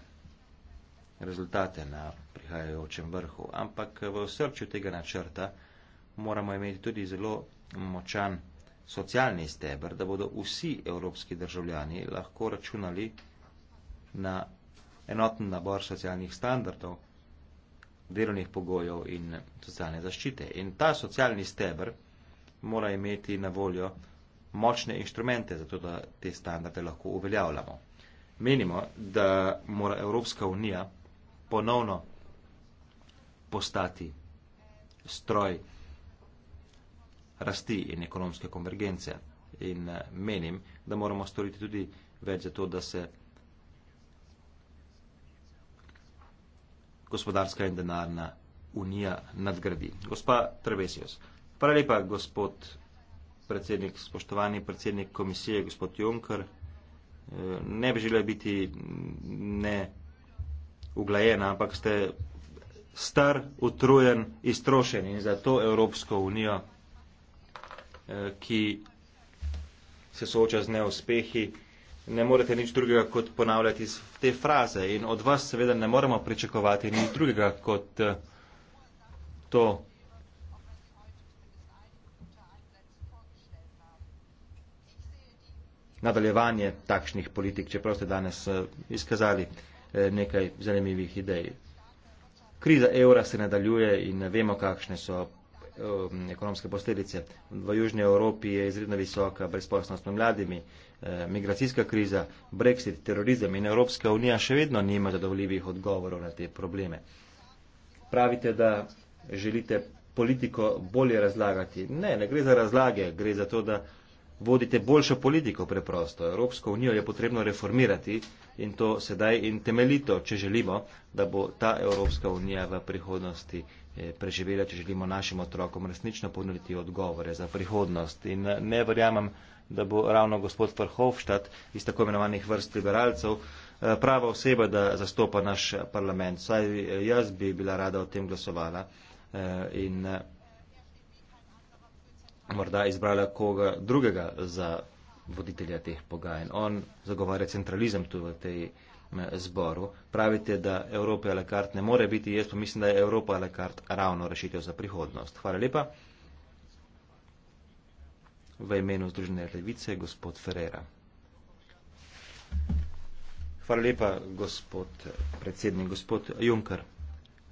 rezultate na prihajajočem vrhu, ampak v srčju tega načrta moramo imeti tudi zelo močan socialni steber, da bodo vsi evropski državljani lahko računali na enoten nabor socialnih standardov, delovnih pogojev in socialne zaščite. In ta socialni steber mora imeti na voljo močne inštrumente, zato da te standarde lahko uveljavljamo. Menimo, da mora Evropska unija ponovno postati stroj rasti in ekonomske konvergence. In eh, menim, da moramo storiti tudi več za to, da se gospodarska in denarna unija nadgradi. Gospa Trevesijos. Hvala lepa, gospod predsednik, spoštovani predsednik komisije, gospod Junker. Eh, ne bi želel biti neuglajen, ampak ste star, utrujen, iztrošen in zato Evropsko unijo, eh, ki se sooča z neuspehi, ne morete nič drugega kot ponavljati te fraze in od vas seveda ne moremo pričakovati nič drugega kot eh, to nadaljevanje takšnih politik, čeprav ste danes eh, izkazali eh, nekaj zanimivih idej. Kriza evra se nadaljuje in vemo, kakšne so um, ekonomske posledice. V Južnji Evropi je izredno visoka brezposlenost med mladimi, eh, migracijska kriza, brexit, terorizem in Evropska unija še vedno nima zadovoljivih odgovorov na te probleme. Pravite, da želite politiko bolje razlagati. Ne, ne gre za razlage, gre za to, da vodite boljšo politiko preprosto. Evropsko unijo je potrebno reformirati in to sedaj in temeljito, če želimo, da bo ta Evropska unija v prihodnosti eh, preživela, če želimo našim otrokom resnično ponuditi odgovore za prihodnost. In eh, ne verjamem, da bo ravno gospod Farhofštad iz tako imenovanih vrst liberalcev eh, prava oseba, da zastopa naš parlament. Saj jaz bi bila rada o tem glasovala. In, morda izbrala koga drugega za voditelja teh pogajanj. On zagovarja centralizem tu v tej zboru. Pravite, da Evropa a la carte ne more biti, jaz pa mislim, da je Evropa a la carte ravno rešitev za prihodnost. Hvala lepa. V imenu Združene levice, gospod Ferrera. Hvala lepa, gospod predsednik, gospod Juncker.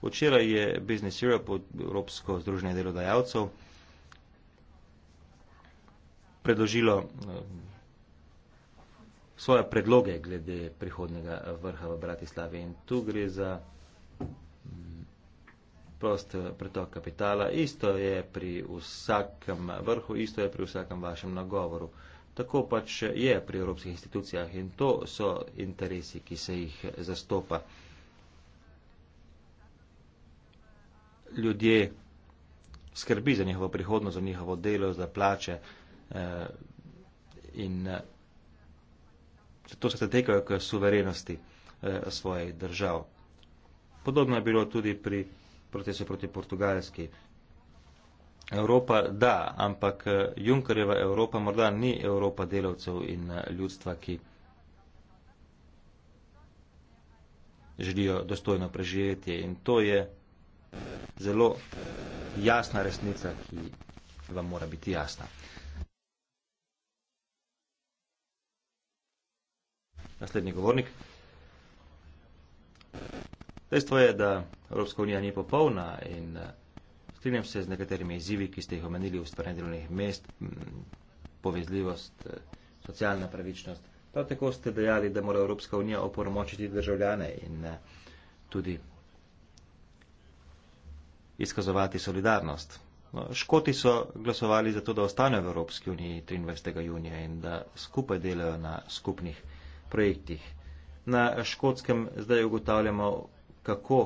Včeraj je Business Europe, Evropsko združenje delodajalcev, predložilo eh, svoje predloge glede prihodnega eh, vrha v Bratislavi. In tu gre za mm, prost eh, pretok kapitala. Isto je pri vsakem vrhu, isto je pri vsakem vašem nagovoru. Tako pač je pri evropskih institucijah in to so interesi, ki se jih zastopa. Ljudje skrbi za njihovo prihodnost, za njihovo delo, za plače. Eh, in eh, zato se zatekajo k suverenosti eh, svojih držav. Podobno je bilo tudi pri procesu proti portugalski. Evropa da, ampak Junkerjeva Evropa morda ni Evropa delavcev in ljudstva, ki želijo dostojno preživeti. In to je zelo jasna resnica, ki vam mora biti jasna. naslednji govornik. Dejstvo je, da Evropska unija ni popolna in eh, strinjam se z nekaterimi izzivi, ki ste jih omenili v stvarnih delovnih mest, povezljivost, eh, socialna pravičnost. Prav tako ste dejali, da mora Evropska unija opormočiti državljane in eh, tudi izkazovati solidarnost. No, škoti so glasovali za to, da ostanejo v Evropski uniji 23. junija in da skupaj delajo na skupnih projektih. Na škotskem zdaj ugotavljamo, kako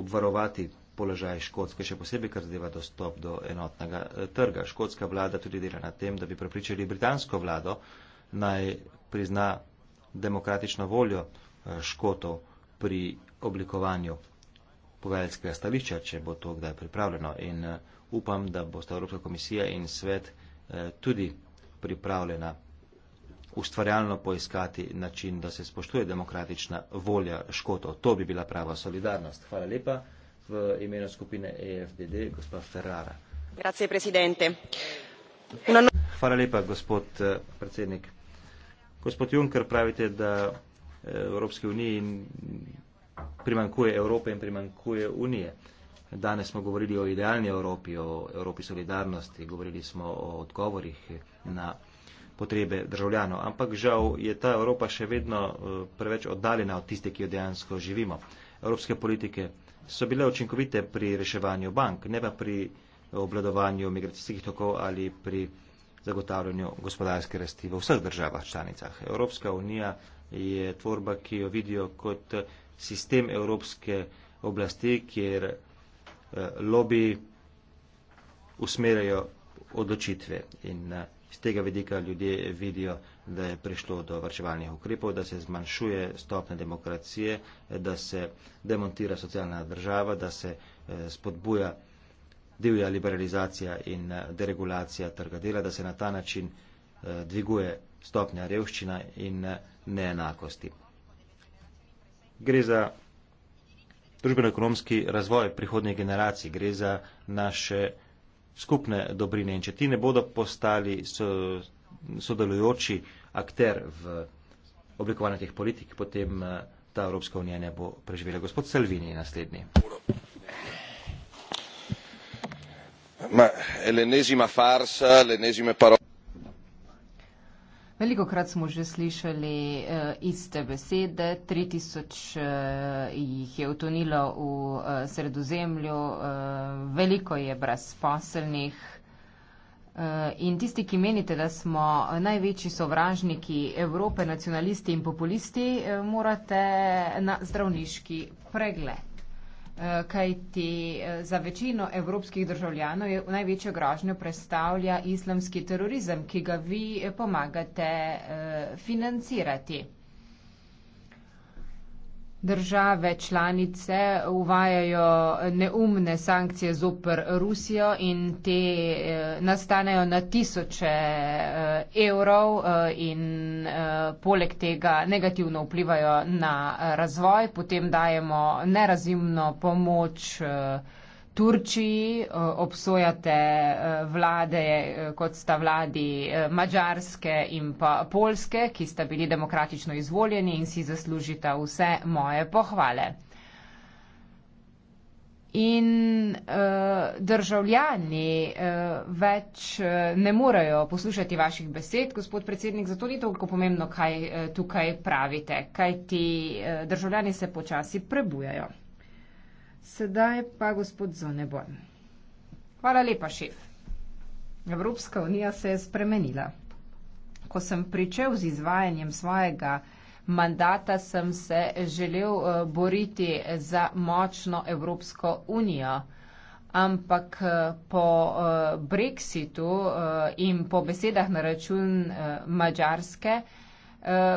obvarovati položaj škotske, še posebej, kar zadeva dostop do enotnega eh, trga. Škotska vlada tudi dela na tem, da bi prepričali britansko vlado, naj prizna demokratično voljo eh, škotov pri oblikovanju pogajalskega stališča, če bo to kdaj pripravljeno. In eh, upam, da bo sta Evropska komisija in svet tudi pripravljena ustvarjalno poiskati način, da se spoštuje demokratična volja Škotov. To bi bila prava solidarnost. Hvala lepa v imenu skupine EFDD, gospod Ferrara. Grazie, presidente. No... Hvala lepa, gospod eh, predsednik. Gospod Juncker, pravite, da eh, Evropske unije primankuje Evrope in primankuje Unije. Danes smo govorili o idealni Evropi, o Evropi solidarnosti, govorili smo o odgovorih na potrebe državljanov. Ampak žal je ta Evropa še vedno eh, preveč oddaljena od tiste, ki jo dejansko živimo. Evropske politike so bile učinkovite pri reševanju bank, ne pa pri obladovanju migracijskih tokov ali pri zagotavljanju gospodarske rasti v vseh državah članicah. Evropska unija je tvorba, ki jo vidijo kot sistem evropske oblasti, kjer eh, lobiji usmerjajo odločitve in eh, Z tega vidika ljudje vidijo, da je prišlo do vrčevalnih ukrepov, da se zmanjšuje stopne demokracije, da se demontira socialna država, da se eh, spodbuja divja liberalizacija in eh, deregulacija trga dela, da se na ta način eh, dviguje stopnja revščina in neenakosti. Gre za družbeno-ekonomski razvoj prihodnjih generacij, gre za naše skupne dobrine in če ti ne bodo postali so, sodelujoči akter v oblikovanju teh politik, potem eh, ta Evropska unija ne bo preživela. Gospod Salvini je naslednji. Ma, l'ennesima farsa, l'ennesime parole. Veliko krat smo že slišali uh, iste besede, 3000 uh, eh, jih je utonilo v uh, sredozemlju, uh, veliko je brezposelnih. In tisti, ki menite, da smo največji sovražniki Evrope, nacionalisti in populisti, morate na zdravniški pregled. Eh, kajti eh, za večino evropskih državljanov je v največjo grožnjo predstavlja islamski terorizem, ki ga vi eh, pomagate financirati države članice uvajajo neumne sankcije zoper Rusijo in te eh, nastanejo na tisoče eh, evrov eh, in poleg tega negativno vplivajo na razvoj, potem dajemo nerazimno pomoč. Turčiji, eh, obsojate eh, vlade, eh, kot sta vladi Mačarske in pa Polske, ki sta bili demokratično izvoljeni in si zaslužita vse moje pohvale. In uh, državljani uh, več uh, ne morejo poslušati vaših besed, gospod predsednik, zato ni toliko pomembno, kaj uh, tukaj pravite, kaj ti uh, državljani se počasi prebujajo. Sedaj pa gospod Zoneboj. Hvala lepa, šef. Evropska unija se je spremenila. Ko sem pričel z izvajanjem svojega mandata, sem se želel eh, boriti za močno Evropsko unijo. Ampak eh, po eh, Brexitu in po besedah na račun Mačarske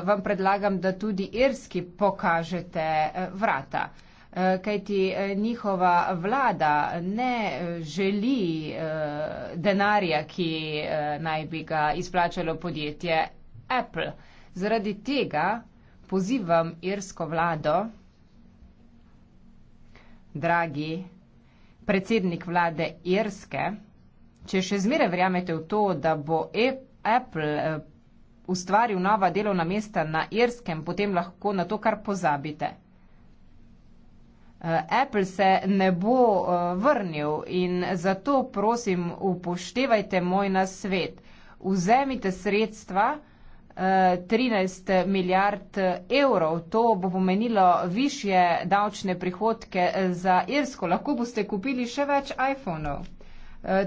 vam predlagam, da tudi Irski pokažete vrata. Eh, kajti eh, njihova vlada ne želi eh, denarja, ki naj bi ga izplačalo podjetje Apple. Zaradi tega pozivam irsko vlado, dragi predsednik vlade Irske, če še zmeraj verjamete v to, da bo Apple ustvaril nova delovna mesta na Irskem, potem lahko na to kar pozabite. Eh, Apple se ne bo eh, vrnil in zato prosim upoštevajte moj nasvet. Vzemite sredstva 13 eh, milijard evrov, to bo pomenilo više davčne prihodke za Irsko, lahko boste kupili še več iPhonov.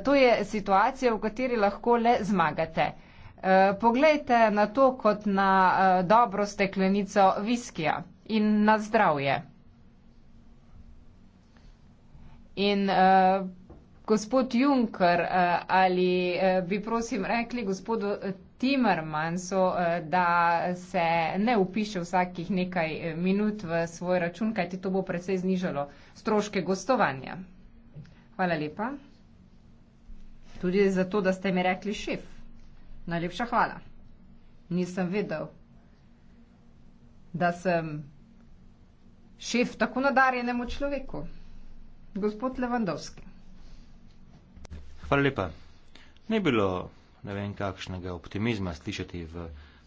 To je situacija, v kateri lahko le zmagate. Poglejte na to kot na dobro steklenico viskija in na zdravje. In uh, gospod Juncker, uh, ali uh, bi prosim rekli gospodu Timmermansu, uh, da se ne upiše vsakih nekaj minut v svoj račun, kajti to bo predvsej znižalo stroške gostovanja. Hvala lepa. Tudi za to, da ste mi rekli šef. Najlepša hvala. Nisem vedel, da sem šef tako nadarjenemu človeku. Gospod Levandovski. Hvala lepa. Ne bilo ne vem kakšnega optimizma slišati v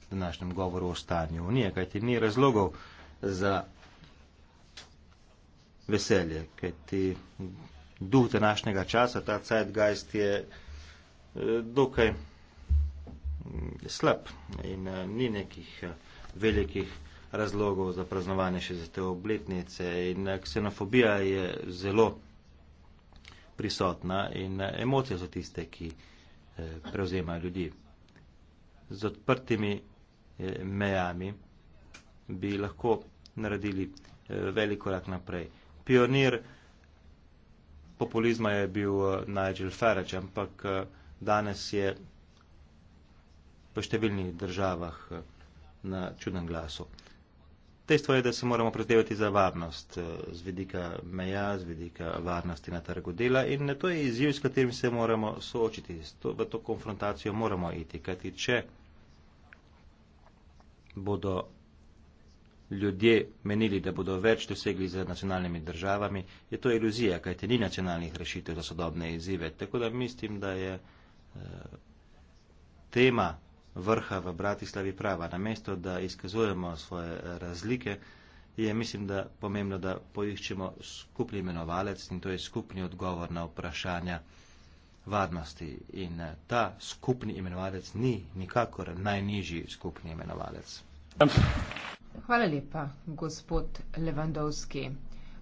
današnjem govoru o stanju unije, kajti ni razlogov za veselje, kajti duh današnjega časa, ta zeitgeist je eh, dokaj mm, slab in eh, ni nekih eh, velikih razlogov za praznovanje še za te obletnice in eh, ksenofobija je zelo prisotna in eh, emocije so tiste, ki eh, prevzemajo ljudi. Z odprtimi mejami bi lahko naredili velik korak naprej. Pionir populizma je bil Nigel Farage, ampak danes je v številnih državah na čudnem glasu. Dejstvo je, da se moramo prizadevati za varnost eh, z vedika meja, z vedika varnosti na trgu dela in to je izziv, s katerim se moramo soočiti. To, v to konfrontacijo moramo iti, kajti če bodo ljudje menili, da bodo več dosegli z nacionalnimi državami, je to iluzija, kajti ni nacionalnih rešitev za sodobne izzive. Tako da mislim, da je eh, tema vrha v Bratislavi prava. Namesto, da izkazujemo svoje eh, razlike, je mislim, da pomembno, da poiščemo skupni imenovalec in to je skupni odgovor na vprašanja varnosti. In eh, ta skupni imenovalec ni nikakor najnižji skupni imenovalec. Hvala lepa, gospod Levandovski.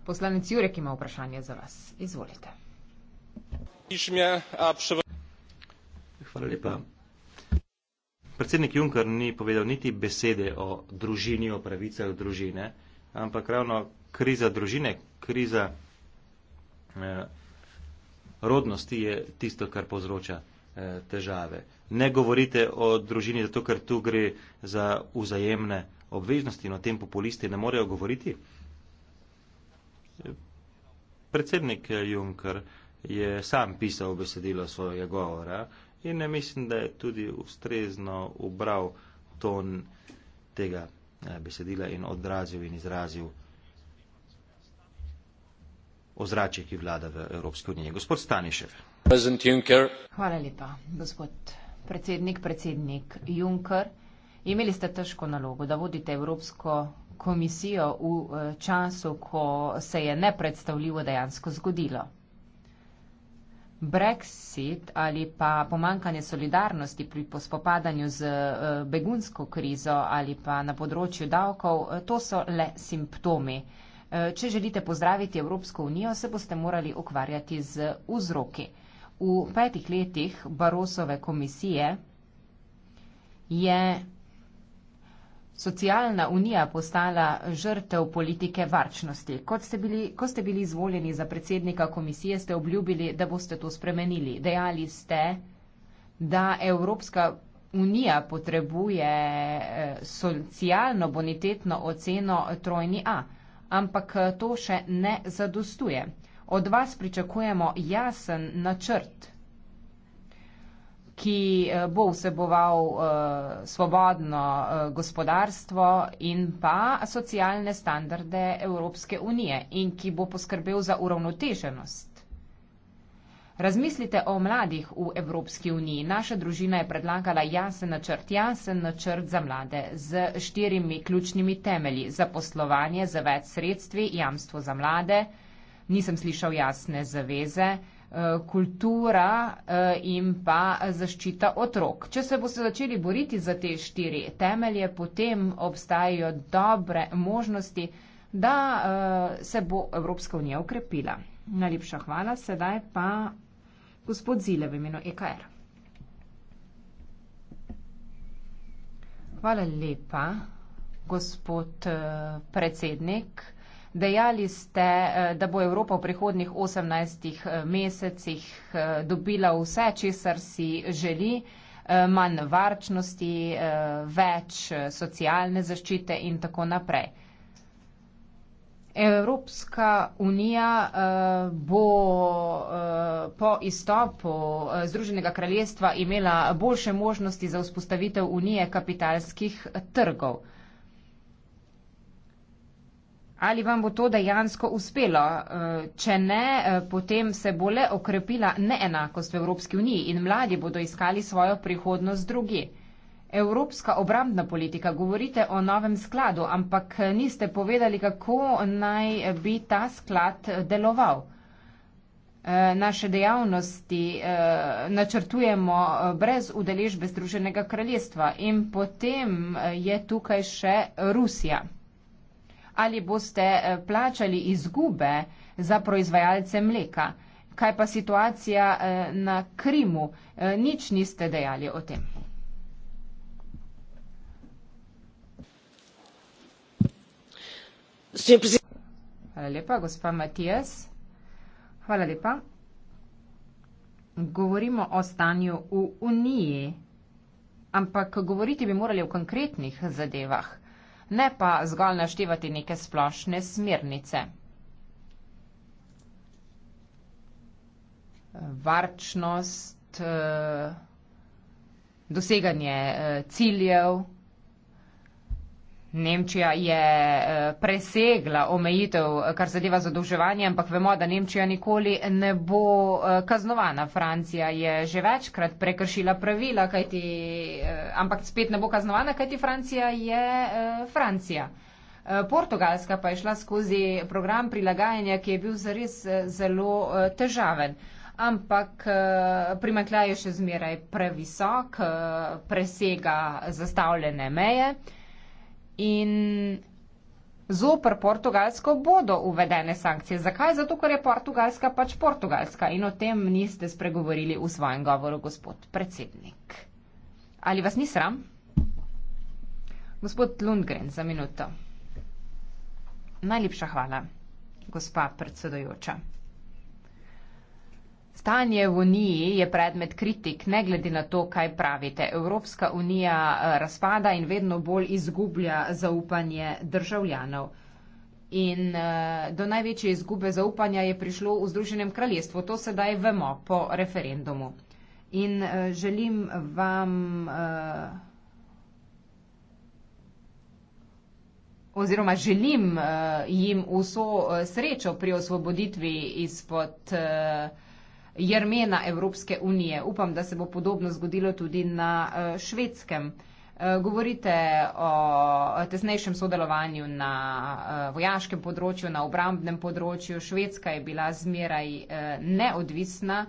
Poslanec Jurek ima vprašanje za vas. Izvolite. Hvala lepa, predsednik Juncker ni povedal niti besede o družini, o pravicah družine, ampak ravno kriza družine, kriza eh, rodnosti je tisto, kar povzroča eh, težave. Ne govorite o družini, zato ker tu gre za vzajemne obveznosti in o tem populisti ne morejo govoriti. Predsednik eh, Juncker je sam pisal besedilo svojega govora in ne mislim, da je tudi ustrezno ubral ton tega eh, besedila in odrazil in izrazil ozračje, ki vlada v Evropski uniji. Gospod Stanišev. Hvala lepa, gospod predsednik, predsednik Juncker. Imeli ste težko nalogo, da vodite Evropsko komisijo v eh, času, ko se je nepredstavljivo dejansko zgodilo brexit ali pa pomankanje solidarnosti pri spopadanju z eh, begunsko krizo ali pa na področju davkov, eh, to so le simptomi. Eh, če želite pozdraviti Evropsko unijo, se boste morali ukvarjati z vzroki. V petih letih Barosove komisije je socialna unija postala žrtev politike varčnosti. Kot ste bili, ko ste bili izvoljeni za predsednika komisije, ste obljubili, da boste to spremenili. Dejali ste, da Evropska unija potrebuje eh, socialno bonitetno oceno trojni A, ampak eh, to še ne zadostuje. Od vas pričakujemo jasen načrt ki eh, bo vseboval eh, svobodno eh, gospodarstvo in pa socialne standarde Evropske unije in ki bo poskrbel za uravnoteženost. Razmislite o mladih v Evropski uniji. Naša družina je predlagala jasen načrt, jasen načrt za mlade z štirimi ključnimi temelji. Zaposlovanje za več sredstvi, jamstvo za mlade, nisem slišal jasne zaveze, Eh, kultura eh, in pa zaščita otrok. Če se boste začeli boriti za te štiri temelje, potem obstajajo dobre možnosti, da eh, se bo Evropska unija ukrepila. Najlepša hvala, sedaj pa gospod Zile v imenu EKR. Hvala lepa, gospod predsednik. Dejali ste, eh, da bo Evropa v prihodnih 18 eh, mesecih eh, dobila vse, česar si želi, manj varčnosti, več socialne zaščite in tako naprej. Evropska unija bo po izstopu Združenega kraljestva imela boljše možnosti za vzpostavitev unije kapitalskih trgov ali vam bo to dejansko uspelo. Eh, če ne, eh, potem se bo le okrepila neenakost v Evropski uniji in mladi bodo iskali svojo prihodnost drugi. Evropska obrambna politika, govorite o novem skladu, ampak eh, niste povedali, kako naj bi ta sklad deloval. Naše dejavnosti načrtujemo brez udeležbe Združenega kraljestva in potem je tukaj še Rusija ali boste eh, plačali izgube za proizvajalce mleka. Kaj pa situacija eh, na Krimu? Eh, nič niste dejali o tem. Hvala lepa, gospa Matijas. Hvala lepa. Govorimo o stanju v Uniji, ampak govoriti bi morali o konkretnih zadevah ne pa zgolj naštevati neke splošne smernice. Varčnost, eh, doseganje eh, ciljev, Nemčija je eh, presegla omejitev, kar zadeva zadolževanje, ampak vemo, da Nemčija nikoli ne bo eh, kaznovana. Francija je že večkrat prekršila pravila, kajti, eh, ampak spet ne bo kaznovana, kajti Francija je Francija. Portugalska pa je šla skozi program prilagajanja, ki je bil zares zelo težaven. Ampak primakljaj je še zmeraj previsok, presega zastavljene meje. In zoper Portugalsko bodo uvedene sankcije. Zakaj? Zato, ker je Portugalska pač Portugalska in o tem niste spregovorili v svojem govoru, gospod predsednik. Ali vas ni sram? Gospod Lundgren, za minuto. Najlepša hvala, gospa predsedojoča. Stanje v Uniji je predmet kritik, ne glede na to, kaj pravite. Evropska unija eh, razpada in vedno bolj izgublja zaupanje državljanov. In eh, do največje izgube zaupanja je prišlo v Združenem kraljestvu. To sedaj vemo po referendumu. In eh, želim vam. oziroma želim jim vso srečo pri osvoboditvi izpod jermena Evropske unije. Upam, da se bo podobno zgodilo tudi na eh, švedskem. Eh, govorite o tesnejšem sodelovanju na eh, vojaškem področju, na obrambnem področju. Švedska je bila zmeraj neodvisna,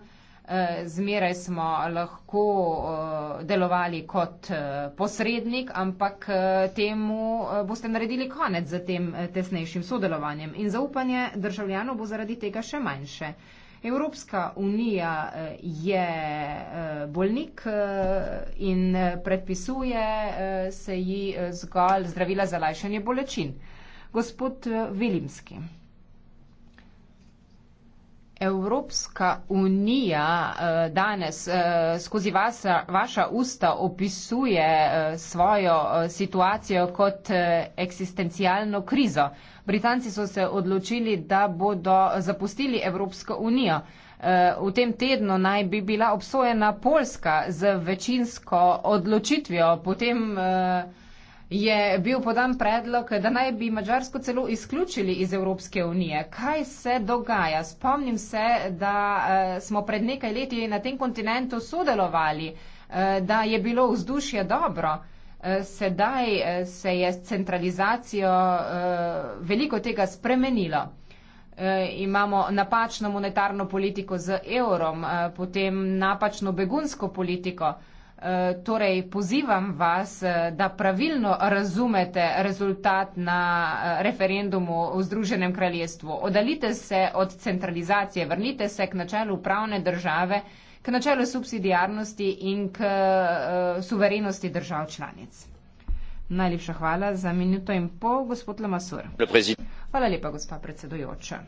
zmeraj smo lahko delovali kot posrednik, ampak temu boste naredili konec z tem tesnejšim sodelovanjem. In zaupanje državljanov bo zaradi tega še manjše. Evropska unija eh, je eh, bolnik eh, in predpisuje se ji zgolj zdravila za lajšanje bolečin. Gospod Vilimski. Evropska unija danes skozi vas, vaša usta opisuje svojo situacijo kot eksistencialno krizo. Britanci so se odločili, da bodo zapustili Evropsko unijo. Eh, v tem tednu naj bi bila obsojena Poljska z večinsko odločitvijo. Potem eh, je bil podan predlog, da naj bi Mačarsko celo izključili iz Evropske unije. Kaj se dogaja? Spomnim se, da eh, smo pred nekaj leti na tem kontinentu sodelovali, da je bilo vzdušje dobro sedaj eh, se je s centralizacijo eh, veliko tega spremenilo. Eh, imamo napačno monetarno politiko z evrom, potem napačno begunsko politiko. Torej, pozivam vas, da pravilno razumete rezultat na referendumu v Združenem kraljestvu. Odalite se od centralizacije, vrnite se k načelu pravne države k načelu subsidijarnosti in k uh, suverenosti držav članic. Najlepša hvala za minuto in pol, gospod Lamasur. Hvala lepa, gospa predsedujoča.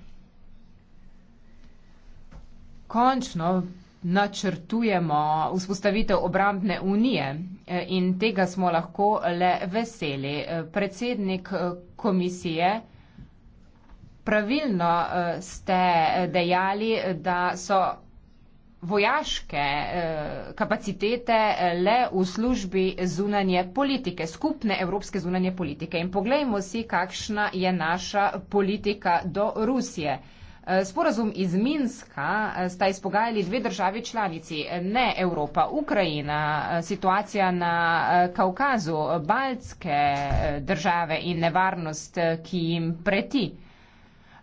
Končno načrtujemo vzpostavitev obrambne unije eh, in tega smo lahko le veseli. Eh, predsednik komisije, pravilno ste dejali, da so vojaške eh, kapacitete eh, le v službi zunanje politike, skupne evropske zunanje politike. In poglejmo si, kakšna je naša politika do Rusije. Eh, sporazum iz Minska sta izpogajali dve državi članici, ne Evropa, Ukrajina, situacija na Kaukazu, baltske države in nevarnost, ki jim preti.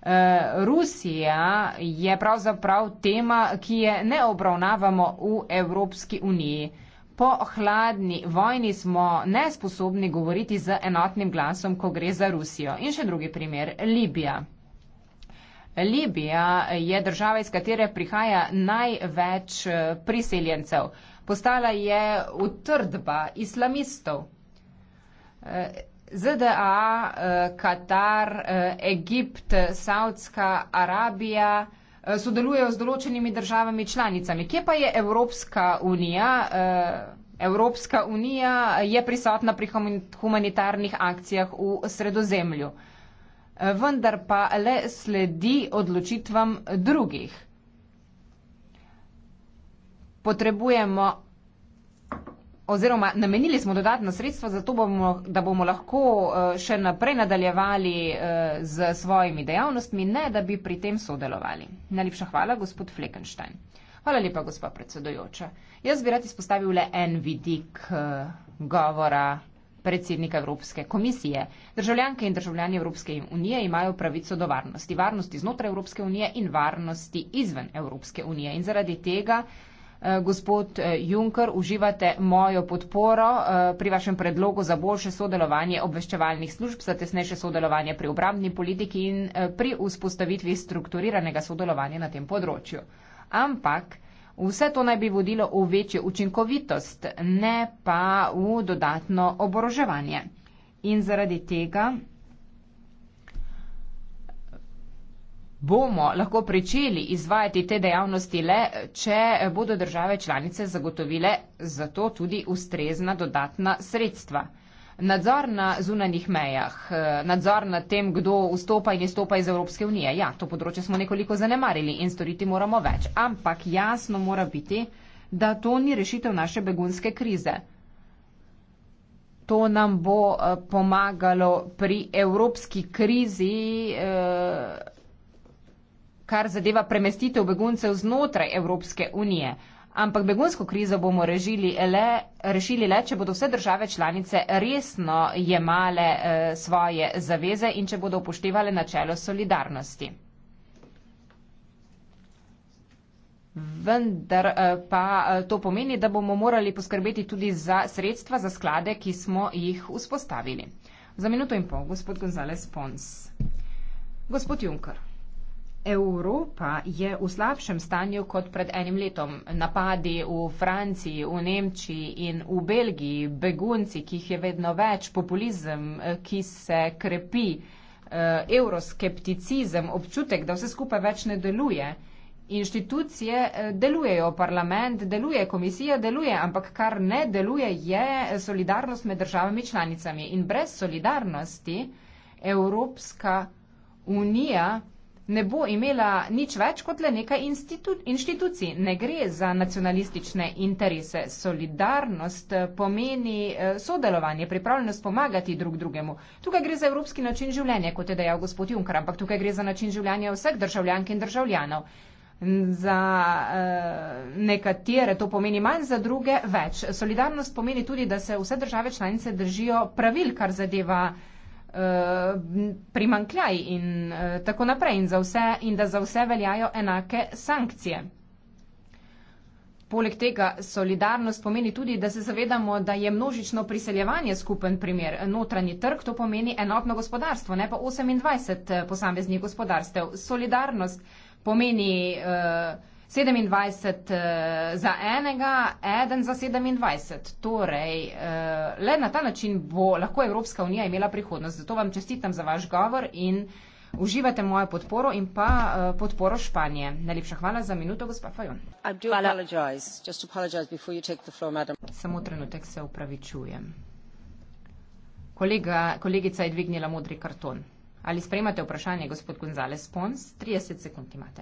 Eh, Rusija je pravzaprav tema, ki je ne obravnavamo v Evropski uniji. Po hladni vojni smo nesposobni govoriti z enotnim glasom, ko gre za Rusijo. In še drugi primer, Libija. Libija je država, iz katere prihaja največ eh, priseljencev. Postala je utrdba islamistov. Eh, ZDA, eh, Katar, eh, Egipt, Saudska Arabija eh, sodelujejo z določenimi državami članicami. Kje pa je Evropska unija? Evropska unija je prisotna pri humanitarnih akcijah v sredozemlju, vendar pa le sledi odločitvam drugih. Potrebujemo oziroma namenili smo dodatna sredstva, zato bomo, da bomo lahko eh, še naprej nadaljevali z eh, svojimi dejavnostmi, ne da bi pri tem sodelovali. Najlepša hvala, gospod Fleckenstein. Hvala lepa, gospod predsedojoča. Jaz bi rad izpostavil le en vidik eh, govora predsednika Evropske komisije. Državljanke in državljani Evropske unije imajo pravico do varnosti. Varnosti znotraj Evropske unije in varnosti izven Evropske unije. In zaradi tega Eh, gospod eh, Juncker, uživate mojo podporo eh, pri vašem predlogu za boljše sodelovanje obveščevalnih služb, za tesnejše sodelovanje pri obrambni politiki in pri vzpostavitvi strukturiranega sodelovanja na tem področju. Ampak vse to naj bi vodilo v večjo učinkovitost, ne pa v dodatno oboroževanje. In zaradi tega bomo lahko pričeli izvajati te dejavnosti le, če bodo države članice zagotovile za to tudi ustrezna dodatna sredstva. Nadzor na zunanih mejah, eh, nadzor nad tem, kdo vstopa in izstopa iz Evropske unije. Ja, to področje smo nekoliko zanemarili in storiti moramo več. Ampak jasno mora biti, da to ni rešitev naše begunske krize. To nam bo eh, pomagalo pri evropski krizi. Eh, kar zadeva premestitev beguncev znotraj Evropske unije. Ampak begunsko krizo bomo le, rešili le, če bodo vse države članice resno jemale e, svoje zaveze in če bodo upoštevale načelo solidarnosti. Vendar eh, pa eh, to pomeni, da bomo morali poskrbeti tudi za sredstva, za sklade, ki smo jih vzpostavili. Za minuto in pol, gospod Gonzales Pons. Gospod Juncker. Evropa je v slabšem stanju kot pred enim letom. Napadi v Franciji, v Nemčiji in v Belgiji, begunci, ki jih je vedno več, populizem, ki se krepi, eh, euroskepticizem, občutek, da vse skupaj več ne deluje. Inštitucije eh, delujejo, parlament deluje, komisija deluje, ampak kar ne deluje je solidarnost med državami članicami. In brez solidarnosti Evropska unija ne bo imela nič več kot le nekaj institu, inštitucij. Ne gre za nacionalistične interese. Solidarnost eh, pomeni eh, sodelovanje, pripravljenost pomagati drug drugemu. Tukaj gre za evropski način življenja, kot je dejal gospod Juncker, ampak tukaj gre za način življenja vseh državljank in državljanov. Za uh, nekatere to pomeni manj, za druge več. Solidarnost pomeni tudi, da se vse države članice držijo pravil, kar zadeva uh, Eh, primankljaj in uh, tako naprej in, vse, in da za vse veljajo enake sankcije. Poleg tega solidarnost pomeni tudi, da se zavedamo, da je množično priseljevanje skupen primer. Notranji trg to pomeni enotno gospodarstvo, ne pa 28 eh, posameznih gospodarstev. Solidarnost pomeni. Uh, 27 eh, za enega, eden za 27. Torej, eh, le na ta način bo lahko Evropska unija imela prihodnost. Zato vam čestitam za vaš govor in uživate mojo podporo in pa eh, podporo Španije. Najlepša hvala za minuto, gospa Fajon. Samo trenutek se upravičujem. Kolega, kolegica je dvignila modri karton. Ali sprejmate vprašanje, gospod Gonzales Pons? 30 sekund imate.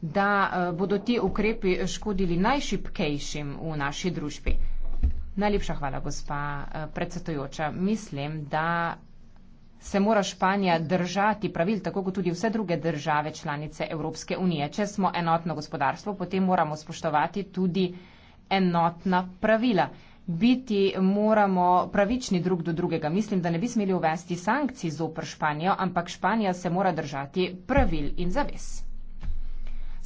da eh, bodo ti ukrepi škodili najšipkejšim v naši družbi. Najlepša hvala, gospa eh, predsedujoča. Mislim, da se mora Španija držati pravil, tako kot tudi vse druge države članice Evropske unije. Če smo enotno gospodarstvo, potem moramo spoštovati tudi enotna pravila. Biti moramo pravični drug do drugega. Mislim, da ne bi smeli uvesti sankcij zopr Španijo, ampak Španija se mora držati pravil in zavez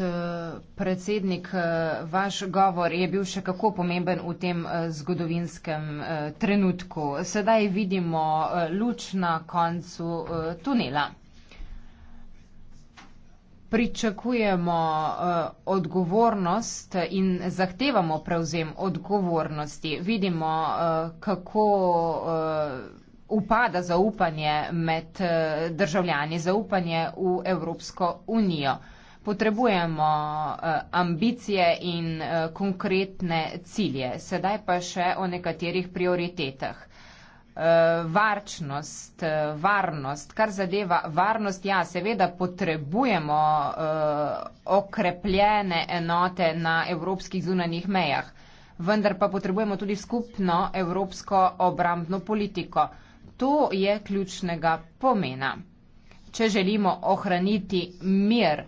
Eh, predsednik, eh, vaš govor je bil še kako pomemben v tem eh, zgodovinskem trenutku. Sedaj vidimo luč na koncu tunela. Pričakujemo odgovornost in zahtevamo prevzem odgovornosti. Vidimo, kako upada zaupanje med državljani, zaupanje v Evropsko unijo potrebujemo uh, ambicije in uh, konkretne cilje. Sedaj pa še o nekaterih prioritetah. Uh, varčnost, uh, varnost, kar zadeva varnost, ja, seveda potrebujemo uh, okrepljene enote na evropskih zunanih mejah, vendar pa potrebujemo tudi skupno evropsko obrambno politiko. To je ključnega pomena. Če želimo ohraniti mir,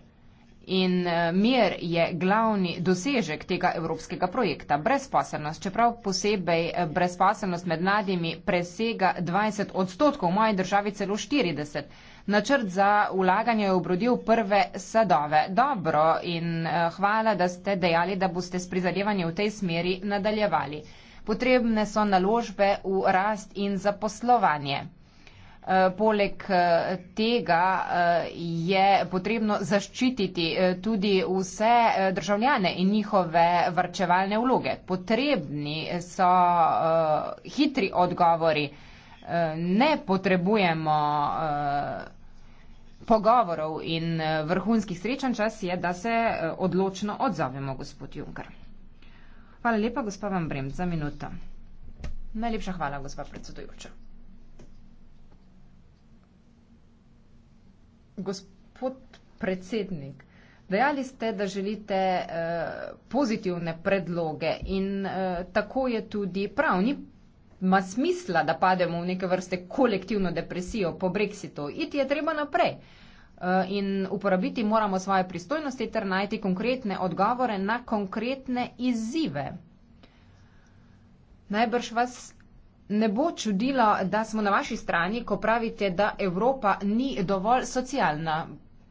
in eh, mir je glavni dosežek tega evropskega projekta. Brezpaselnost, čeprav posebej eh, brezpaselnost med mladimi presega 20 odstotkov, v moji državi celo 40. Načrt za ulaganje je obrodil prve sadove. Dobro in eh, hvala, da ste dejali, da boste s prizadevanjem v tej smeri nadaljevali. Potrebne so naložbe v rast in zaposlovanje. Eh, poleg eh, tega eh, je potrebno zaščititi tudi vse državljane in njihove varčevalne vloge. Potrebni so hitri odgovori. Ne potrebujemo pogovorov in vrhunskih srečanj. Čas je, da se odločno odzovemo, gospod Juncker. Hvala lepa, gospod Van Brem, za minuto. Najlepša hvala, gospod predsedujoča. Gospod predsednik, dejali ste, da želite eh, pozitivne predloge in eh, tako je tudi pravni. Ma smisla, da pademo v neke vrste kolektivno depresijo po brexitu. Iti je treba naprej eh, in uporabiti moramo svoje pristojnosti ter najti konkretne odgovore na konkretne izzive. Najbrž vas ne bo čudilo, da smo na vaši strani, ko pravite, da Evropa ni dovolj socialna.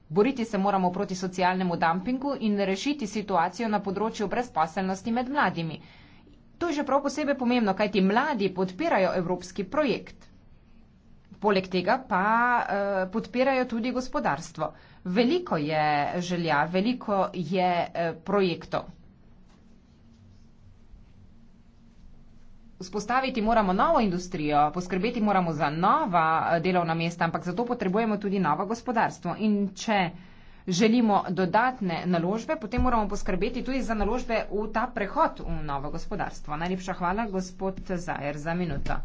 Boriti se moramo proti socialnemu dumpingu in rešiti situacijo na področju brezposelnosti med mladimi. To je že prav posebej pomembno, kajti mladi podpirajo evropski projekt. Poleg tega pa eh, podpirajo tudi gospodarstvo. Veliko je želja, veliko je eh, projektov. Vzpostaviti moramo novo industrijo, poskrbeti moramo za nova eh, delovna mesta, ampak za to potrebujemo tudi novo gospodarstvo. In če želimo dodatne naložbe, potem moramo poskrbeti tudi za naložbe v ta prehod v novo gospodarstvo. Najlepša hvala, gospod Zajer, za minuto.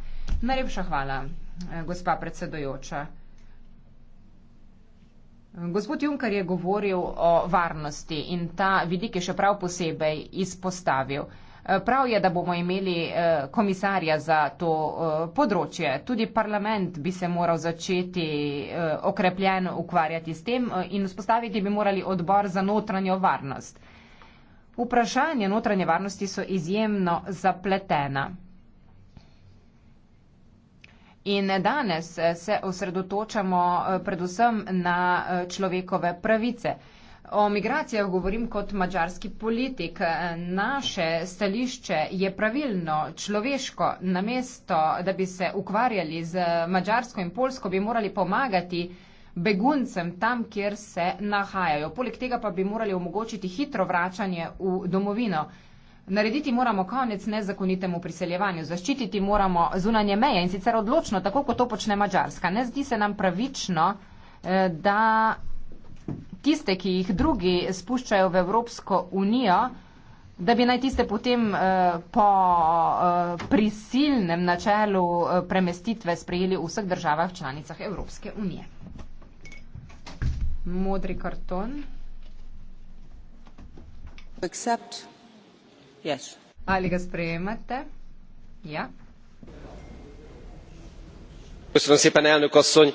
Najlepša hvala, eh, gospa predsedojoča. Gospod Junkar je govoril o varnosti in ta vidik je še prav posebej izpostavil. Prav je, da bomo imeli eh, komisarja za to eh, področje. Tudi parlament bi se moral začeti eh, okrepljeno ukvarjati s tem in vzpostaviti bi morali odbor za notranjo varnost. Vprašanje notranje varnosti so izjemno zapletena. In danes se osredotočamo predvsem na človekove pravice. O migracijah govorim kot mačarski politik. Naše stališče je pravilno, človeško, namesto, da bi se ukvarjali z mačarsko in polsko, bi morali pomagati beguncem tam, kjer se nahajajo. Poleg tega pa bi morali omogočiti hitro vračanje v domovino. Narediti moramo konec nezakonitemu priseljevanju, zaščititi moramo zunanje meje in sicer odločno, tako kot to počne Mačarska. Ne zdi se nam pravično, eh, da tiste, ki jih drugi spuščajo v Evropsko unijo, da bi naj tiste potem eh, po eh, prisilnem načelu eh, premestitve sprejeli v vseh državah članicah Evropske unije. Modri karton. Accept. Yes. Ali ga sprejemate? Ja. Köszönöm szépen, elnök asszony.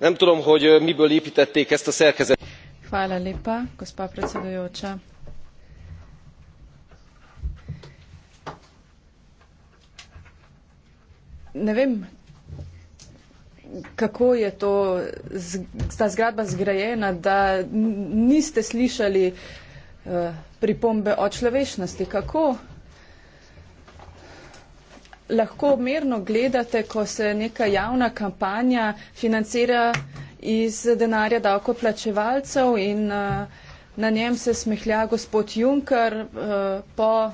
Nem tudom, hogy miből építették ezt a szerkezetet. Hvala lepa, gospa predsedujoča. Ne vem, kako je to, ta zgradba zgrajena, da niste slišali eh, pripombe o človešnosti. Kako lahko mirno gledate, ko se neka javna kampanja financira iz denarja davkoplačevalcev in eh, na njem se smehlja gospod Juncker eh, po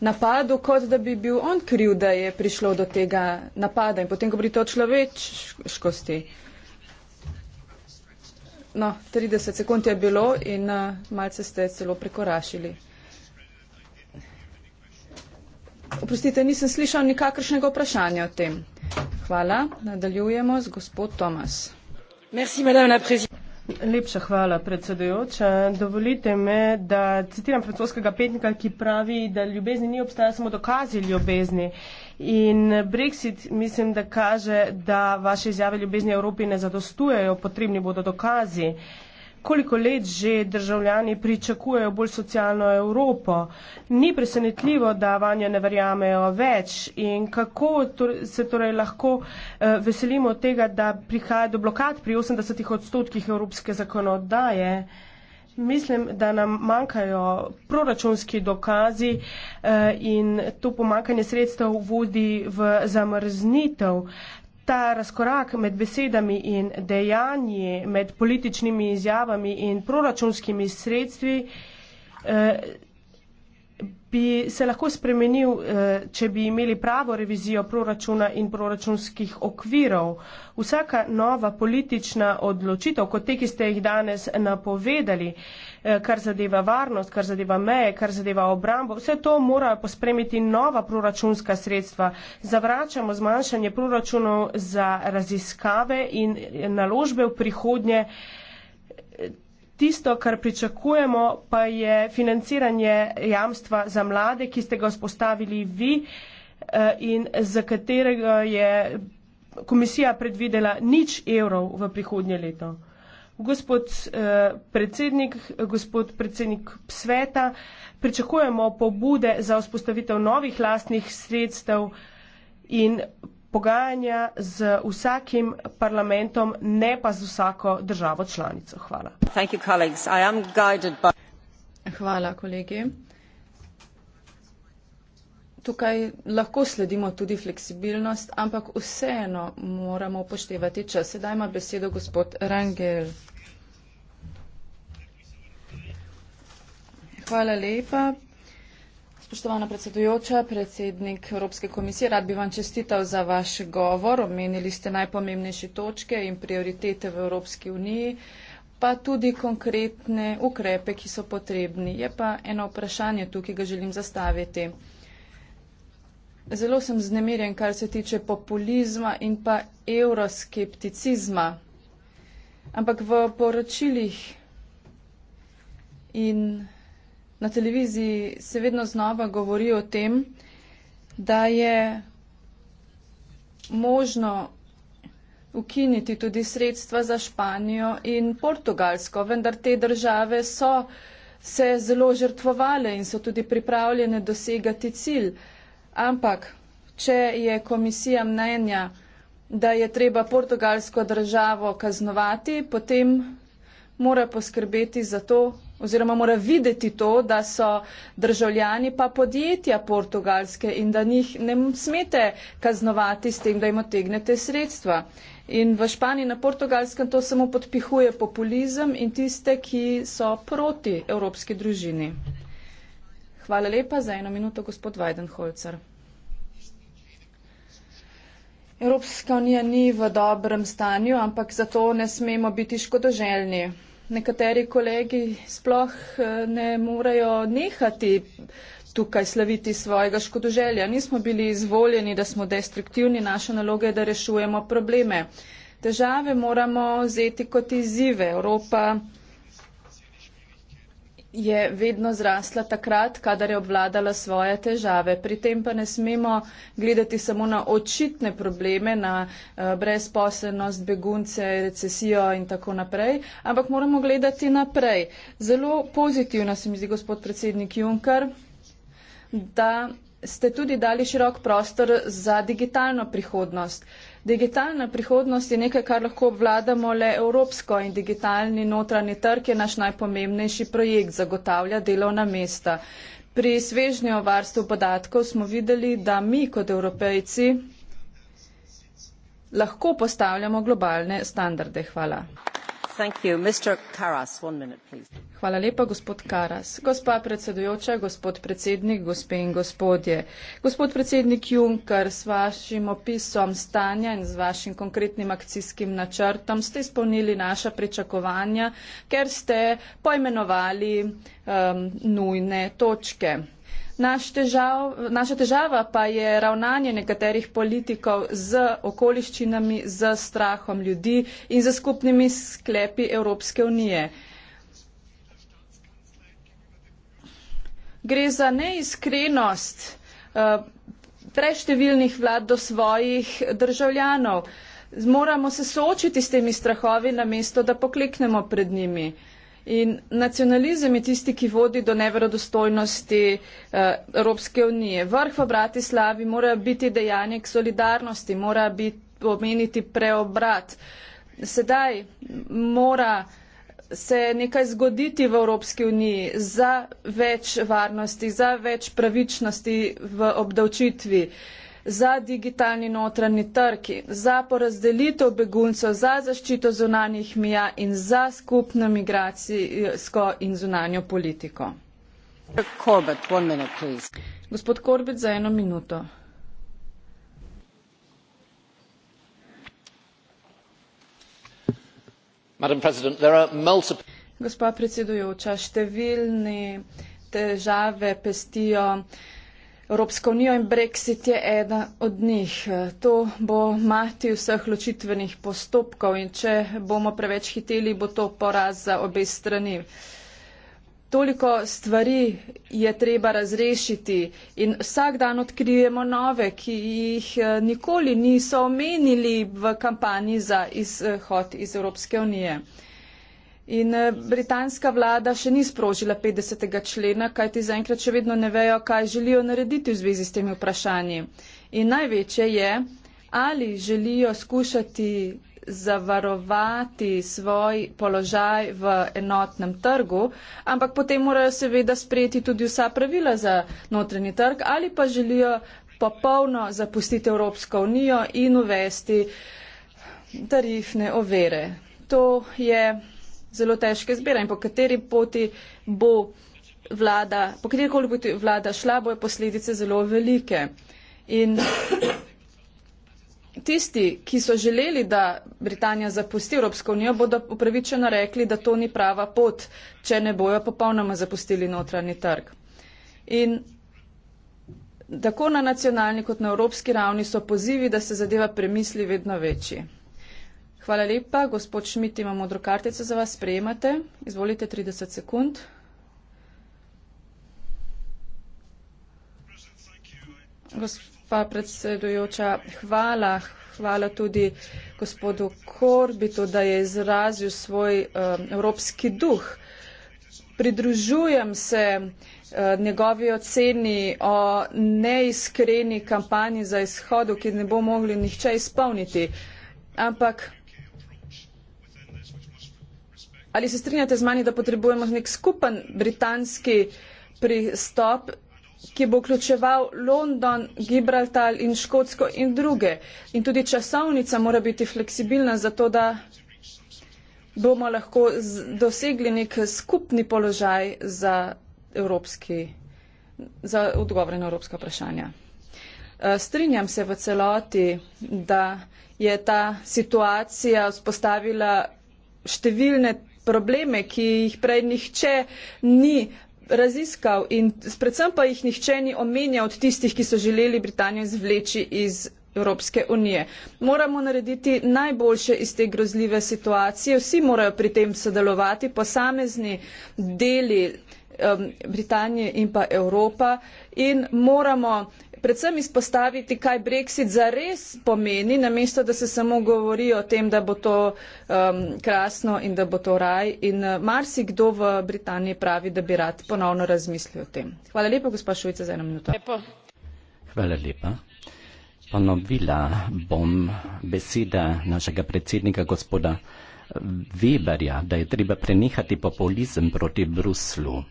napadu, kot da bi bil on kriv, da je prišlo do tega napada in potem govorite o človeškosti. No, 30 sekund je bilo in eh, malce ste celo prekorašili. Oprostite, nisem slišal nikakršnega vprašanja o tem. Hvala. Nadaljujemo z gospod Tomas. Merci, Lepša hvala, predsedujoča. Dovolite me, da citiram francoskega petnika, ki pravi, da ljubezni ni obstajala, samo dokazi ljubezni. In Brexit mislim, da kaže, da vaše izjave ljubezni Evropi ne zadostujejo, potrebni bodo dokazi. Uh, koliko let že državljani pričakujejo bolj socialno Evropo. Ni presenetljivo, da vanjo ne verjamejo več in kako se torej lahko eh, veselimo tega, da prihaja do blokad pri 80 odstotkih evropske zakonodaje. Mislim, da nam manjkajo proračunski dokazi eh, in to pomankanje sredstev vodi v zamrznitev ta razkorak med besedami in dejanji, med političnimi izjavami in proračunskimi sredstvi eh, bi se lahko spremenil, eh, če bi imeli pravo revizijo proračuna in proračunskih okvirov. Vsaka nova politična odločitev, kot te, ki ste jih danes napovedali, Eh, kar zadeva varnost, kar zadeva meje, kar zadeva obrambo. Vse to morajo pospremiti nova proračunska sredstva. Zavračamo zmanjšanje proračunov za raziskave in eh, naložbe v prihodnje. Tisto, kar pričakujemo, pa je financiranje jamstva za mlade, ki ste ga vzpostavili vi eh, in za katerega je komisija predvidela nič evrov v prihodnje leto. Gospod eh, predsednik, gospod predsednik sveta, pričakujemo pobude za vzpostavitev novih lastnih sredstev in pogajanja z vsakim parlamentom, ne pa z vsako državo članico. Hvala. Hvala, kolegi tukaj lahko sledimo tudi fleksibilnost, ampak vseeno moramo upoštevati čas. Sedaj ima besedo gospod Rangel. Hvala lepa. Spoštovana predsedujoča, predsednik Evropske komisije, rad bi vam čestital za vaš govor. Omenili ste najpomembnejše točke in prioritete v Evropski uniji, pa tudi konkretne ukrepe, ki so potrebni. Je pa eno vprašanje tukaj, ki ga želim zastaviti zelo sem znemirjen, kar se tiče populizma in pa euroskepticizma. Ampak v poročilih in na televiziji se vedno znova govori o tem, da je možno ukiniti tudi sredstva za Španijo in Portugalsko, vendar te države so se zelo žrtvovale in so tudi pripravljene dosegati cilj. Ampak, če je komisija mnenja, da je treba portugalsko državo kaznovati, potem mora poskrbeti za to oziroma mora videti to, da so državljani pa podjetja portugalske in da njih ne smete kaznovati s tem, da jim otegnete sredstva. In v Španiji na portugalskem to samo podpihuje populizem in tiste, ki so proti evropski družini. Hvala lepa. Za eno minuto gospod Weidenholzer. Evropska unija ni v dobrem stanju, ampak zato ne smemo biti škodoželjni. Nekateri kolegi sploh eh, ne morejo nehati tukaj slaviti svojega škodoželja. Nismo bili izvoljeni, da smo destruktivni, naša naloga je, da rešujemo probleme. Težave moramo vzeti kot izzive. Evropa je vedno zrasla takrat, kadar je obvladala svoje težave. Pri tem pa ne smemo gledati samo na očitne probleme, na eh, brezposelnost, begunce, recesijo in tako naprej, ampak moramo gledati naprej. Zelo pozitivno se mi zdi, gospod predsednik Juncker, da ste tudi dali širok prostor za digitalno prihodnost. Digitalna prihodnost je nekaj, kar lahko obvladamo le evropsko in digitalni notranji trg je naš najpomembnejši projekt, zagotavlja delovna mesta. Pri svežnjo varstvu podatkov smo videli, da mi kot evropejci lahko postavljamo globalne standarde. Hvala gospa predsedujoča gospod predsednik gospe in gospodje gospod predsednik juncker s vašim opisom stanja in z vašim konkretnim akcijskim načrtom ste izpolnili naša pričakovanja ker ste poimenovali um, nujne točke. Naš težav, naša težava pa je ravnanje nekaterih politikov z okoliščinami, z strahom ljudi in z skupnimi sklepi Evropske unije. Gre za neiskrenost eh, preštevilnih vlad do svojih državljanov. Moramo se soočiti s temi strahovi, namesto da pokleknemo pred njimi. In nacionalizem je tisti, ki vodi do neverodostojnosti eh, Evropske unije. Vrh v Bratislavi mora biti dejanje k solidarnosti, mora biti pomeniti preobrat. Sedaj mora se nekaj zgoditi v Evropski uniji za več varnosti, za več pravičnosti v obdavčitvi. Eh, za digitalni notranji trgi, za porazdelitev beguncev, za zaščito zunanjih mija in za skupno migracijsko in zunanjo politiko. Corbett, minute, Gospod Korbet, za eno minuto. Multiple... Gospa predsedujoča, številne težave pestijo. Evropska unija in Brexit je ena od njih. To bo mati vseh ločitvenih postopkov in če bomo preveč hiteli, bo to poraz za obe strani. Toliko stvari je treba razrešiti in vsak dan odkrijemo nove, ki jih eh, nikoli niso omenili v kampanji za izhod iz Evropske unije. In eh, britanska vlada še ni sprožila 50. člena, kajti zaenkrat še vedno ne vejo, kaj želijo narediti v zvezi s temi vprašanji. In največje je, ali želijo skušati zavarovati svoj položaj v enotnem trgu, ampak potem morajo seveda sprejeti tudi vsa pravila za notranji trg, ali pa želijo popolno zapustiti Evropsko unijo in uvesti tarifne overe. To je zelo težka izbira in po kateri poti bo vlada, po kateri koli bo vlada šla, bojo posledice zelo velike. In tisti, ki so želeli, da Britanija zapusti Evropsko unijo, bodo upravičeno rekli, da to ni prava pot, če ne bojo popolnoma zapustili notranji trg. In tako na nacionalni kot na evropski ravni so pozivi, da se zadeva premisli vedno večji. Hvala lepa. Gospod Šmit, imam modro kartico za vas. Sprejemate. Izvolite 30 sekund. Gospa predsedujoča, hvala. Hvala tudi gospodu Korbitu, da je izrazil svoj uh, evropski duh. Pridružujem se uh, njegovi oceni o neiskreni kampanji za izhodu, ki ne bo mogli nihče izpolniti. Ampak Ali se strinjate z mani, da potrebujemo nek skupen britanski pristop, ki bo vključeval London, Gibraltar in Škotsko in druge? In tudi časovnica mora biti fleksibilna, zato da bomo lahko dosegli nek skupni položaj za, evropski, za odgovore na evropska vprašanja. Eh, strinjam se v celoti, da je ta situacija vzpostavila številne probleme, ki jih prej nihče ni raziskal in predvsem pa jih nihče ni omenjal od tistih, ki so želeli Britanijo izvleči iz. Evropske unije. Moramo narediti najboljše iz te grozljive situacije. Vsi morajo pri tem sodelovati, posamezni deli um, Britanije in pa Evropa. In moramo predvsem izpostaviti, kaj Brexit zares pomeni, namesto da se samo govori o tem, da bo to um, krasno in da bo to raj. In uh, marsikdo v Britaniji pravi, da bi rad ponovno razmislil o tem. Hvala lepa, gospod Šujica, za eno minuto. Lepo. Hvala lepa. Ponovila bom besede našega predsednika gospoda. Weberja, da je treba prenehati populizem proti Bruslu.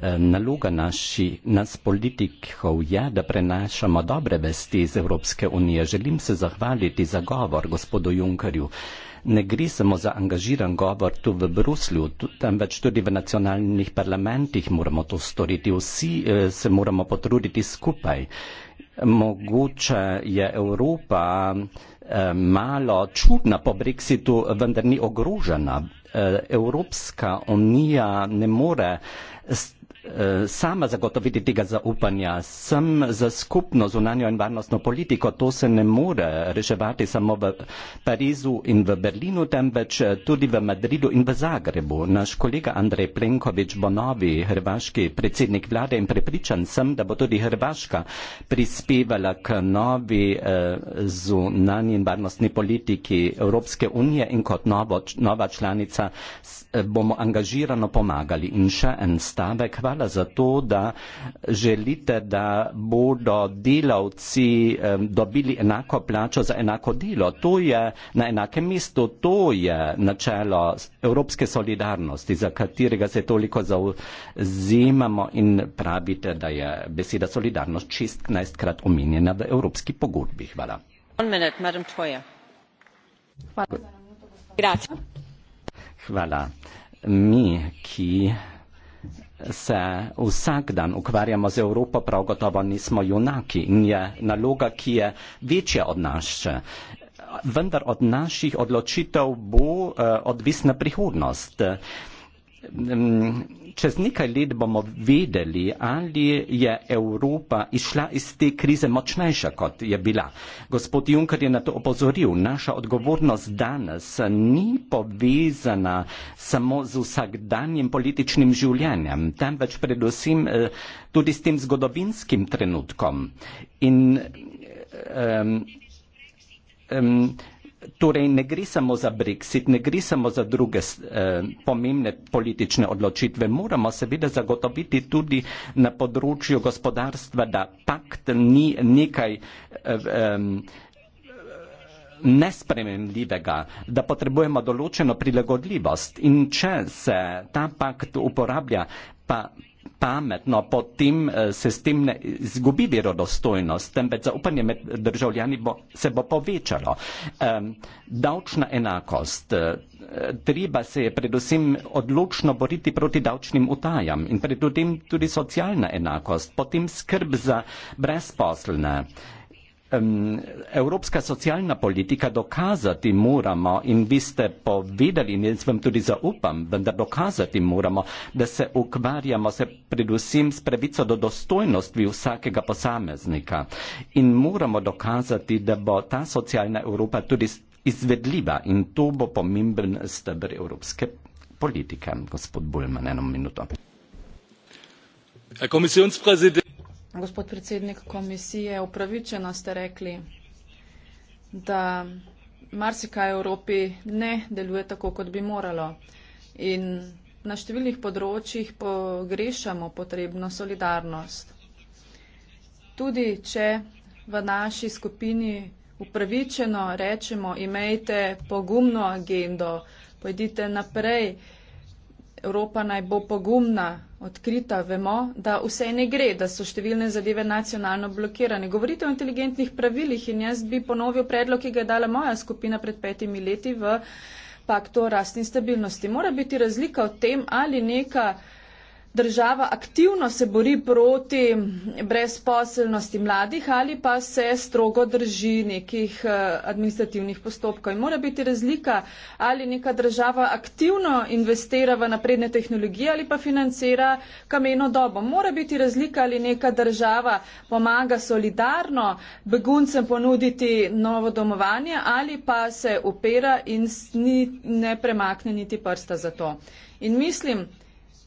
E, naloga naši, nas politikov je, da prenašamo dobre vesti iz Evropske unije. Želim se zahvaliti za govor gospodu Junkerju. Ne gre samo za angažiran govor tu v Bruslju, temveč tudi v nacionalnih parlamentih moramo to storiti. Vsi e, se moramo potruditi skupaj. Mogoče je Evropa eh, malo čudna po Brexitu, vendar ni ogrožena. Eh, Evropska unija ne more Eh, sama zagotoviti tega zaupanja, sem za skupno zunanjo in varnostno politiko, to se ne more reševati samo v Parizu in v Berlinu, temveč eh, tudi v Madridu in v Zagrebu. Naš kolega Andrej Plenković bo novi hrvaški predsednik vlade in prepričan sem, da bo tudi Hrvaška prispevala k novi eh, zunanji in varnostni politiki Evropske unije in kot novo, nova članica bomo angažirano pomagali. In še en stavek, hvala za to, da želite, da bodo delavci dobili enako plačo za enako delo. To je na enakem mestu, to je načelo evropske solidarnosti, za katerega se toliko zauzemamo in pravite, da je beseda solidarnost čestnajstkrat omenjena v evropski pogodbi. Hvala. One minute, Madam Toya. Hvala. Grazie. Hvala. Mi, ki se vsak dan ukvarjamo z Evropo, prav gotovo nismo junaki in je naloga, ki je večja od naše. Vendar od naših odločitev bo uh, odvisna prihodnost. Um, čez nekaj let bomo vedeli, ali je Evropa izšla iz te krize močnejša, kot je bila. Gospod Juncker je na to opozoril. Naša odgovornost danes ni povezana samo z vsakdanjem političnim življenjem, temveč predvsem eh, tudi s tem zgodovinskim trenutkom. In, um, um, Torej, ne gre samo za brexit, ne gre samo za druge eh, pomembne politične odločitve. Moramo seveda zagotoviti tudi na področju gospodarstva, da pakt ni nekaj eh, eh, nespremenljivega, da potrebujemo določeno prilagodljivost. In če se ta pakt uporablja, pa pametno, potem eh, se s tem ne izgubi verodostojnost, temveč zaupanje med državljani bo, se bo povečalo. Um, davčna enakost. Eh, treba se je predvsem odločno boriti proti davčnim utajam in predvsem tudi socialna enakost, potem skrb za brezposlne. Uh, evropska socialna politika, dokazati moramo in vi ste povedali, in jaz vam tudi zaupam, vendar dokazati moramo, da se ukvarjamo se predvsem s pravico do dostojnosti vsakega posameznika in moramo dokazati, da bo ta socialna Evropa tudi izvedljiva in to bo pomemben stebr evropske politike. Gospod Bulman, eno minuto. Herr Kommissionspräsident, Gospod predsednik komisije, upravičeno ste rekli, da marsikaj v Evropi ne deluje tako, kot bi moralo. In na številnih področjih pogrešamo potrebno solidarnost. Tudi če v naši skupini upravičeno rečemo, imejte pogumno agendo, pojdite naprej, Evropa naj bo pogumna, odkrita, vemo, da vse ne gre, da so številne zadeve nacionalno blokirane. Govorite o inteligentnih pravilih in jaz bi ponovil predlog, ki ga je dala moja skupina pred petimi leti v paktu o rastni stabilnosti. Mora biti razlika v tem, ali neka država aktivno se bori proti brezposelnosti mladih ali pa se strogo drži nekih eh, administrativnih postopkov. In mora biti razlika, ali neka država aktivno investira v napredne tehnologije ali pa financira kameno dobo. Mora biti razlika, ali neka država pomaga solidarno beguncem ponuditi novo domovanje ali pa se opera in ni, ne premakne niti prsta za to. In mislim,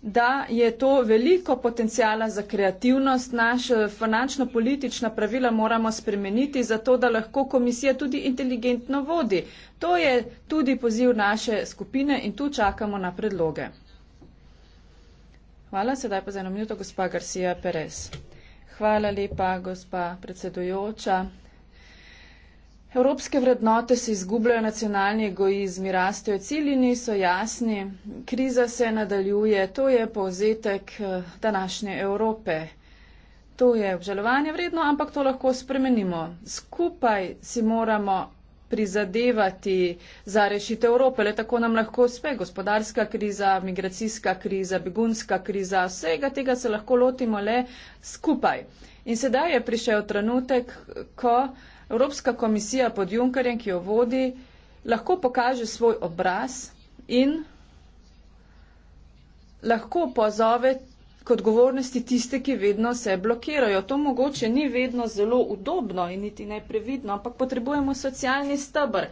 da je to veliko potencijala za kreativnost. Naša eh, finančno-politična pravila moramo spremeniti, zato da lahko komisija tudi inteligentno vodi. To je tudi poziv naše skupine in tu čakamo na predloge. Hvala, sedaj pa za eno minuto, gospa Garcia Perez. Hvala lepa, gospa predsedujoča. Evropske vrednote se izgubljajo, nacionalni egoizmi rastejo, cilji niso jasni, kriza se nadaljuje, to je povzetek eh, današnje Evrope. To je obžalovanje vredno, ampak to lahko spremenimo. Skupaj si moramo prizadevati za rešitev Evrope, le tako nam lahko uspe gospodarska kriza, migracijska kriza, begunska kriza, vsega tega se lahko lotimo le skupaj. In sedaj je prišel trenutek, ko Evropska komisija pod Junkerjem, ki jo vodi, lahko pokaže svoj obraz in lahko pozove k odgovornosti tiste, ki vedno se blokirajo. To mogoče ni vedno zelo udobno in niti neprevidno, ampak potrebujemo socialni stebr,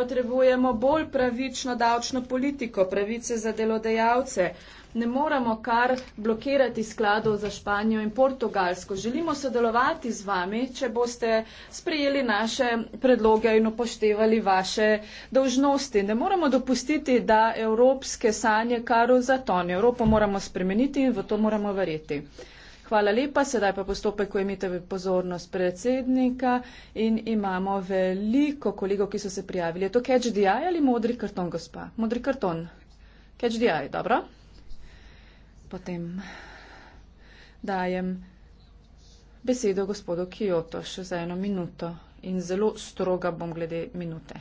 potrebujemo bolj pravično davčno politiko, pravice za delodajalce, uh, ne moremo kar blokirati skladov za Španijo in Portugalsko. Želimo sodelovati z vami, če boste sprejeli naše predloge in upoštevali vaše dolžnosti. Ne moremo dopustiti, da evropske sanje kar zatonijo. Evropo moramo spremeniti in v to moramo verjeti. Hvala lepa. Sedaj pa postopek, ko imite pozornost predsednika in imamo veliko kolegov, ki so se prijavili. Je to catch the eye ali modri karton, gospa? Modri karton. Catch the eye, dobro potem dajem besedo gospodu Kijoto še za eno minuto in zelo stroga bom glede minute.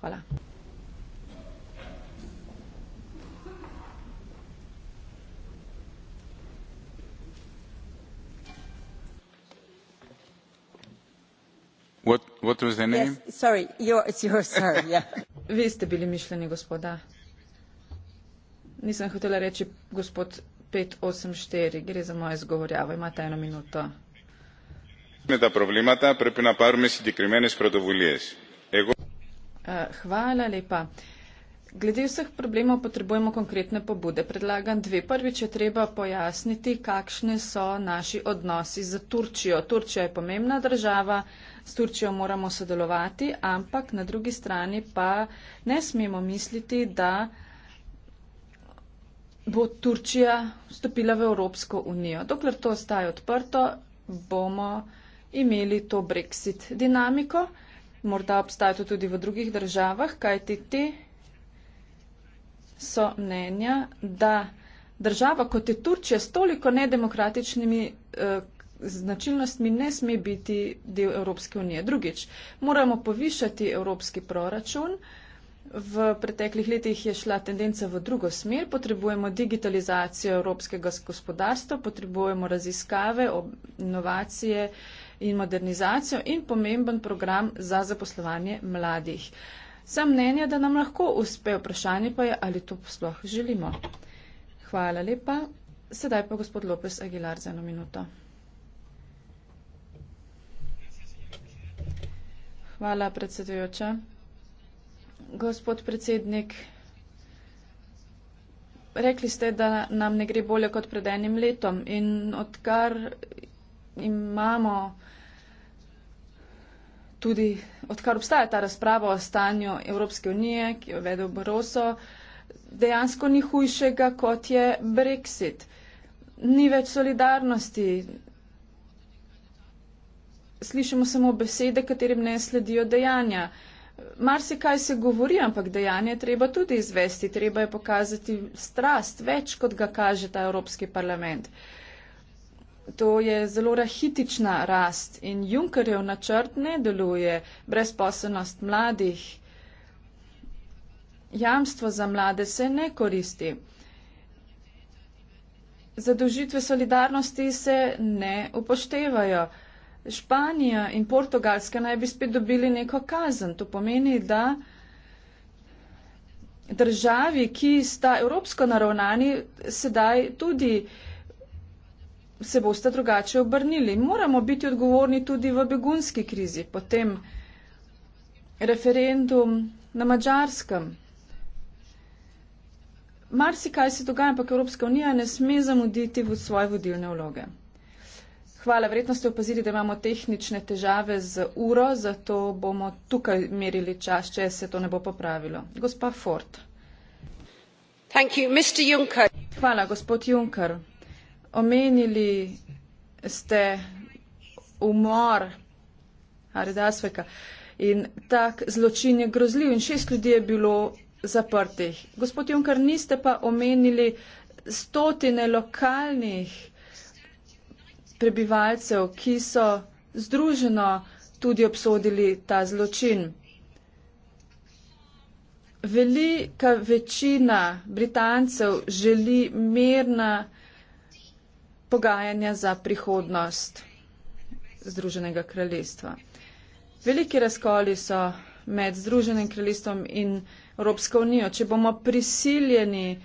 Hvala. What, what was the name? Yes, sorry, your, it's your sir, yeah. Vi ste bili mišljeni, gospoda. Nisem hotela reči gospod 584, gre za moje izgovorjavo. Imate eno minuto. Hvala lepa. Glede vseh problemov potrebujemo konkretne pobude. Predlagam dve. Prvič je treba pojasniti, kakšne so naši odnosi z Turčijo. Turčija je pomembna država, s Turčijo moramo sodelovati, ampak na drugi strani pa ne smemo misliti, da bo Turčija vstopila v Evropsko unijo. Dokler to ostaje odprto, bomo imeli to brexit dinamiko. Morda obstaja to tudi v drugih državah, kajti te so mnenja, da država kot je Turčija s toliko nedemokratičnimi eh, značilnostmi ne sme biti del Evropske unije. Drugič, moramo povišati evropski proračun. Eh, V preteklih letih je šla tendenca v drugo smer. Potrebujemo digitalizacijo evropskega gospodarstva, potrebujemo raziskave, inovacije in modernizacijo in pomemben program za zaposlovanje mladih. Sam mnenja, da nam lahko uspe, vprašanje pa je, ali to sploh želimo. Hvala lepa. Sedaj pa gospod Lopes Aguilar za eno minuto. Hvala, predsedujoča gospod predsednik. Rekli ste, da nam ne gre bolje kot pred enim letom in odkar imamo tudi, odkar obstaja ta razprava o stanju Evropske unije, ki jo vedel Boroso, dejansko ni hujšega kot je Brexit. Ni več solidarnosti. Slišimo samo besede, katerim ne sledijo dejanja marsikaj se govori, ampak dejanje treba tudi izvesti. Treba je pokazati strast, več kot ga kaže ta Evropski parlament. To je zelo rahitična rast in Junkerjev načrt ne deluje. Brezposobnost mladih, jamstvo za mlade se ne koristi. Zadožitve solidarnosti se ne upoštevajo. Španija in Portugalska naj bi spet dobili neko kazen. To pomeni, da državi, ki sta evropsko naravnani, sedaj tudi se boste drugače obrnili. Moramo biti odgovorni tudi v begunski krizi, potem referendum na Mačarskem. Marsikaj se dogaja, ampak Evropska unija ne sme zamuditi v svoje vodilne vloge. Hvala. Verjetno ste opazili, da imamo tehnične težave z uro, zato bomo tukaj merili čas, če se to ne bo popravilo. Gospa Ford. You, Hvala, gospod Juncker. Omenili ste umor Haridasveka in tak zločin je grozljiv in šest ljudi je bilo zaprtih. Gospod Juncker, niste pa omenili stotine lokalnih prebivalcev, ki so združeno tudi obsodili ta zločin. Velika večina Britancev želi mirna pogajanja za prihodnost Združenega kraljestva. Veliki razkoli so med Združenim kraljestvom in Evropsko unijo. Če bomo prisiljeni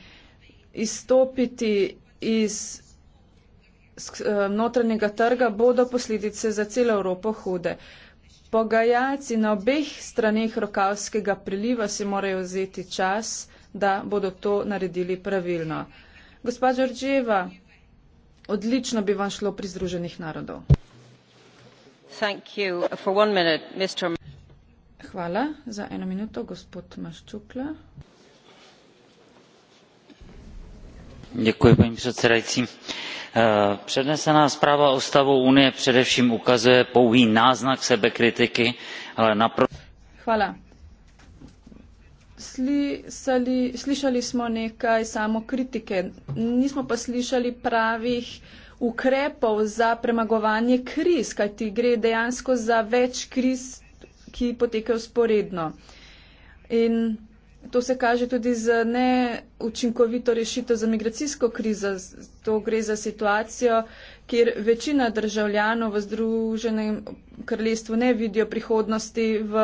izstopiti iz Eh, notranjega trga bodo posledice za celo Evropo hude. Pogajalci na obeh straneh rokavskega priliva si morajo vzeti čas, da bodo to naredili pravilno. Gospa Đorđeva, odlično bi vam šlo pri Združenih narodov. Minute, Hvala za eno minuto, gospod Maščukla. paní předsedající eh, přednesená zpráva o stavu unie především ukazuje pouhý náznak sebekritiky ale naprosto. slyšeli jsme nekaj samokritike nismo pa slišali pravih ukrepov za premagovanje kriz kajti gre dejansko za več kriz ki potekajo sporedno in To se kaže tudi z neučinkovito rešitev za migracijsko krizo. To gre za situacijo, kjer večina državljanov v Združenem kraljestvu ne vidijo prihodnosti v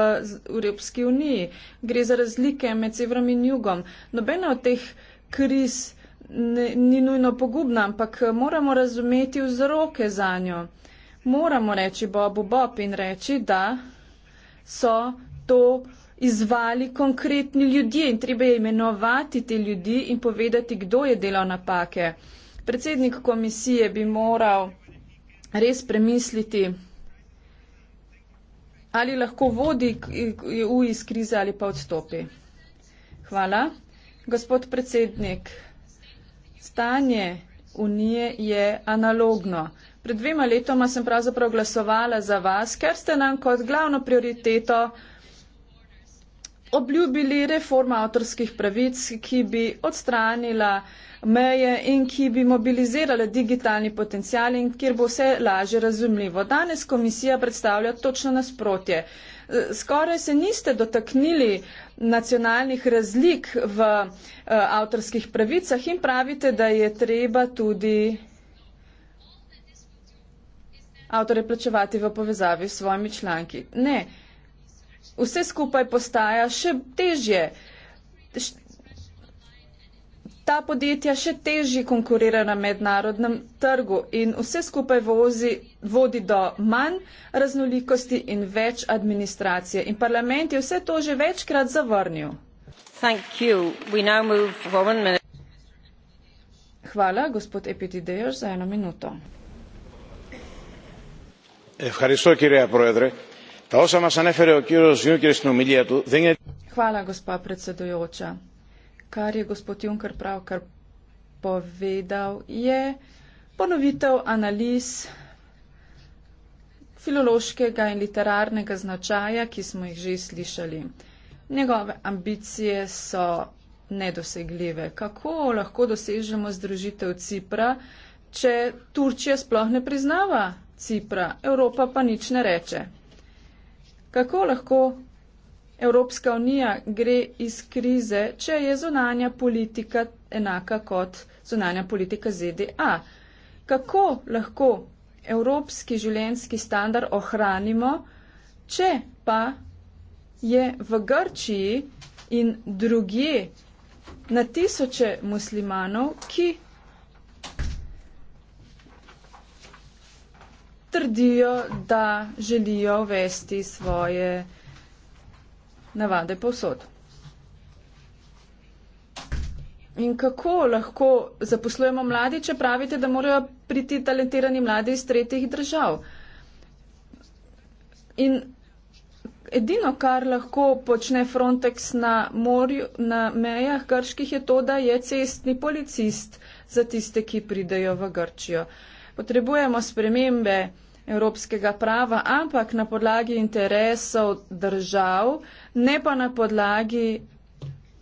Evropski uniji. Gre za razlike med severom in jugom. Nobena od teh kriz ne, ni nujno pogubna, ampak moramo razumeti vzroke za njo. Moramo reči Bobu Bob in reči, da so to izvali konkretni ljudje in treba je imenovati te ljudi in povedati, kdo je delal napake. Predsednik komisije bi moral res premisliti, ali lahko vodi EU iz krize ali pa odstopi. Hvala. Gospod predsednik, stanje unije je analogno. Pred dvema letoma sem pravzaprav glasovala za vas, ker ste nam kot glavno prioriteto obljubili reforma avtorskih pravic, ki bi odstranila meje in ki bi mobilizirala digitalni potencial in kjer bo vse laže razumljivo. Danes komisija predstavlja točno nasprotje. Skoraj se niste dotaknili nacionalnih razlik v uh, avtorskih pravicah in pravite, da je treba tudi avtore plačevati v povezavi s svojimi članki. Ne. Uh, vse skupaj postaja še težje. Ta podjetja še težje konkurirajo na mednarodnem trgu in vse skupaj vozi, vodi do manj raznolikosti in več administracije. In parlament je vse to že večkrat zavrnil. Hvala, gospod Epitidejoš, za eno minuto. Eh, Hvala, gospa predsedujoča. Kar je gospod Juncker pravkar povedal, je ponovitev analiz filološkega in literarnega značaja, ki smo jih že slišali. Njegove ambicije so nedosegljive. Kako lahko dosežemo združitev Cipra, če Turčija sploh ne priznava Cipra, Evropa pa nič ne reče? kako lahko Evropska unija gre iz krize, če je zunanja politika enaka kot zunanja politika ZDA. Kako lahko evropski življenjski standard ohranimo, če pa je v Grčiji in drugje na tisoče muslimanov, ki trdijo, da želijo vesti svoje navade povsod. In kako lahko zaposlujemo mladi, če pravite, da morajo priti talentirani mladi iz tretjih držav? In edino, kar lahko počne Frontex na morju, na mejah grških, je to, da je cestni policist za tiste, ki pridejo v Grčijo. Potrebujemo spremembe evropskega prava, ampak na podlagi interesov držav, ne pa na podlagi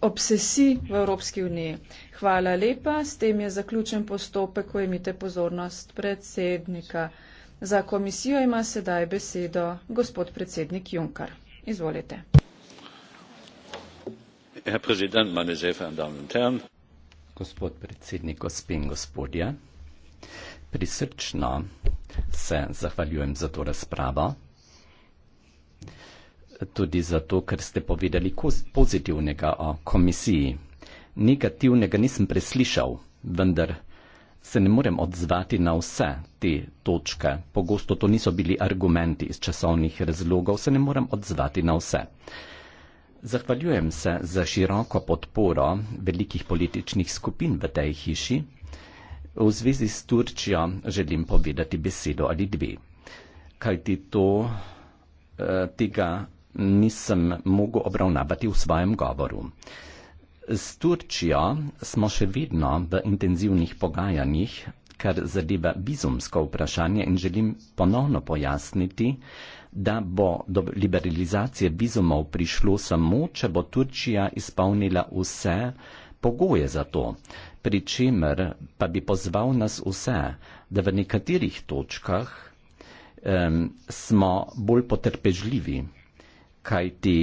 obsesi v Evropski uniji. Hvala lepa. S tem je zaključen postopek, ko imite pozornost predsednika. Za komisijo ima sedaj besedo gospod predsednik Junkar. Izvolite. Gospod predsednik, gospod in gospodja prisrčno se zahvaljujem za to razpravo. Tudi zato, ker ste povedali pozitivnega o komisiji. Negativnega nisem preslišal, vendar se ne morem odzvati na vse te točke. Pogosto to niso bili argumenti iz časovnih razlogov, se ne morem odzvati na vse. Zahvaljujem se za široko podporo velikih političnih skupin v tej hiši. V zvezi s Turčijo želim povedati besedo ali dve, kajti to eh, tega nisem mogel obravnavati v svojem govoru. S Turčijo smo še vedno v intenzivnih pogajanjih, kar zadeva bizumsko vprašanje in želim ponovno pojasniti, da bo do liberalizacije bizumov prišlo samo, če bo Turčija izpolnila vse, pogoje za to, pri čemer pa bi pozval nas vse, da v nekaterih točkah um, smo bolj potrpežljivi, kajti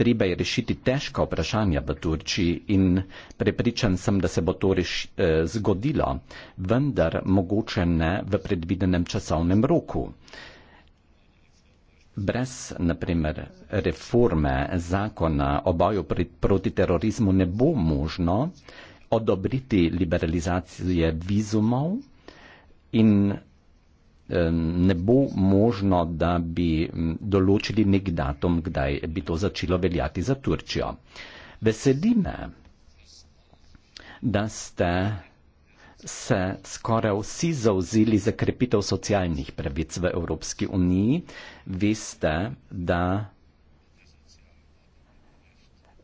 treba je rešiti težka vprašanja v Turčiji in prepričan sem, da se bo to reši, eh, zgodilo, vendar mogoče ne v predvidenem časovnem roku. Eh, Brez, na primer, reforme zakona o boju pri, proti terorizmu ne bo možno odobriti liberalizacije vizumov in ne bo možno, da bi določili nek datum, kdaj bi to začelo veljati za Turčijo. Veseli me, da ste se skoraj vsi zauzeli za krepitev socialnih pravic v Evropski uniji. Vi ste, da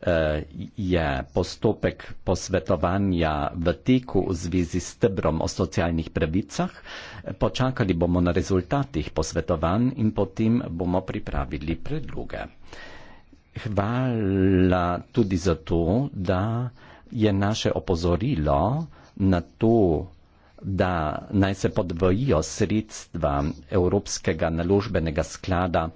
eh, je postopek posvetovanja v teku v zvezi s tebrom o socialnih pravicah. Počakali bomo na rezultatih posvetovanj in potem bomo pripravili predloge. Hvala tudi za to, da je naše opozorilo na to, da naj se podvojijo sredstva Evropskega naložbenega sklada,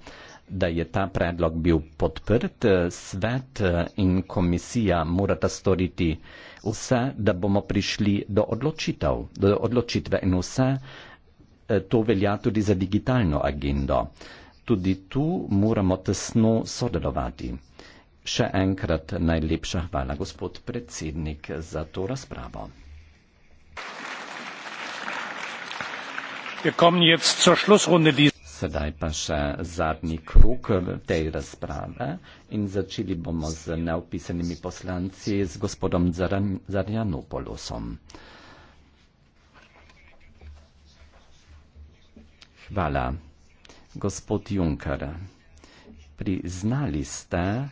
da je ta predlog bil podprt. Svet eh, in komisija morata storiti vse, da bomo prišli do odločitev, do odločitve in vse. Eh, to velja tudi za digitalno agendo. Tudi tu moramo tesno sodelovati. Še enkrat najlepša hvala, gospod predsednik, za to razpravo. Sedaj pa še zadnji krug tej razprave in začeli bomo z neopisanimi poslanci, z gospodom Zarjanopolosom. Hvala. Gospod Juncker, priznali ste, da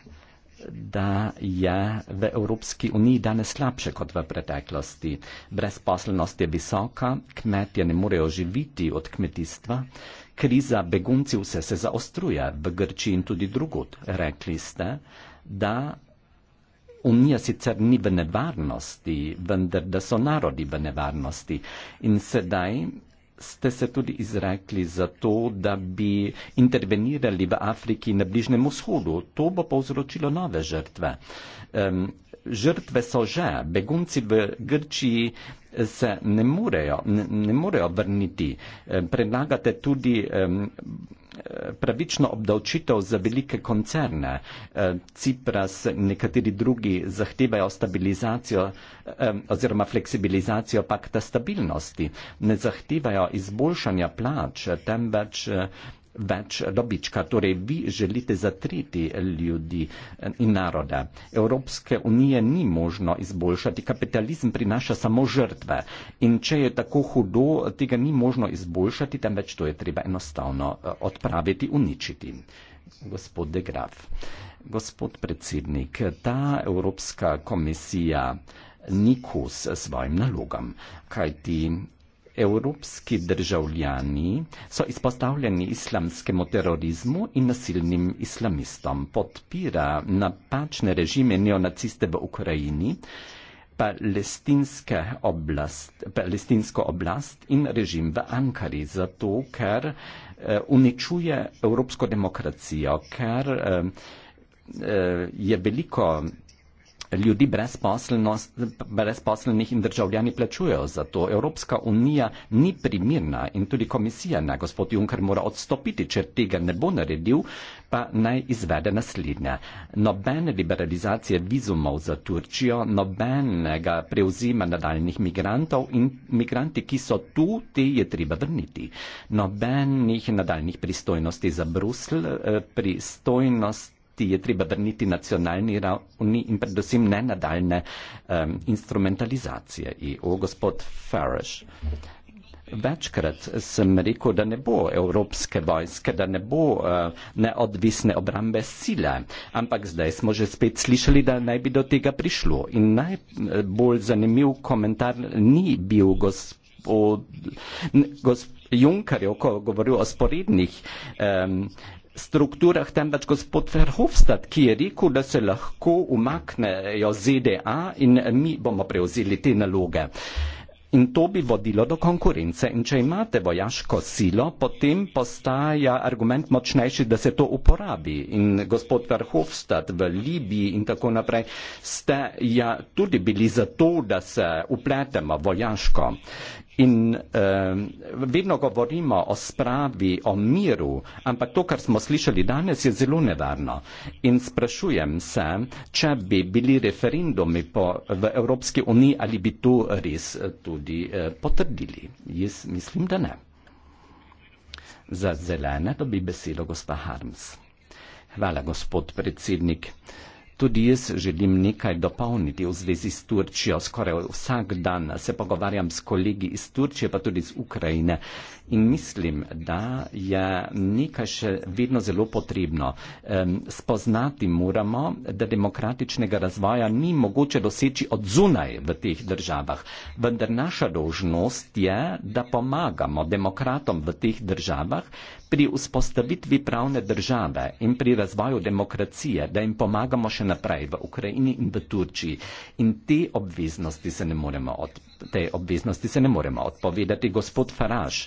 da je v Evropski uniji danes slabše kot v preteklosti. Brezposelnost je visoka, kmetje ne morejo živiti od kmetijstva, kriza beguncev se, se zaostruje v Grčiji in tudi drugod. Rekli ste, da Unija sicer ni v nevarnosti, vendar da so narodi v nevarnosti. In sedaj ste se tudi izrekli za to, da bi intervenirali v Afriki in na Bližnjem vzhodu. To bo povzročilo nove žrtve. Um, žrtve so že, begunci v Grčiji se ne morejo, ne, ne morejo vrniti. Eh, predlagate tudi eh, pravično obdavčitev za velike koncerne. Eh, Cipras, nekateri drugi zahtevajo stabilizacijo oziroma fleksibilizacijo pakta stabilnosti. Ne zahtevajo izboljšanja plač, temveč več dobička. Torej, vi želite zatriti ljudi in naroda. Evropske unije ni možno izboljšati, kapitalizem prinaša samo žrtve. In če je tako hudo, tega ni možno izboljšati, temveč to je treba enostavno eh, odpraviti, uničiti. Gospod de Graf, gospod predsednik, ta Evropska komisija nikus svojim nalogam, kajti evropski državljani so izpostavljeni islamskemu terorizmu in nasilnim islamistom. Podpira napačne režime neonaciste v Ukrajini, oblast, palestinsko oblast in režim v Ankari, zato ker eh, uničuje evropsko demokracijo, ker eh, eh, je veliko ljudi brezposelnih in državljani plačujejo. Zato Evropska unija ni primirna in tudi komisija na gospod Juncker mora odstopiti, če tega ne bo naredil, pa naj izvede naslednje. Nobene liberalizacije vizumov za Turčijo, nobenega prevzima nadaljnih migrantov in migranti, ki so tu, te je treba vrniti. Nobenih nadaljnih pristojnosti za Brusl, eh, pristojnost hkrati je treba brniti nacionalni ravni in predvsem ne nadaljne um, instrumentalizacije EU, gospod Farage. Večkrat sem rekel, da ne bo evropske vojske, da ne bo uh, neodvisne obrambe sile, ampak zdaj smo že spet slišali, da naj bi do tega prišlo. In najbolj zanimiv komentar ni bil gospod gosp Junkarjev, ko govoril o sporednih. Um, strukturah, temveč gospod Verhofstadt, ki je rekel, da se lahko umaknejo ZDA in mi bomo prevzeli te naloge. In to bi vodilo do konkurence. In če imate vojaško silo, potem postaja argument močnejši, da se to uporabi. In gospod Verhofstadt v Libiji in tako naprej ste ja, tudi bili za to, da se upletemo vojaško. In uh, vedno govorimo o spravi, o miru, ampak to, kar smo slišali danes, je zelo nevarno. In sprašujem se, če bi bili referendumi po, v Evropski uniji, ali bi to res eh, tudi uh, potrdili. Jaz mislim, da ne. Za zelene dobi besedo gospa Harms. Hvala, gospod predsednik. Uh, Tudi jaz želim nekaj dopolniti v zvezi s Turčijo. Skoraj vsak dan se pogovarjam s kolegi iz Turčije, pa tudi iz Ukrajine. In mislim, da je nekaj še vedno zelo potrebno. Um, spoznati moramo, da demokratičnega razvoja ni mogoče doseči od zunaj v teh državah. Vendar naša dožnost je, da pomagamo demokratom v teh državah pri vzpostavitvi pravne države in pri razvoju demokracije, da jim pomagamo še naprej v Ukrajini in v Turčiji. In te obveznosti se ne moremo, od, se ne moremo odpovedati. Gospod Faraž,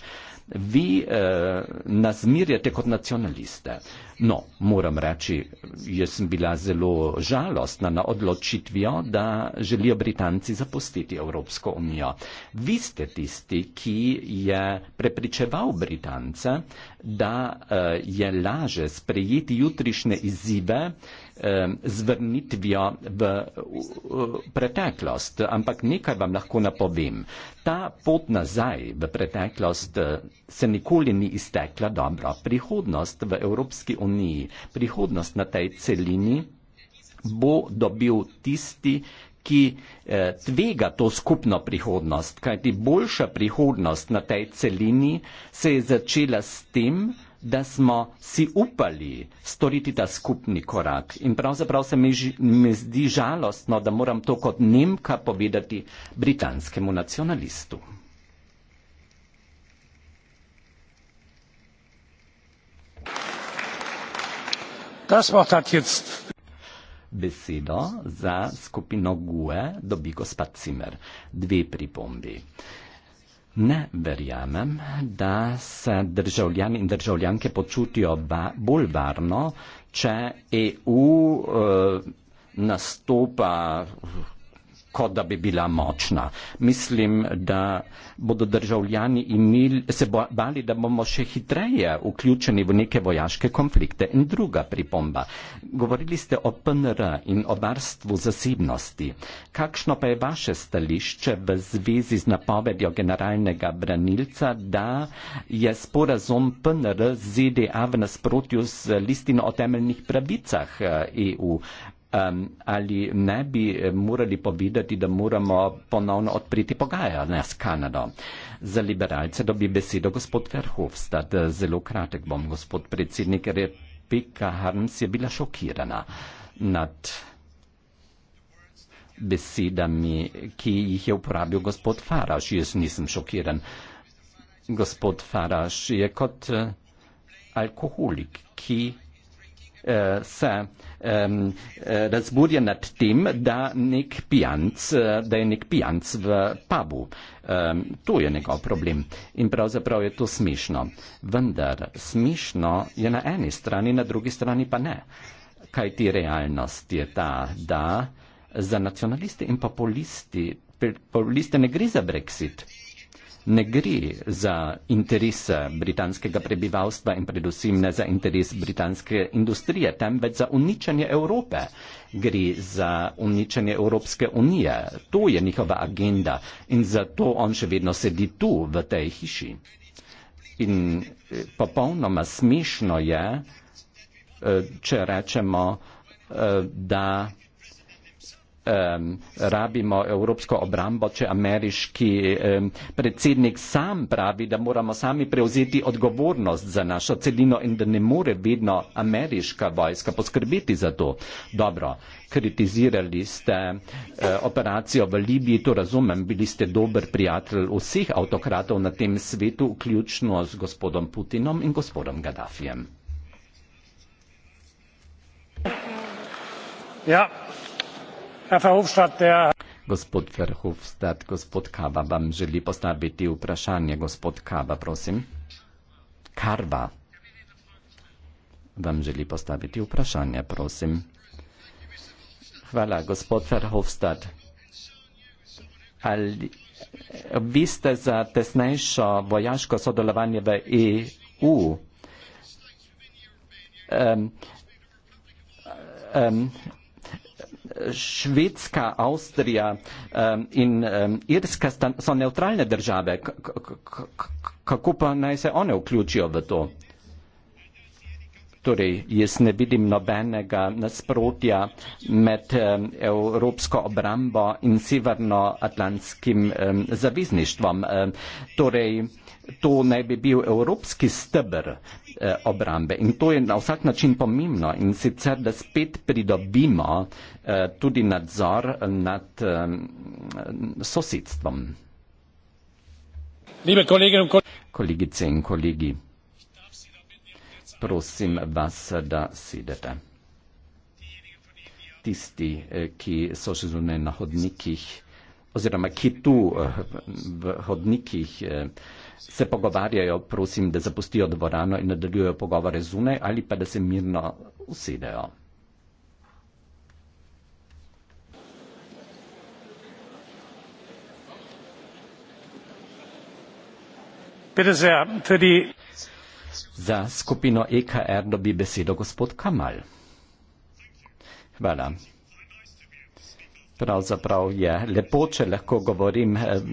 vi eh, nas mirjate kot nacionaliste. No, moram reči, jaz sem bila zelo žalostna na odločitvijo, da želijo Britanci zapustiti Evropsko unijo. Vi ste tisti, ki je prepričeval Britance, da eh, je laže sprejeti jutrišnje izzive, eh, Ehm, z vrnitvijo v preteklost, ampak nekaj vam lahko napovem. Ta pot nazaj v preteklost eh, se nikoli ni iztekla dobro. Prihodnost v Evropski uniji, prihodnost na tej celini bo dobil tisti, ki eh, tvega to skupno prihodnost, kajti boljša prihodnost na tej celini se je začela s tem, da smo si upali storiti ta skupni korak. In pravzaprav se mi, mi zdi žalostno, da moram to kot Nemka povedati britanskemu nacionalistu. Das Wort hat jetzt. Besedo za skupino GUE dobi gospod Cimer. Dve pripombi. Ne verjamem, da se državljani in državljanke počutijo ba, bolj varno, če EU uh, eh, nastopa kot da bi bila močna. Mislim, da bodo državljani imeli, se bali, da bomo še hitreje vključeni v neke vojaške konflikte. In druga pripomba. Govorili ste o PNR in o varstvu zasebnosti. Kakšno pa je vaše stališče v zvezi z napovedjo generalnega branilca, da je sporazum PNR z ZDA v nasprotju z listino o temeljnih pravicah EU? Eh, e um, ali ne bi eh, morali povedati, da moramo ponovno odpriti pogajanja s Kanado. Za liberalce dobi besedo gospod Verhofstad. Zelo kratek bom, gospod predsednik, ker je Pika Harms je bila šokirana nad besedami, ki jih je uporabil gospod Faraš. Jaz nisem šokiran. Gospod Faraš je kot eh, alkoholik, ki Eh, se um, razburja nad tem, da, nek pijanc, eh, da je nek pijanc v pubu. Um, to je njegov problem in pravzaprav je to smešno. Vendar smešno je na eni strani, na drugi strani pa ne. Kaj ti realnost je ta, da za nacionaliste in populiste, populiste ne gre za brexit, ne gre za interese britanskega prebivalstva in predvsem ne za interes britanske industrije, temveč za uničenje Evrope. Gre za uničenje Evropske unije. To je njihova agenda in zato on še vedno sedi tu v tej hiši. In eh, popolnoma smešno je, eh, če rečemo, eh, da um, rabimo evropsko obrambo, če ameriški um, predsednik sam pravi, da moramo sami prevzeti odgovornost za našo celino in da ne more vedno ameriška vojska poskrbeti za to. Dobro, kritizirali ste uh, operacijo v Libiji, to razumem, bili ste dober prijatelj vseh avtokratov na tem svetu, vključno z gospodom Putinom in gospodom Gaddafijem. Ja, Gospod Verhofstadt, gospod Kava vam želi postaviti vprašanje. Gospod Kava, prosim. Karva vam želi postaviti vprašanje, prosim. Hvala, gospod Verhofstadt. Ali vi ste za tesnejšo vojaško sodelovanje v EU? Um, um, Švedska, Avstrija um, in um, Irska stan, so neutralne države. K kako pa naj se one vključijo v to? Torej, jaz ne vidim nobenega nasprotja med um, Evropsko obrambo in Severnoatlantskim um, zavezništvom. Um, torej, to naj bi bil evropski stebr, Eh, obrambe. In to je na vsak način pomembno in sicer, da spet pridobimo eh, tudi nadzor nad eh, sosedstvom. Kolegice in kolegi, prosim vas, da sedete. Tisti, ki so še zunaj na hodnikih, oziroma ki tu v hodnikih se pogovarjajo, prosim, da zapustijo dvorano in nadaljujejo pogovore zunaj ali pa da se mirno usedejo. Za skupino EKR dobi besedo gospod Kamal. Hvala. Pravzaprav je lepo, če lahko govorim eh,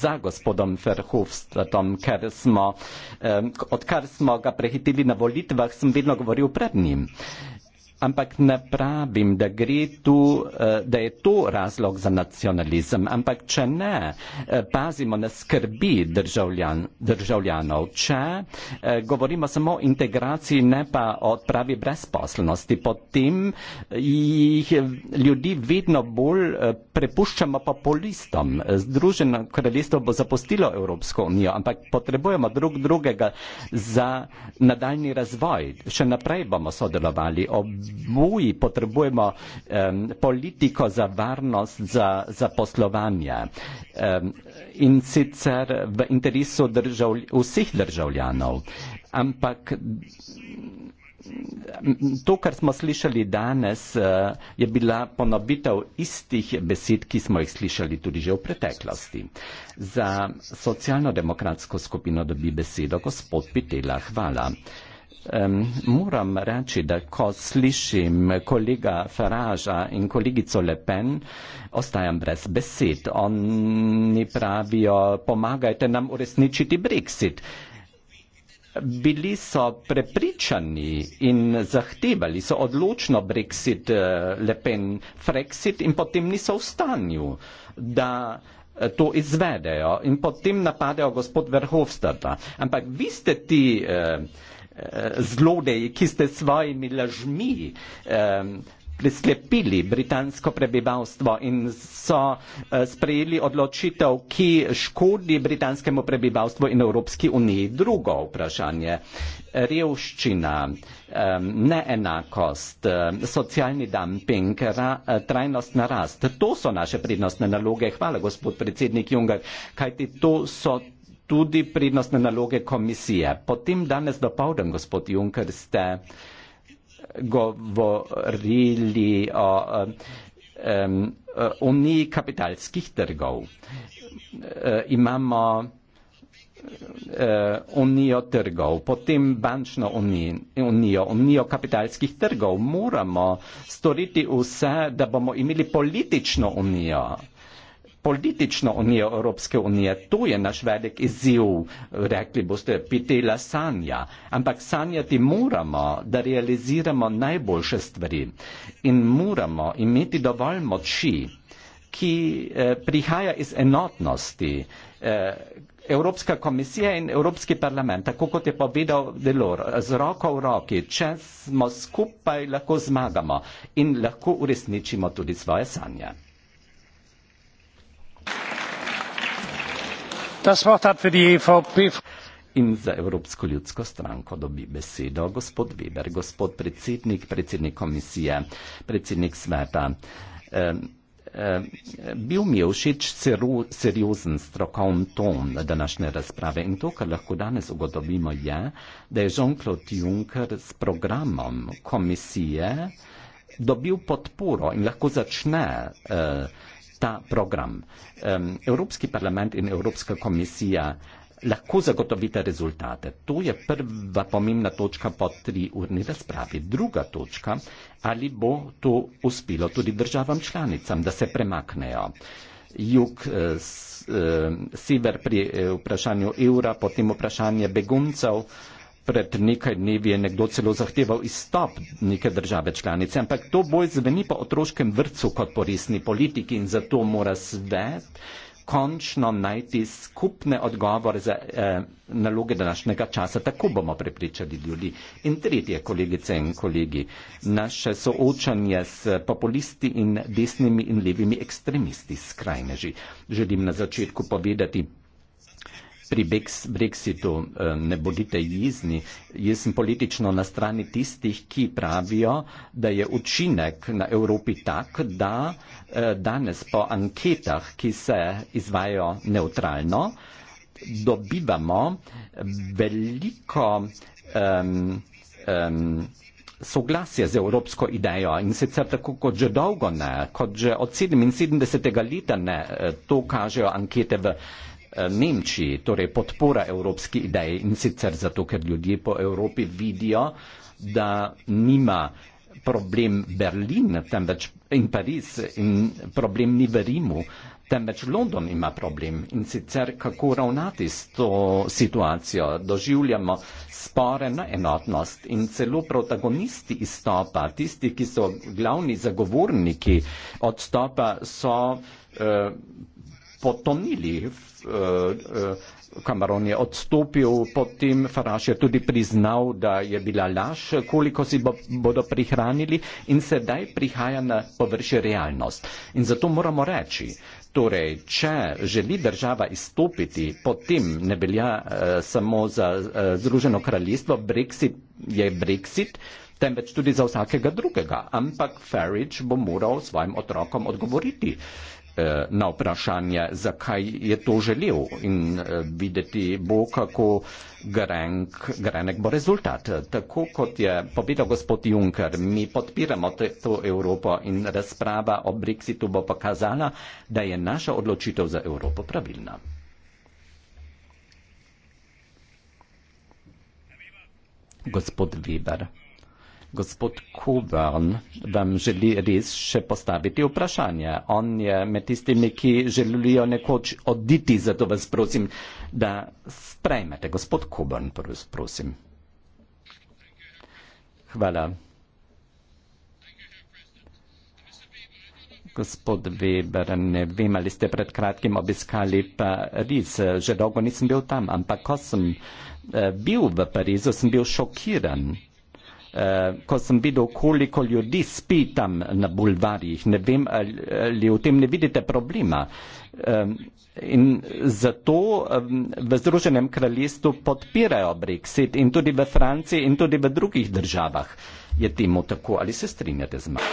za gospodom Verhofstadtom, ker smo, eh, odkar smo ga prehitili na volitvah, sem vedno govoril pred njim ampak ne pravim, da, tu, eh, da je to razlog za nacionalizem, ampak če ne, eh, pazimo na skrbi državljan, državljanov, če eh, govorimo samo o integraciji, ne pa o pravi brezposlenosti, potem jih ljudi vedno bolj prepuščamo populistom. Združeno kraljestvo bo zapustilo Evropsko unijo, ampak potrebujemo drug drugega za nadaljni razvoj. Še naprej bomo sodelovali mój potrebujemo um, politiko za varnost, za zaposlovanje. Um, in sicer v interesu držav, vseh državljanov. Ampak to, kar smo slišali danes, eh, je bila ponovitev istih besed, ki smo jih slišali tudi že v preteklosti. Za socialno-demokratsko skupino dobi besedo gospod Pitela. Hvala. Uh, Um, moram reči, da ko slišim kolega Faraža in kolegico Le Pen, ostajam brez besed. Oni pravijo, pomagajte nam uresničiti Brexit. Bili so prepričani in zahtevali so odločno Brexit, eh, Le Pen, Frexit in potem niso v stanju, da eh, to izvedejo in potem napadejo gospod Verhofstadta. Ampak vi ste ti. Uh, zlodeji, ki ste svojimi lažmi prislepili britansko prebivalstvo in so eh, sprejeli odločitev, ki škodi britanskemu prebivalstvu in Evropski uniji. Drugo vprašanje. Revščina, neenakost, socialni dumping, ra, eh, trajnostna rast. To so naše prednostne naloge. Hvala, gospod predsednik Junger, kajti to so tudi prednostne naloge komisije. Potem danes dopovdem, gospod Juncker, ste govorili o um, uniji kapitalskih trgov. Uh, imamo uh, unijo trgov, potem bančno unijo, unijo kapitalskih trgov. Moramo storiti vse, da bomo imeli politično unijo. Uh, politično unijo Evropske unije. To je naš velik izziv, rekli boste, pitela sanja. Ampak sanjati moramo, da realiziramo najboljše stvari in moramo imeti dovolj moči, ki eh, prihaja iz enotnosti. Eh, Evropska komisija in Evropski parlament, tako kot je povedal Delor, z roko v roki, če smo skupaj, lahko zmagamo in lahko uresničimo tudi svoje sanje. In za Evropsko ljudsko stranko dobi besedo gospod Weber, gospod predsednik, predsednik komisije, predsednik sveta. E, e, bil mi je všeč seriozen strokovn ton današnje razprave in to, kar lahko danes ugotovimo, je, da je Jean-Claude Juncker s programom komisije dobil podporo in lahko začne. E, ta program. Evropski parlament in Evropska komisija lahko zagotovite rezultate. To je prva pomembna točka po tri urni razpravi. Druga točka, ali bo to uspelo tudi državam članicam, da se premaknejo. Jug, eh, eh, sever pri eh, vprašanju evra, potem vprašanje beguncev. Pred nekaj dnevi je nekdo celo zahteval izstop neke države članice, ampak to boj zveni po otroškem vrcu kot po resni politiki in zato mora svet končno najti skupne odgovore za eh, naloge današnjega časa. Tako bomo prepričali ljudi. In tretje, kolegice in kolegi, naše soočanje s populisti in desnimi in levimi ekstremisti, skrajneži. Želim na začetku povedati, pri Brexitu. Eh, ne bodite jezni. Jaz sem politično na strani tistih, ki pravijo, da je učinek na Evropi tak, da eh, danes po anketah, ki se izvajo neutralno, dobivamo veliko um, um, soglasje z evropsko idejo in sicer tako kot že dolgo ne, kot že od 77. leta ne, eh, to kažejo ankete v uh, Eh, Nemčiji, torej podpora evropski ideji in sicer zato, ker ljudje po Evropi vidijo, da nima problem Berlin temveč, in Pariz in problem ni v Rimu, temveč London ima problem in sicer kako ravnati s to situacijo. Doživljamo spore na enotnost in celo protagonisti izstopa, tisti, ki so glavni zagovorniki odstopa, so eh, potonili v Eh, eh, Cameron je odstopil, potem Faraš je tudi priznal, da je bila laž, koliko si bo, bodo prihranili in sedaj prihaja na površje realnost. In zato moramo reči, torej, če želi država izstopiti, potem ne velja eh, samo za eh, Združeno kraljestvo, Brexit je Brexit temveč tudi za vsakega drugega. Ampak Farage bo moral svojim otrokom odgovoriti. Eh, na vprašanje, zakaj je to želel in eh, videti bo, kako grenk, grenek bo rezultat. Tako kot je povedal gospod Juncker, mi podpiramo te, to Evropo in razprava o Brexitu bo pokazala, da je naša odločitev za Evropo pravilna. Gospod Weber gospod Coburn vam želi res še postaviti vprašanje. On je med tistimi, ki želijo nekoč oditi, zato vas prosim, da sprejmete. Gospod Coburn, prosim. Hvala. Gospod Weber, ne vem, ali ste pred kratkim obiskali Pariz. Že dolgo nisem bil tam, ampak ko sem eh, bil v Parizu, sem bil šokiran. Uh, ko sem videl, koliko ljudi spi tam na bulvarjih, ne vem, ali, ali v tem ne vidite problema. Um, in zato um, v Združenem kraljestvu podpirajo Brexit in tudi v Franciji in tudi v drugih državah je temu tako. Ali se strinjate z mano?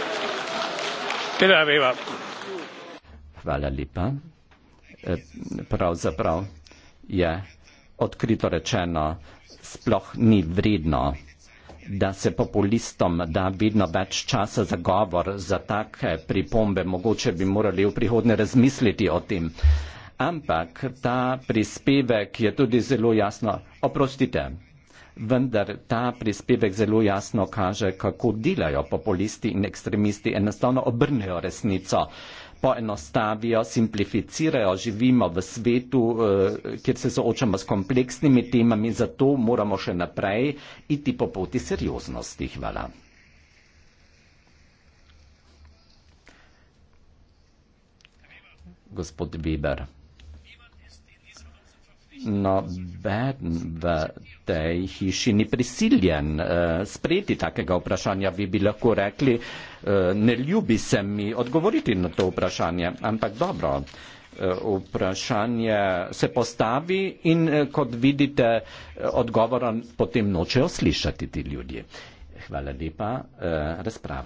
Hvala lepa. Pravzaprav je odkrito rečeno, sploh ni vredno da se populistom da vedno več časa za govor, za take pripombe, mogoče bi morali v prihodnje razmisliti o tem. Ampak ta prispevek je tudi zelo jasno, oprostite, vendar ta prispevek zelo jasno kaže, kako delajo populisti in ekstremisti, enostavno obrnejo resnico poenostavijo, simplificirajo. Živimo v svetu, eh, kjer se soočamo s kompleksnimi temami, zato moramo še naprej iti po poti serioznosti. Hvala. Gospod Weber. Noben v tej hiši ni prisiljen uh, sprejeti takega vprašanja. Vi bi lahko rekli, uh, ne ljubi se mi odgovoriti na to vprašanje. Ampak dobro, uh, vprašanje se postavi in uh, kot vidite, odgovora potem nočejo slišati ti ljudje. Hvala lepa. Uh, razprava.